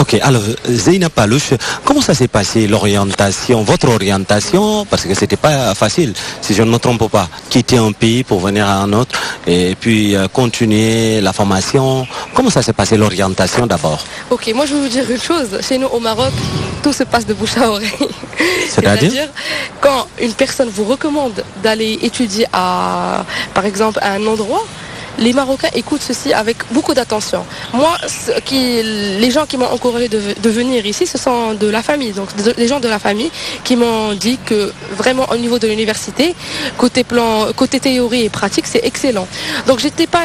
Ok, alors Zeyna Palouche, comment ça s'est passé l'orientation, votre orientation Parce que c'était pas facile, si je ne me trompe pas. Quitter un pays pour venir à un autre et puis euh, continuer la formation. Comment ça s'est passé l'orientation d'abord Ok, moi je vais vous dire une chose. Chez nous au Maroc, tout se passe de bouche à oreille. [laughs] C'est-à-dire Quand une personne vous recommande d'aller étudier à, par exemple, à un endroit, les Marocains écoutent ceci avec beaucoup d'attention. Moi, les gens qui m'ont encouragé de, venir ici, ce sont de la famille, donc les gens de la famille qui m'ont dit que vraiment au niveau de l'université, côté plan, côté théorie et pratique, c'est excellent. Donc j'étais pas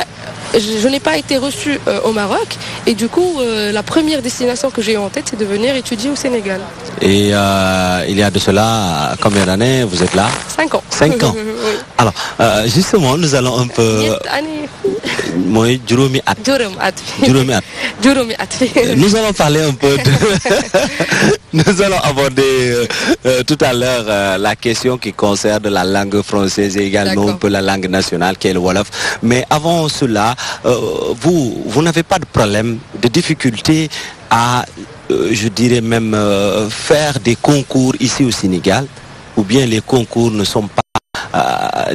je, n'ai pas été reçu euh, au Maroc et du coup, euh, la première destination que j'ai en tête, c'est de venir étudier au Sénégal. Et euh, il y a de cela combien d'années vous êtes là Cinq ans. Cinq ans. [laughs] Alors, justement, nous allons un peu. Moi, [laughs] Nous allons parler un peu de... [laughs] Nous allons aborder tout à l'heure la question qui concerne la langue française et également un peu la langue nationale qui est le Wolof. Mais avant cela, euh, vous, vous n'avez pas de problème, de difficulté à, euh, je dirais même, euh, faire des concours ici au Sénégal, ou bien les concours ne sont pas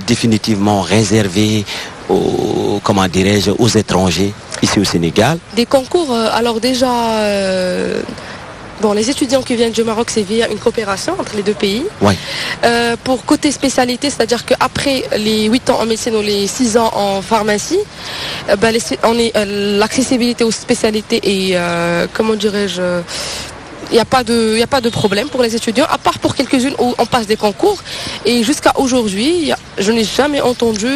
définitivement réservés aux, comment dirais-je, aux étrangers ici au Sénégal Des concours, alors déjà, Bon, les étudiants qui viennent du Maroc, c'est via une coopération entre les deux pays. Euh, pour côté spécialité, c'est-à-dire qu'après les 8 ans en médecine ou les 6 ans en pharmacie, euh, ben, on est euh, l'accessibilité aux spécialités et comment dirais-je il n'y a, a pas de problème pour les étudiants, à part pour quelques-unes où on passe des concours. Et jusqu'à aujourd'hui, je n'ai jamais entendu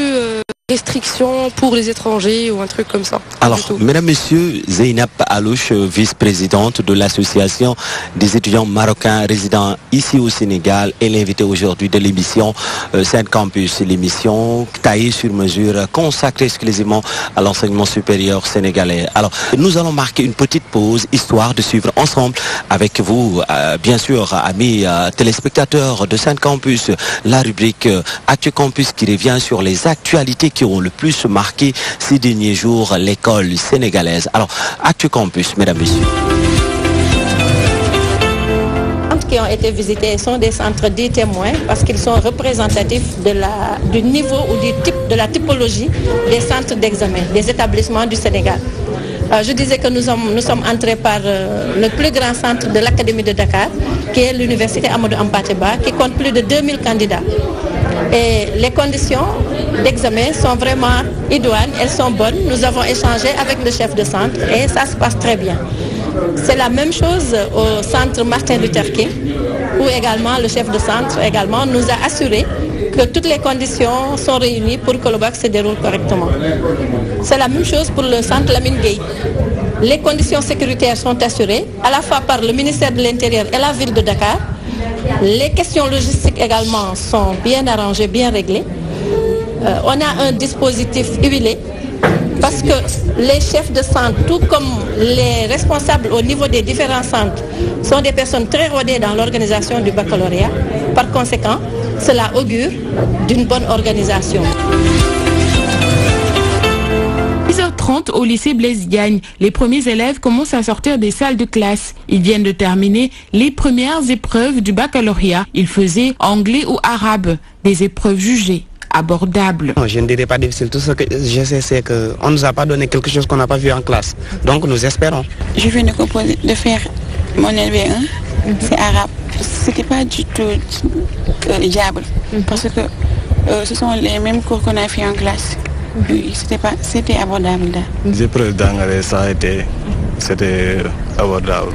restrictions pour les étrangers ou un truc comme ça. Alors, mesdames, messieurs, Zeynab Alouche, vice-présidente de l'association des étudiants marocains résidant ici au Sénégal, est l'invité aujourd'hui de l'émission euh, Saint Campus, l'émission taillée sur mesure, consacrée exclusivement à l'enseignement supérieur sénégalais. Alors, nous allons marquer une petite pause, histoire de suivre ensemble avec vous, euh, bien sûr, amis euh, téléspectateurs de Saint Campus, la rubrique Actu Campus qui revient sur les actualités qui ont le plus marqué ces derniers jours l'école sénégalaise. Alors, à Actu Campus, mesdames, messieurs qui ont été visités sont des centres dits témoins parce qu'ils sont représentatifs du niveau ou du type, de la typologie des centres d'examen, des établissements du Sénégal. Euh, je disais que nous sommes, entrés par euh, le plus grand centre de l'Académie de Dakar, qui est l'université Amadou Ampateba, qui compte plus de 2000 candidats. Et les conditions d'examen sont vraiment idoines, elles sont bonnes. Nous avons échangé avec le chef de centre et ça se passe très bien. C'est la même chose au centre Martin Luther King, où également le chef de centre également nous a assuré que toutes les conditions sont réunies pour que le bac se déroule correctement. C'est la même chose pour le centre Lamine Les conditions sécuritaires sont assurées à la fois par le ministère de l'Intérieur et la ville de Dakar les questions logistiques également sont bien arrangées, bien réglées. Euh, on a un dispositif huilé parce que les chefs de centre, tout comme les responsables au niveau des différents centres, sont des personnes très rodées dans l'organisation du baccalauréat. Par conséquent, cela augure d'une bonne organisation. 30 au lycée Blaise Gagne. Les premiers élèves commencent à sortir des salles de classe. Ils viennent de terminer les premières épreuves du baccalauréat. Ils faisaient anglais ou arabe, des épreuves jugées abordables. je ne dirais pas difficile. Tout ce que je sais, c'est qu'on ne nous a pas donné quelque chose qu'on n'a pas vu en classe. Donc nous espérons. Je viens de, de faire mon LV1, mhm. c'est arabe. Ce n'était pas du tout euh, diable, mhm. parce que euh, ce sont les mêmes cours qu'on a fait en classe. C'était c'était abordable Les ça été... c'était abordable.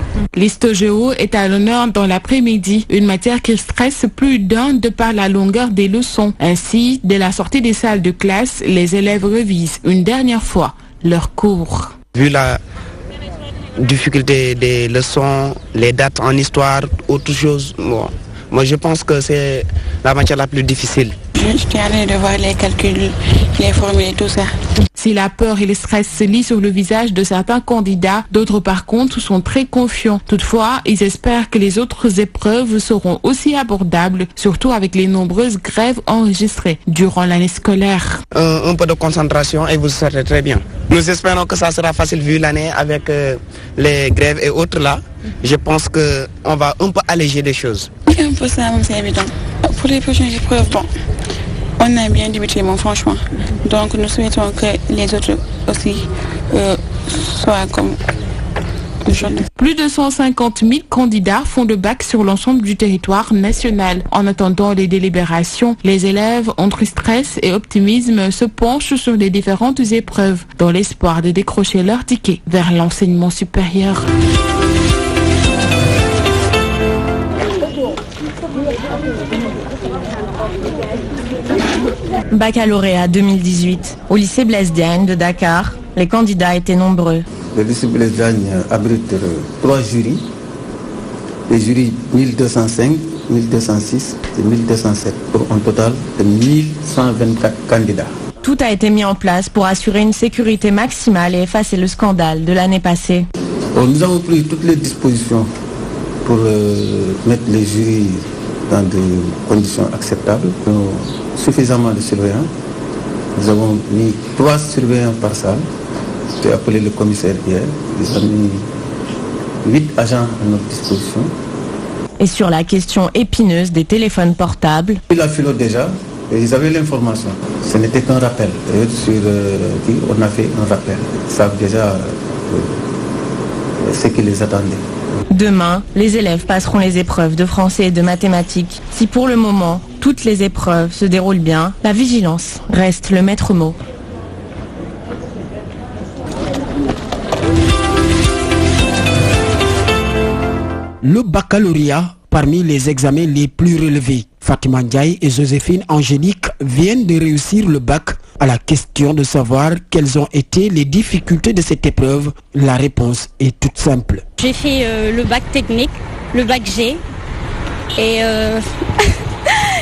géo est à l'honneur dans l'après-midi, une matière qui stresse plus d'un de par la longueur des leçons. Ainsi, dès la sortie des salles de classe, les élèves revisent une dernière fois leur cours. Vu la difficulté des leçons, les dates en histoire, autre chose, moi je pense que c'est la matière la plus difficile de voir les calculs, les formules tout ça. Si la peur et le stress se lient sur le visage de certains candidats, d'autres par contre sont très confiants. Toutefois, ils espèrent que les autres épreuves seront aussi abordables, surtout avec les nombreuses grèves enregistrées durant l'année scolaire. Euh, un, peu de concentration et vous serez très bien. Nous espérons que ça sera facile vu l'année avec euh, les grèves et autres là. Je pense qu'on va un peu alléger les choses. Oh, pour les prochaines épreuves, bon, on a bien débuté, mais franchement. Donc nous souhaitons que les autres aussi euh, soient comme plus de 150 000 candidats font le bac sur l'ensemble du territoire national. En attendant les délibérations, les élèves, entre stress et optimisme, se penchent sur les différentes épreuves dans l'espoir de décrocher leur ticket vers l'enseignement supérieur. Baccalauréat 2018. Au lycée Blaise Diagne de Dakar, les candidats étaient nombreux. Le lycée Blaise Diagne abrite euh, trois jurys. Les jurys 1205, 1206 et 1207 pour un total de 1124 candidats. Tout a été mis en place pour assurer une sécurité maximale et effacer le scandale de l'année passée. nous avons pris toutes les dispositions pour euh, mettre les jurys dans des conditions acceptables suffisamment de surveillants. Nous avons mis trois surveillants par salle. J'ai appelé le commissaire hier. Ils ont mis huit agents à notre disposition. Et sur la question épineuse des téléphones portables. Il a déjà et ils avaient l'information. Ce n'était qu'un rappel. Euh, on a fait un rappel. Ils savent déjà euh, ce qui les attendait. Demain, les élèves passeront les épreuves de français et de mathématiques. Si pour le moment, toutes les épreuves se déroulent bien, la vigilance reste le maître mot. Le baccalauréat parmi les examens les plus relevés. Fatima Ndiaye et Joséphine Angélique viennent de réussir le bac. À la question de savoir quelles ont été les difficultés de cette épreuve, la réponse est toute simple. J'ai fait euh, le bac technique, le bac G et euh, [laughs]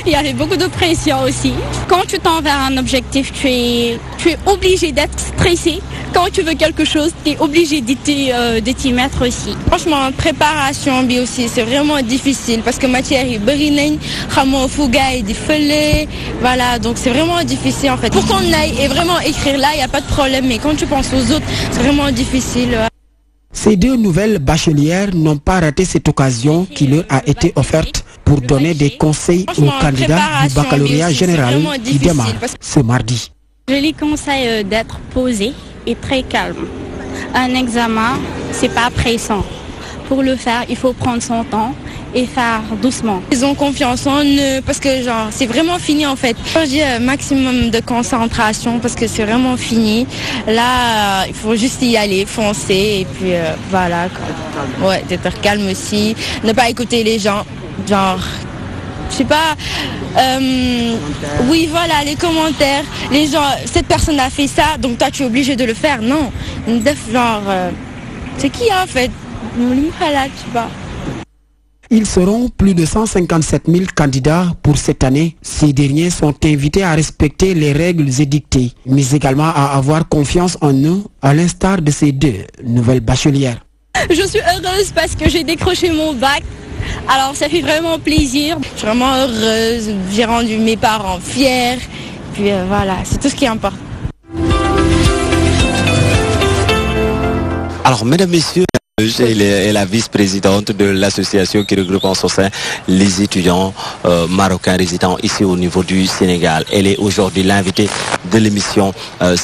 il y avait beaucoup de pression aussi. Quand tu t'envers un objectif, tu es, tu es obligé d'être stressé. Quand tu veux quelque chose, tu es obligé de t'y euh, mettre aussi. Franchement, préparation bi aussi, c'est vraiment difficile parce que matière est brillante, ramon fouga et défolé. Voilà, donc c'est vraiment difficile en fait. Pour qu'on aille et vraiment écrire là, il n'y a pas de problème, mais quand tu penses aux autres, c'est vraiment difficile. Ces deux nouvelles bachelières n'ont pas raté cette occasion qui leur a été offerte pour donner des conseils aux candidats du baccalauréat général qui mardi. Je lui conseille euh, d'être posé et très calme. Un examen, c'est pas pressant. Pour le faire, il faut prendre son temps et faire doucement. Ils ont confiance en eux parce que genre c'est vraiment fini en fait. J'ai un euh, maximum de concentration parce que c'est vraiment fini. Là, euh, il faut juste y aller, foncer et puis voilà. Ouais, d'être calme aussi, ne pas écouter les gens. Genre, je sais pas, euh, oui voilà, les commentaires, les gens, cette personne a fait ça, donc toi tu es obligé de le faire. Non, une def, genre, euh, c'est qui hein, en fait ils seront plus de 157 000 candidats pour cette année. Ces derniers sont invités à respecter les règles édictées, mais également à avoir confiance en eux, à l'instar de ces deux nouvelles bachelières. Je suis heureuse parce que j'ai décroché mon bac alors ça fait vraiment plaisir. Je suis vraiment heureuse. J'ai rendu mes parents fiers. Puis euh, voilà, c'est tout ce qui importe. Alors, mesdames, messieurs, elle est, la vice-présidente de l'association qui regroupe en son sein les étudiants euh, marocains résidant ici au niveau du Sénégal. Elle est aujourd'hui l'invitée de l'émission euh,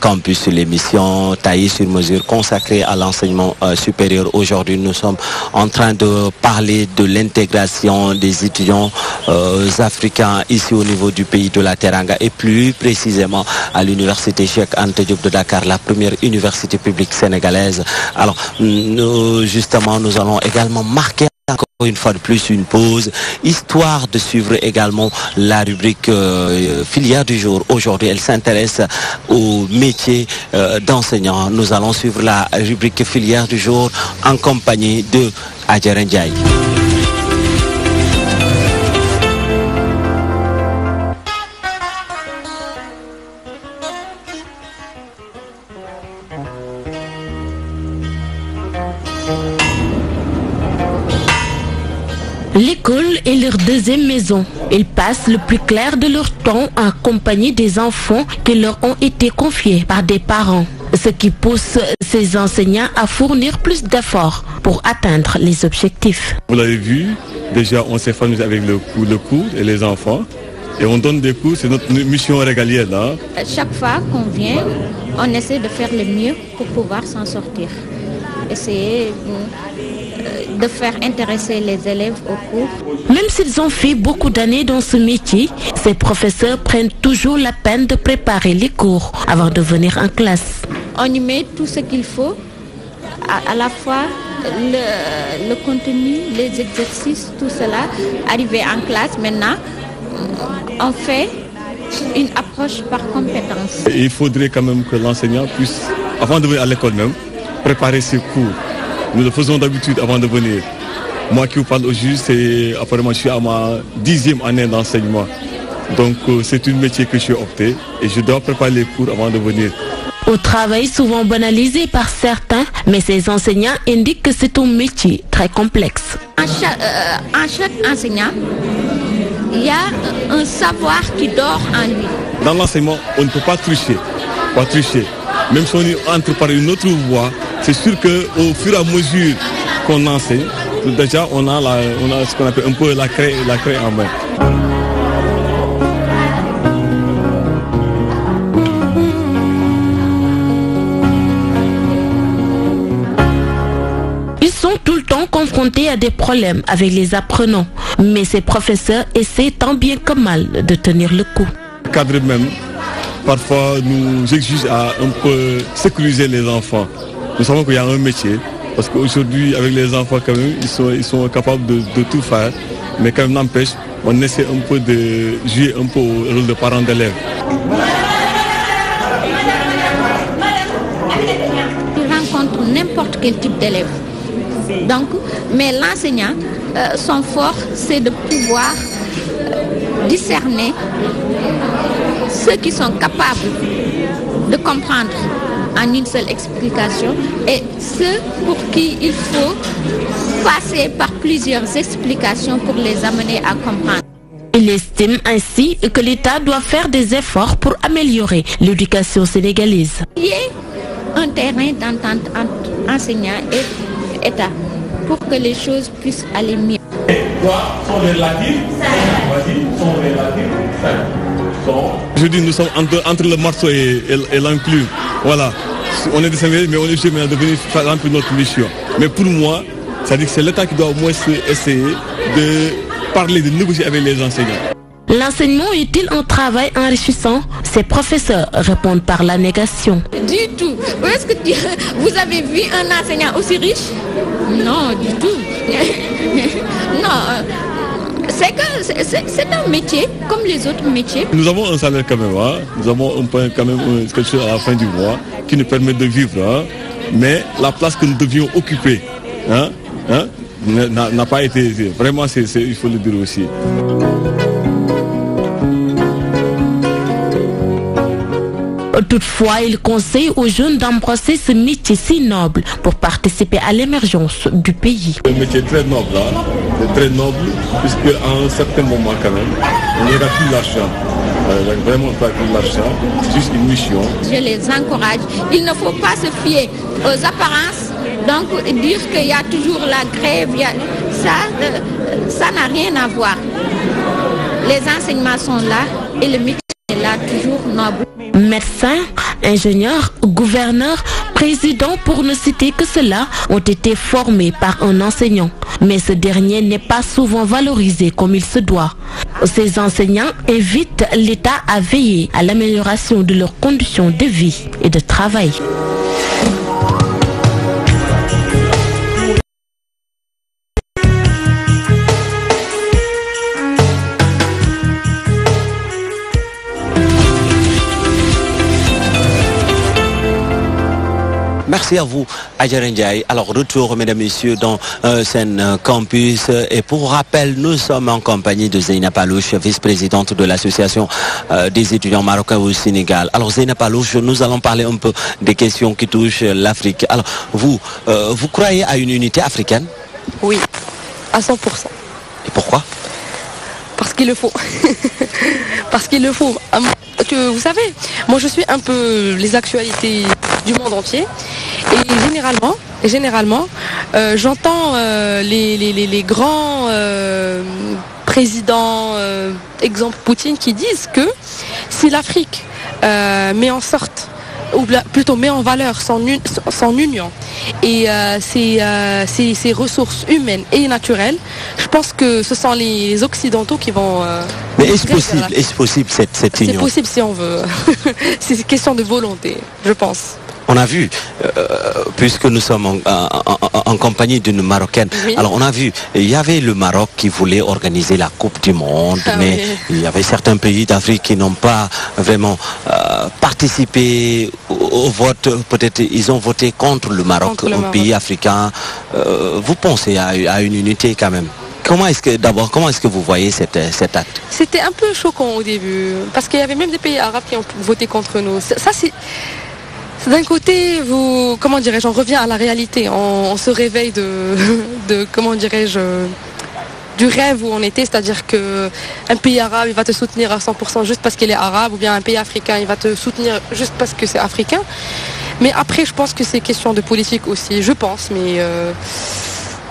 Campus, l'émission taillée sur mesure consacrée à l'enseignement euh, supérieur. Aujourd'hui, nous sommes en train de parler de l'intégration des étudiants euh, africains ici au niveau du pays de la Teranga et plus précisément à l'université Cheikh Ante Diop de Dakar, la première université publique sénégalaise. Alors, nous, justement, nous allons également marquer encore une fois de plus une pause, histoire de suivre également la rubrique euh, filière du jour. Aujourd'hui, elle s'intéresse au métier euh, d'enseignant. Nous allons suivre la rubrique filière du jour en compagnie de Adjeren Ndiaye. L'école est leur deuxième maison. Ils passent le plus clair de leur temps en compagnie des enfants qui leur ont été confiés par des parents, ce qui pousse ces enseignants à fournir plus d'efforts pour atteindre les objectifs. Vous l'avez vu, déjà on s'est formé avec le, cours et les enfants. Et on donne des cours, c'est notre mission régalienne. Hein. Chaque fois qu'on vient, on essaie de faire le mieux pour pouvoir s'en sortir. Essayer de faire intéresser les élèves au cours. Même s'ils ont fait beaucoup d'années dans ce métier, ces professeurs prennent toujours la peine de préparer les cours avant de venir en classe. On y met tout ce qu'il faut, à, la fois le, contenu, les exercices, tout cela. Arriver en classe maintenant, on fait une approche par compétence. Il faudrait quand même que l'enseignant puisse, avant de venir à l'école même, préparer ses cours nous le faisons d'habitude avant de venir. Moi qui vous parle au juste, c'est apparemment je suis à ma dixième année d'enseignement. Donc euh, c'est un métier que je suis opté et je dois préparer les cours avant de venir. Au travail souvent banalisé par certains, mais ces enseignants indiquent que c'est un métier très complexe. En chaque, euh, chaque enseignant, il y a un savoir qui dort en lui. Dans l'enseignement, on ne peut pas tricher. Pas tricher même si on entre par une autre voie, c'est sûr qu'au fur et à mesure qu'on enseigne, déjà on a, on ce qu'on appelle un peu la craie, la craie en main. Ils sont tout le temps confrontés à des problèmes avec les apprenants, mais ces professeurs essaient tant bien que mal de tenir le coup. Le cadre même, parfois nous exige à un peu sécuriser les enfants. Nous savons qu'il y a un métier, parce qu'aujourd'hui, avec les enfants quand même, ils sont, ils sont capables de, tout faire, mais quand même n'empêche, on essaie un peu de jouer un peu au rôle de parents d'élèves. rencontre rencontre n'importe quel type d'élève. Donc, mais l'enseignant, euh, son fort, c'est de pouvoir discerner ceux qui sont capables de comprendre en une seule explication et ceux pour qui il faut passer par plusieurs explications pour les amener à comprendre. Il estime ainsi que l'État doit faire des efforts pour améliorer l'éducation sénégalaise. Il y a un terrain d'entente entre enseignants et État pour que les choses puissent aller mieux quoi sont sont Je dis, nous sommes entre, entre le morceau et, et, l'inclus. Voilà. On est des mais on est juste devenus venir faire notre mission. Mais pour moi, ça que c'est l'État qui doit au moins essayer de parler, de négocier avec les enseignants. L'enseignement est-il un travail enrichissant Ses professeurs répondent par la négation. Du tout. Est-ce que [laughs] vous avez vu un enseignant aussi riche Non, du tout. [laughs] non. Euh, c'est un métier comme les autres métiers. Nous avons un salaire quand même, hein. nous avons un point quand même quelque chose à la fin du mois qui nous permet de vivre. Hein. Mais la place que nous devions occuper hein, hein n'a pas été vraiment, il faut le dire aussi. Toutefois, il conseille aux jeunes d'embrasser ce métier si noble pour participer à l'émergence du pays. Le métier très noble, hein. très noble, puisque à un certain moment quand même, on n'aura plus l'argent. Euh, vraiment pas plus l'argent, juste une mission. Je les encourage. Il ne faut pas se fier aux apparences. Donc dire qu'il y a toujours la grève, ça, euh, ça n'a rien à voir. Les enseignements sont là et le métier est là, toujours noble médecins, ingénieurs, gouverneurs, présidents, pour ne citer que cela, ont été formés par un enseignant. Mais ce dernier n'est pas souvent valorisé comme il se doit. Ces enseignants invitent l'État à veiller à l'amélioration de leurs conditions de vie et de travail. Merci à vous, Ndiaye. Alors, retour, mesdames, messieurs, dans un euh, euh, Campus. Et pour rappel, nous sommes en compagnie de Zeina Palouche, vice-présidente de l'association euh, des étudiants marocains au Sénégal. Alors, Zeina Palouche, nous allons parler un peu des questions qui touchent l'Afrique. Alors, vous, vous croyez à une unité africaine Oui, à 100%. Et pourquoi Parce qu'il le faut. [laughs] Parce qu'il le faut. Que, vous savez, moi je suis un peu les actualités monde entier. Et généralement, généralement, euh, j'entends euh, les, les, grands euh, présidents, exemple Poutine, qui disent que si l'Afrique met en sorte ou plutôt met en valeur son, son union et euh, ses, ressources humaines et naturelles, je pense que ce sont les Occidentaux qui vont... Mais est-ce possible, est -ce possible cette, cette union C'est possible si on veut. [laughs] C'est question de volonté, je pense on a vu, euh, puisque nous sommes en, compagnie d'une Marocaine, alors on a vu, il y avait le Maroc qui voulait organiser la Coupe du Monde, ah mais il y avait certains pays d'Afrique qui n'ont pas vraiment euh, participé au, vote. Peut-être ils ont voté contre le Maroc, un pays africain. Euh, vous pensez à, une unité quand même Comment est-ce que d'abord comment est-ce que vous voyez cet, acte C'était un peu choquant au début parce qu'il y avait même des pays arabes qui ont voté contre nous. ça c'est d'un côté, vous, comment dirais-je, on revient à la réalité, on, se réveille [laughs] de, comment dirais-je, du rêve où on était, c'est-à-dire qu'un pays arabe, va te soutenir à 100% juste parce qu'il est arabe, ou bien un pays africain, il va te soutenir juste parce que c'est africain. Mais après, je pense que c'est question de politique aussi, je pense, mais. Euh,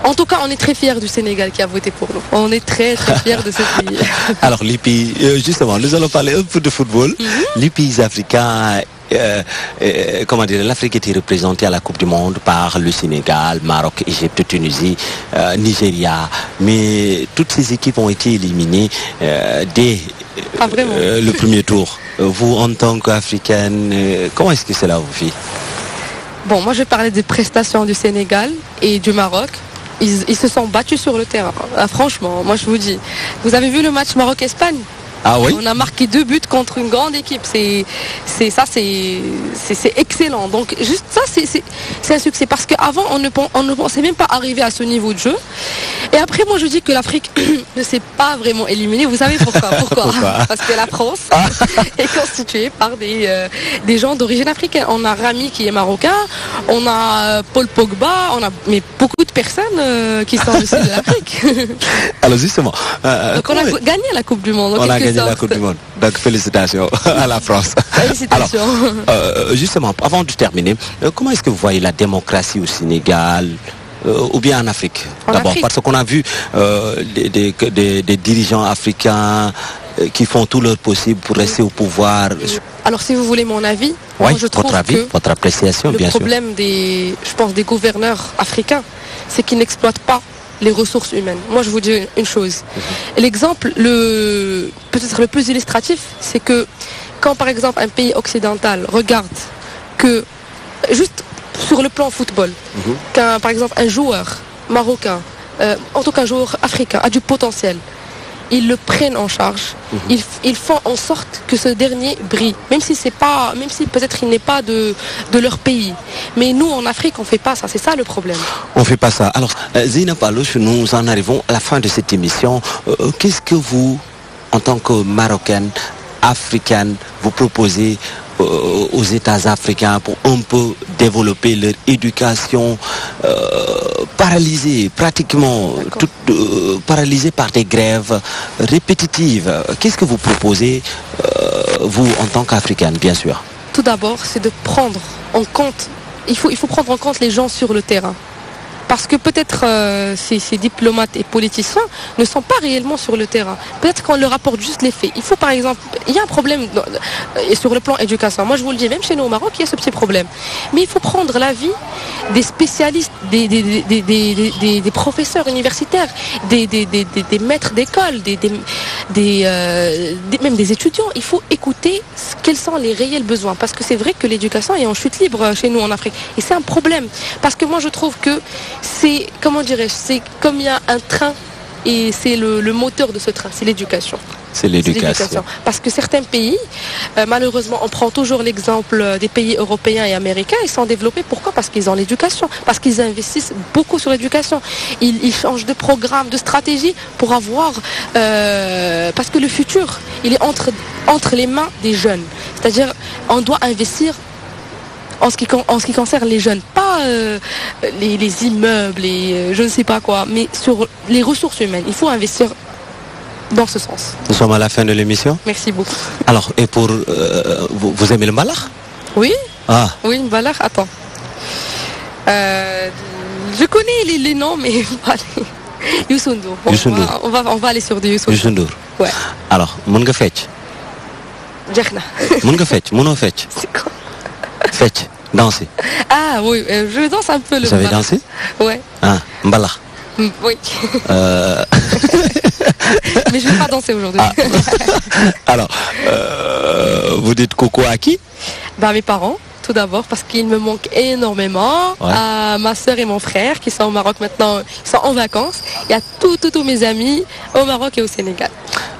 en tout cas, on est très fiers du Sénégal qui a voté pour nous. On est très très [laughs] fiers de ce pays. Alors, l'IPI, euh, justement, nous allons parler un peu de football. Mhm. Les pays africains euh, euh, comment dire, l'Afrique était représentée à la Coupe du Monde par le Sénégal, Maroc, Égypte, Tunisie, euh, Nigeria. Mais toutes ces équipes ont été éliminées dès ah, le premier tour. Vous, en tant qu'Africaine, comment est-ce que cela vous fait Bon, moi je parlais des prestations du Sénégal et du Maroc. Ils, se sont battus sur le terrain. Ah, franchement, moi je vous dis. Vous avez vu le match Maroc-Espagne ah on a marqué deux buts contre une grande équipe. C'est, c'est ça, c'est, c'est, excellent. Donc juste ça, c'est, un succès parce qu'avant on ne, on ne pensait même pas arriver à ce niveau de jeu. Et après, moi je dis que l'Afrique [clears throat] ne s'est pas vraiment éliminée. Vous savez pourquoi [laughs] Pourquoi, Parce que la France ah. [laughs] est constituée par des, euh, des gens d'origine africaine. On a Rami qui est marocain, on a euh, Paul Pogba, on a mais beaucoup de personnes euh, qui sont [laughs] de l'Afrique. Alors justement, donc on a gagné la Coupe du Monde. Donc félicitations [laughs] à la France. Félicitations. Euh, justement, avant de terminer, euh, comment est-ce que vous voyez la démocratie au Sénégal euh, ou bien en Afrique D'abord, parce qu'on a vu des, dirigeants africains qui font tout leur possible pour rester au pouvoir. Alors si vous voulez mon avis, je votre trouve avis, votre appréciation, le bien problème des, je pense, des gouverneurs africains, c'est qu'ils n'exploitent pas les ressources humaines. Moi, je vous dis une chose. L'exemple, le, peut-être le plus illustratif, c'est que quand, par exemple, un pays occidental regarde que, juste sur le plan football, mhm. qu'un, par exemple, un joueur marocain, euh, en tout cas un joueur africain, a du potentiel, ils le prennent en charge. Mhm. Ils, font en sorte que ce dernier brille, même si c'est pas, même si peut-être il n'est pas de, leur pays. Mais nous, en Afrique, on fait pas ça. C'est ça le problème. On fait pas ça. Alors, euh, Zina Palouche, nous en arrivons à la fin de cette émission. Euh, euh, qu'est-ce que vous, en tant que Marocaine, Africaine, vous proposez euh, aux États africains pour un peu développer leur éducation euh, paralysée, pratiquement euh, paralysée par des grèves répétitives. Qu'est-ce que vous proposez, vous, en tant qu'Africaine, bien sûr Tout d'abord, c'est de prendre en compte, il faut, il faut prendre en compte les gens sur le terrain. Parce que peut-être ces, diplomates et politiciens ne sont pas réellement sur le terrain. Peut-être qu'on leur apporte juste les faits. Il faut par exemple, il y a un problème sur le plan éducation. Moi je vous le dis, même chez nous au Maroc, il y a ce petit problème. Mais il faut prendre l'avis des spécialistes, des, professeurs universitaires, des, maîtres d'école, des, même des étudiants. Il faut écouter quels sont les réels besoins. Parce que c'est vrai que l'éducation est en chute libre chez nous en Afrique. Et c'est un problème. Parce que moi je trouve que c'est, comment dirais-je, c'est comme il y a un train et c'est le, moteur de ce train, c'est l'éducation. C'est l'éducation. Parce que certains pays, euh, malheureusement, on prend toujours l'exemple euh, des pays européens et américains, ils sont développés. Pourquoi Parce qu'ils ont l'éducation, parce qu'ils investissent beaucoup sur l'éducation. Ils, changent de programme, de stratégie pour avoir... Euh, parce que le futur, il est entre, entre les mains des jeunes. C'est-à-dire, on doit investir en ce qui, en ce qui concerne les jeunes, pas euh, les, immeubles et euh, je ne sais pas quoi, mais sur les ressources humaines. Il faut investir dans ce sens. Nous sommes à la fin de l'émission. Merci beaucoup. Alors, et pour... Euh, vous, aimez le malheur Oui. Ah. Oui, le attends. je connais les, noms, mais... allez, [laughs] On, on, va, on va aller sur du yusundur Ouais. Alors, mon Djekna. Mungafetch, Mon C'est quoi Faites, danser. ah oui euh, je danse un peu le. vous avez dansé. ouais. ah bala mm, oui. Euh. [laughs] mais je vais pas danser aujourd'hui. Ah. [laughs] alors euh, vous dites Coco à qui? bah mes parents. tout d'abord parce qu'ils me manquent énormément. à ma soeur et mon frère qui sont au Maroc maintenant, ils sont en vacances. Il à a tous tout, mes amis au Maroc et au Sénégal.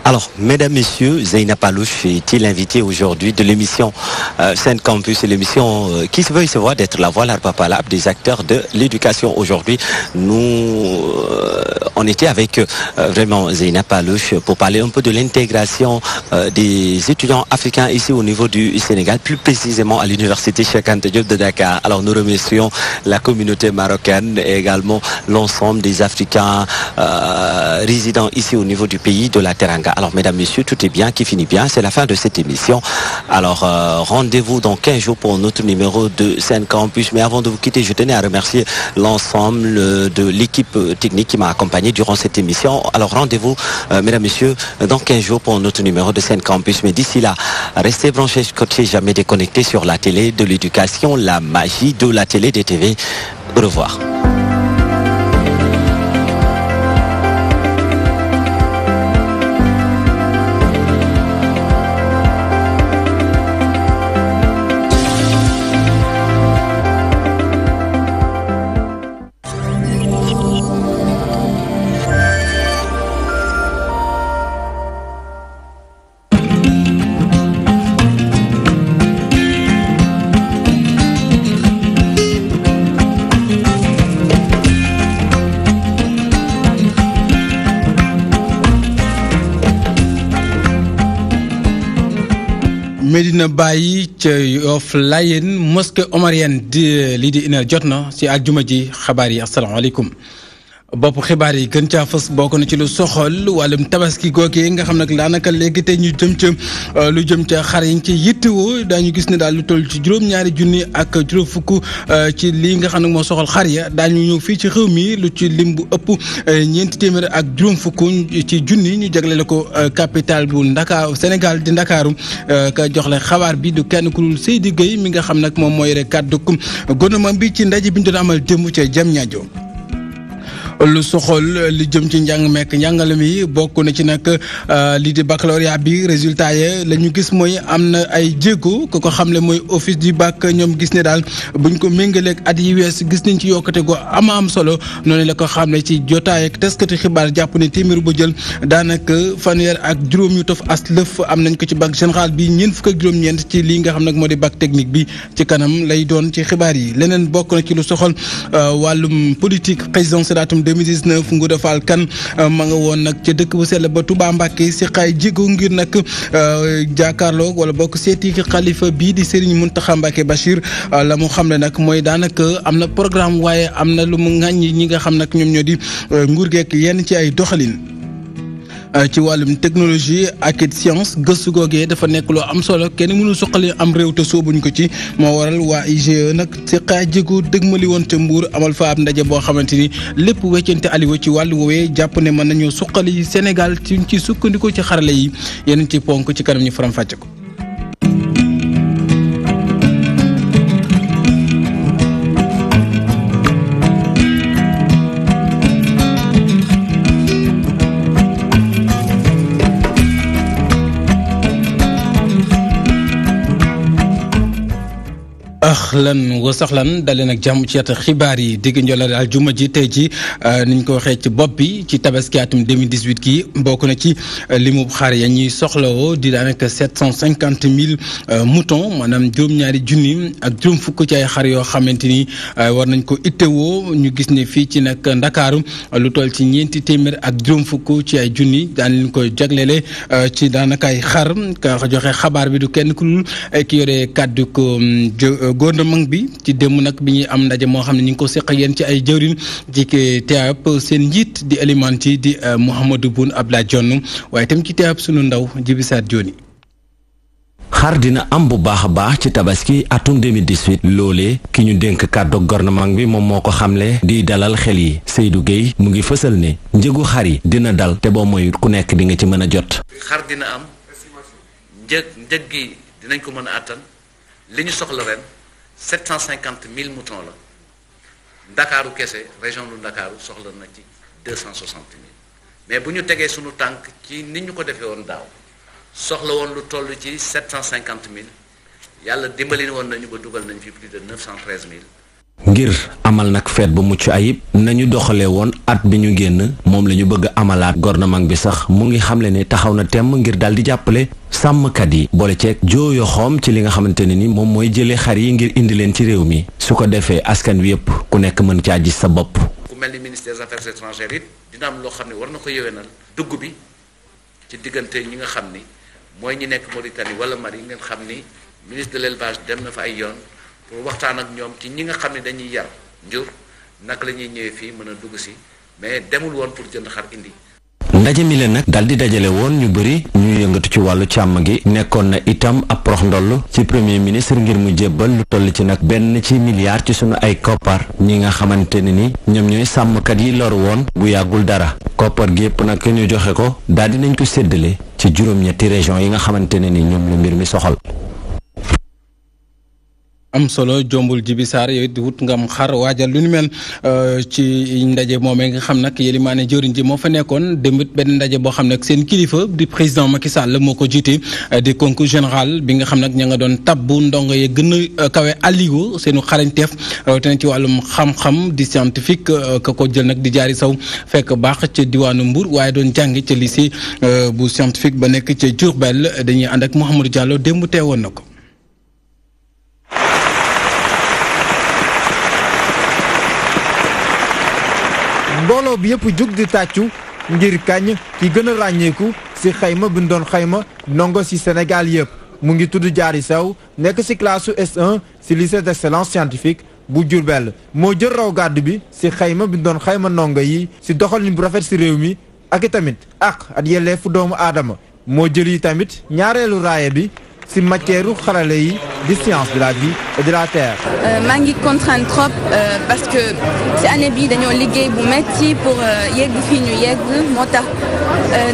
Alors, mesdames, messieurs, Zeina Palouche est-il aujourd'hui de l'émission euh, Saint-Campus. et l'émission euh, qui se veut se voir d'être la voix l'arpapalab des acteurs de l'éducation. Aujourd'hui, nous, euh, on était avec vraiment Zeyna Palouche pour parler un peu de l'intégration des étudiants africains ici au niveau du Sénégal, plus précisément à l'université Cheikh Anta Diop de Dakar. Alors, nous remercions la communauté marocaine et également l'ensemble des Africains résidents ici au niveau du pays de la Teranga. Alors, mesdames, messieurs, tout est bien qui finit bien. C'est la fin de cette émission. Alors, euh, rendez-vous dans 15 jours pour notre numéro de Scène Campus. Mais avant de vous quitter, je tenais à remercier l'ensemble euh, de l'équipe euh, technique qui m'a accompagné durant cette émission. Alors, rendez-vous, mesdames, messieurs, dans 15 jours pour notre numéro de Scène Campus. Mais d'ici là, restez branchés, côté jamais déconnectés sur la télé de l'éducation, la magie de la télé des TV. Au revoir. Medina Baye ca Yoff Layeen mosquée omarienne di lii di ina jot na ci àjjuma ji xabaar yi asalaamaaleykum bopp xibaar yi gën caa fës bokk na ci lu soxol wàllum tabaski googee nga xam nag daanaka léegi tey ñu jëm jëm euh, lu jëm ca xar yiñ ci yittewoo daañu gis ne daal lu toll ci juróom-ñaari junni ak juróom fukk euh, ci lii nga xam nag moo soxal xar ya daañu ñëw fii ci xew mi lu ci lim bu ëpp euh, ñeenti téeméer ak juróom fukk ci junni ñu jagleel ko capital bu Ndakaaru Sénégal di Ndakaaru ka joxle xabaar bi du kenn ku dul Seydi géey mi nga xam nag moom mooy rek kàddu gouvernement bi ci ndaje bi ñu doon amal démb ca Diamniadio lu soxal li jëm ci njàng mekk njàngale mi bokk na ci nag euh, lii di baccalauréat bi résultat yi la ñu gis mooy am na ay jéego ko ko xamle mooy office du bac ñoom gis ne daal buñ ko méngaleeg at yi wees gis nañ ci yokkate gu ama am solo noonu la ko xamle ci jotaay ak taskati xibaar jàpp ne téeméer bu jël daanaka fanweer ak juróom yu tof as lëf am nañ ko ci bac général bi ñeent fukk ak juróom-ñeent ci lii nga xam nag moo di bac technique bi ci kanam lay doon ci xibaar yi leneen bokk na ci lu soxal euh, wàllum 2019 Ngouda Fall Kane euh, ma nga woon nag ca dëkk bu sell ba Touba Mbacké si xaay jigo ngir nag euh, jàkkaarloo wala bokk seeti xalifa bii di Serigne Mountakha Mbacké Bachir euh, la mu xam ne nag mooy daanaka am na programme waaye am na lu mu ŋàññi ñi nga xam nag ñoom ñoo di nguur geek yenn ci ay doxalin Euh, ci wàllum technologie ak it science gëstu googee dafa nekk loo am solo kenn mënul suqali am réew te soobuñ ko ci moo waral waa IGE nag ci xaajiku dëgmali woon te Mbuur amal fa ab ndaje boo xamante ni lépp weccante aliwo ci wàllu woowee jàpp ne mën nañoo suqali Sénégal ci ci sukkandiku ci xarale yi yeneen ci ponk ci kanam ñu faram fàcce ko ahlan wa sahlan daleen ak jàmm ci at xibaar yi digg njolal aljuma ji tey ji euh, niñ ko waxee ci bopp bi ci tabaski atum 2018 ki bokk na ci euh, limub xar ya ñuy soxlawoo di daanaka sept mille euh, moutons maanaam juróom-ñaari junni ak juróom fukk ci ay xar yoo xamante ni war nañ ko ittewoo ñu gis ne fii ci nag ndakaaru lu toll ci ñeenti téeméer ak juróom fukk ci ay junni daan leen koy jaglele ci daanaka ay xar ka joxe xabaar bi du kenn ku dul ki yore kàddu ko mm, gouvernement bi ci démb nag bi ñuy am ndaje moo xam ne ñu ngi ko seq ak ci ay jëwrin ci teewab seen njiit di Elimanti di euh, Mouhamadou Boun Abdallah Dionne waaye tam ci teewab sunu ndaw Djibisaat Dioni. xar dina am bu baax a baax ci tabaski atum 2018 loolee ki ñu dénk kàddu gouvernement bi moom moo ko xamle di dalal xel yi Seydou Guèye mu ngi fësal ne njëgu xar yi dina dal te boo moyut ku nekk di nga ci mën a jot. xar dina am njëg dinañ ko mën a àttan 750 000 moutons Dakar ou Kessé, région de Dakar, soxla le 260 000 mais nous nous, sur suñu tanks, qui ni ñu ko defee woon daaw soxla woon lu ci 750 000 yàlla dimbali a nañu ba plus de 913 000 ngir amal nak feet bu mucc ayib nañu doxale won at biñu genn mom lañu la ñu bëgg amalaat gornamang bi sax mu ngi xamle ne taxaw na temm ngir daal di sam kat yi boole ceeg jooyo xom ci li nga xamanteni ni mom moy jëlé xar yi ngir indi len ci réew mi suko défé askan wi yépp ku nekk mën ci aji sa bop ku melni ministère des affaires étrangères it dina am lo xam war na ko dugg bi ci digënté ñi nga xamni moy ñi nekk Mauritanie wala Mali ngeen xamni ministre de l'élevage dem na fa ay yoon waxtaan ak ñoom ci ñi nga xam ne dañuy yar njur nak la ñuy ñëwee fii mën a dugg si mais demul woon pour jënd xar indi ndaje mi le nag dal di dajale woon ñu bëri ñu yëngatu ci wàllu càmm gi nekkoon na itam ab prox ndoll ci premier ministre ngir mu jébbal lu toll ci nag benn ci milliard ci sunu ay koppar ñi nga xamante ne ni ñoom ñooy sàmmkat yi lor woon bu yàggul dara koppar gi yépp nag ñu joxe ko daal di nañ ko séddale ci juróom-ñetti région yi nga xamante ni ñoom lu mbir mi soxal am solo jombul jibi saar yooyu di wut ngam xar waajal lu ni mel euh, ci ndaje moomee nga xam nag yélimaane jëriñ ji moo fa nekkoon démbit benn ndaje boo xam ne seen kilifa di président Macky Sall moo ko jiitee euh, di concours général bi nga xam nag ña nga doon bu ndongo ye gën a euh, kawe alligo seenu xarañteef rawatina ci wàllum xam-xam di scientifique ka ko jël nag di jaari saw fekk baax ca diwaanu Mbour waaye doon jàngi ca lycée bu scientifique ba nekk ca Diourbel dañuy ànd ak Mouhamadou Diallo démb teewoon na ko bi yëpp jug di tàccu ngir kañ ki gën a ràññeeku si xayma bu ñu doon xayma ndongo si Sénégal yëpp mu ngi tudd Diary sew nekk si classe S1 si lycée d'excellence scientifique bu Diourbel moo jël raw gàddu bi si xayma bi ñu doon xayma ndongo yi si doxalin bu rafet si réew mi ak i tamit ak at yelleefu doomu aadama moo jël yi tamit ñaareelu raaya bi si matière xarale yi di science de la vie et de la terre. Euh, maa ngi contraint trop euh, parce que ci année bi dañoo liggéey bu metti pour euh, yegg fii ñu yegg moo tax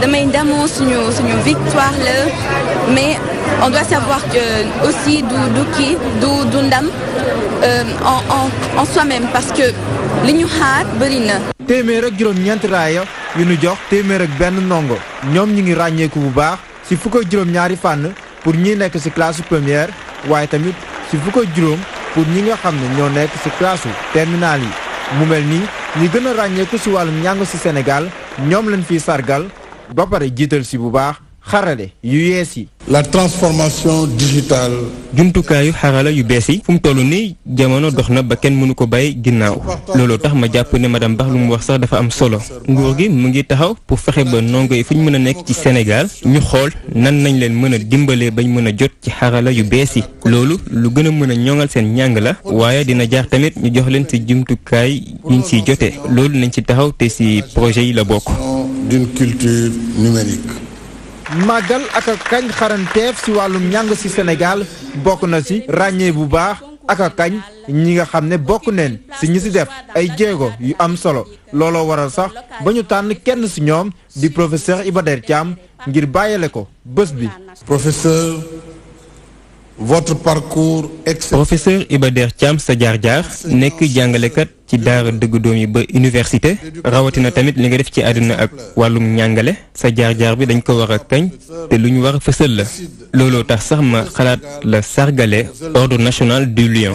damay ndamoo suñu suñu victoire la mais on doit savoir que aussi du du kii du du ndam en en en soi-même parce que li ñu xaar bëri na. téeméer ak juróom-ñeent raaya yu ñu jox téeméer ak benn ndongo ñoom ñu ngi ràññeeku bu baax si fuko ak juróom-ñaari fànn. pour ñi nekk ci classe première waaye tamit ci fukk juróom pour ñi nga xam ne ñoo nekk ci classe terminale yi mu mel nii ñi gën a ràññeeku ci wàllum njàng si Sénégal ñoom lañ fiy sargal ba pare jiital si bu baax xarale yu yees la transformation digitale. jumtukaayu harala yu bees yi. fu mu toll nii jamono dox na ba kenn mënu ko bàyyi tax ma jàpp ne madame Bax lu wax sax dafa am solo. nguur gi mu ngi taxaw pour fexe ba ndongo yi fu ñu mën ci Sénégal ñu xool nan nañ leen mën a dimbalee bañ mën a jot ci xarala yu bees yi. loolu lu gën a mën a ñoŋal seen la. waaye dina jaar tamit ñu jox leen si jumtukaay siy loolu nañ ci taxaw te si projet yi la bokk. d'une culture numérique. màggal ak a kañ xaranteef si wàllum njàng ci Sénégal bokk na si ràññee bu baax ak kañ ñi nga xam ne bokk neen si ñi si def ay jéego yu am solo looloo waral sax ba ñu tànn kenn si ñoom di professeur Iba Der Thiam ngir bàyyale ko bés bi professeur votre parcours professeur Iba Der Thiam sa jaar-jaar nekk jàngalekat ci daara dëgg doom yi ba université rawatina tamit li nga def ci àddina ak wàllum njàngale sa jaar-jaar bi dañ ko war a kañ te lu ñu war a fësal la looloo tax sax ma xalaat la sargale ordre national du lion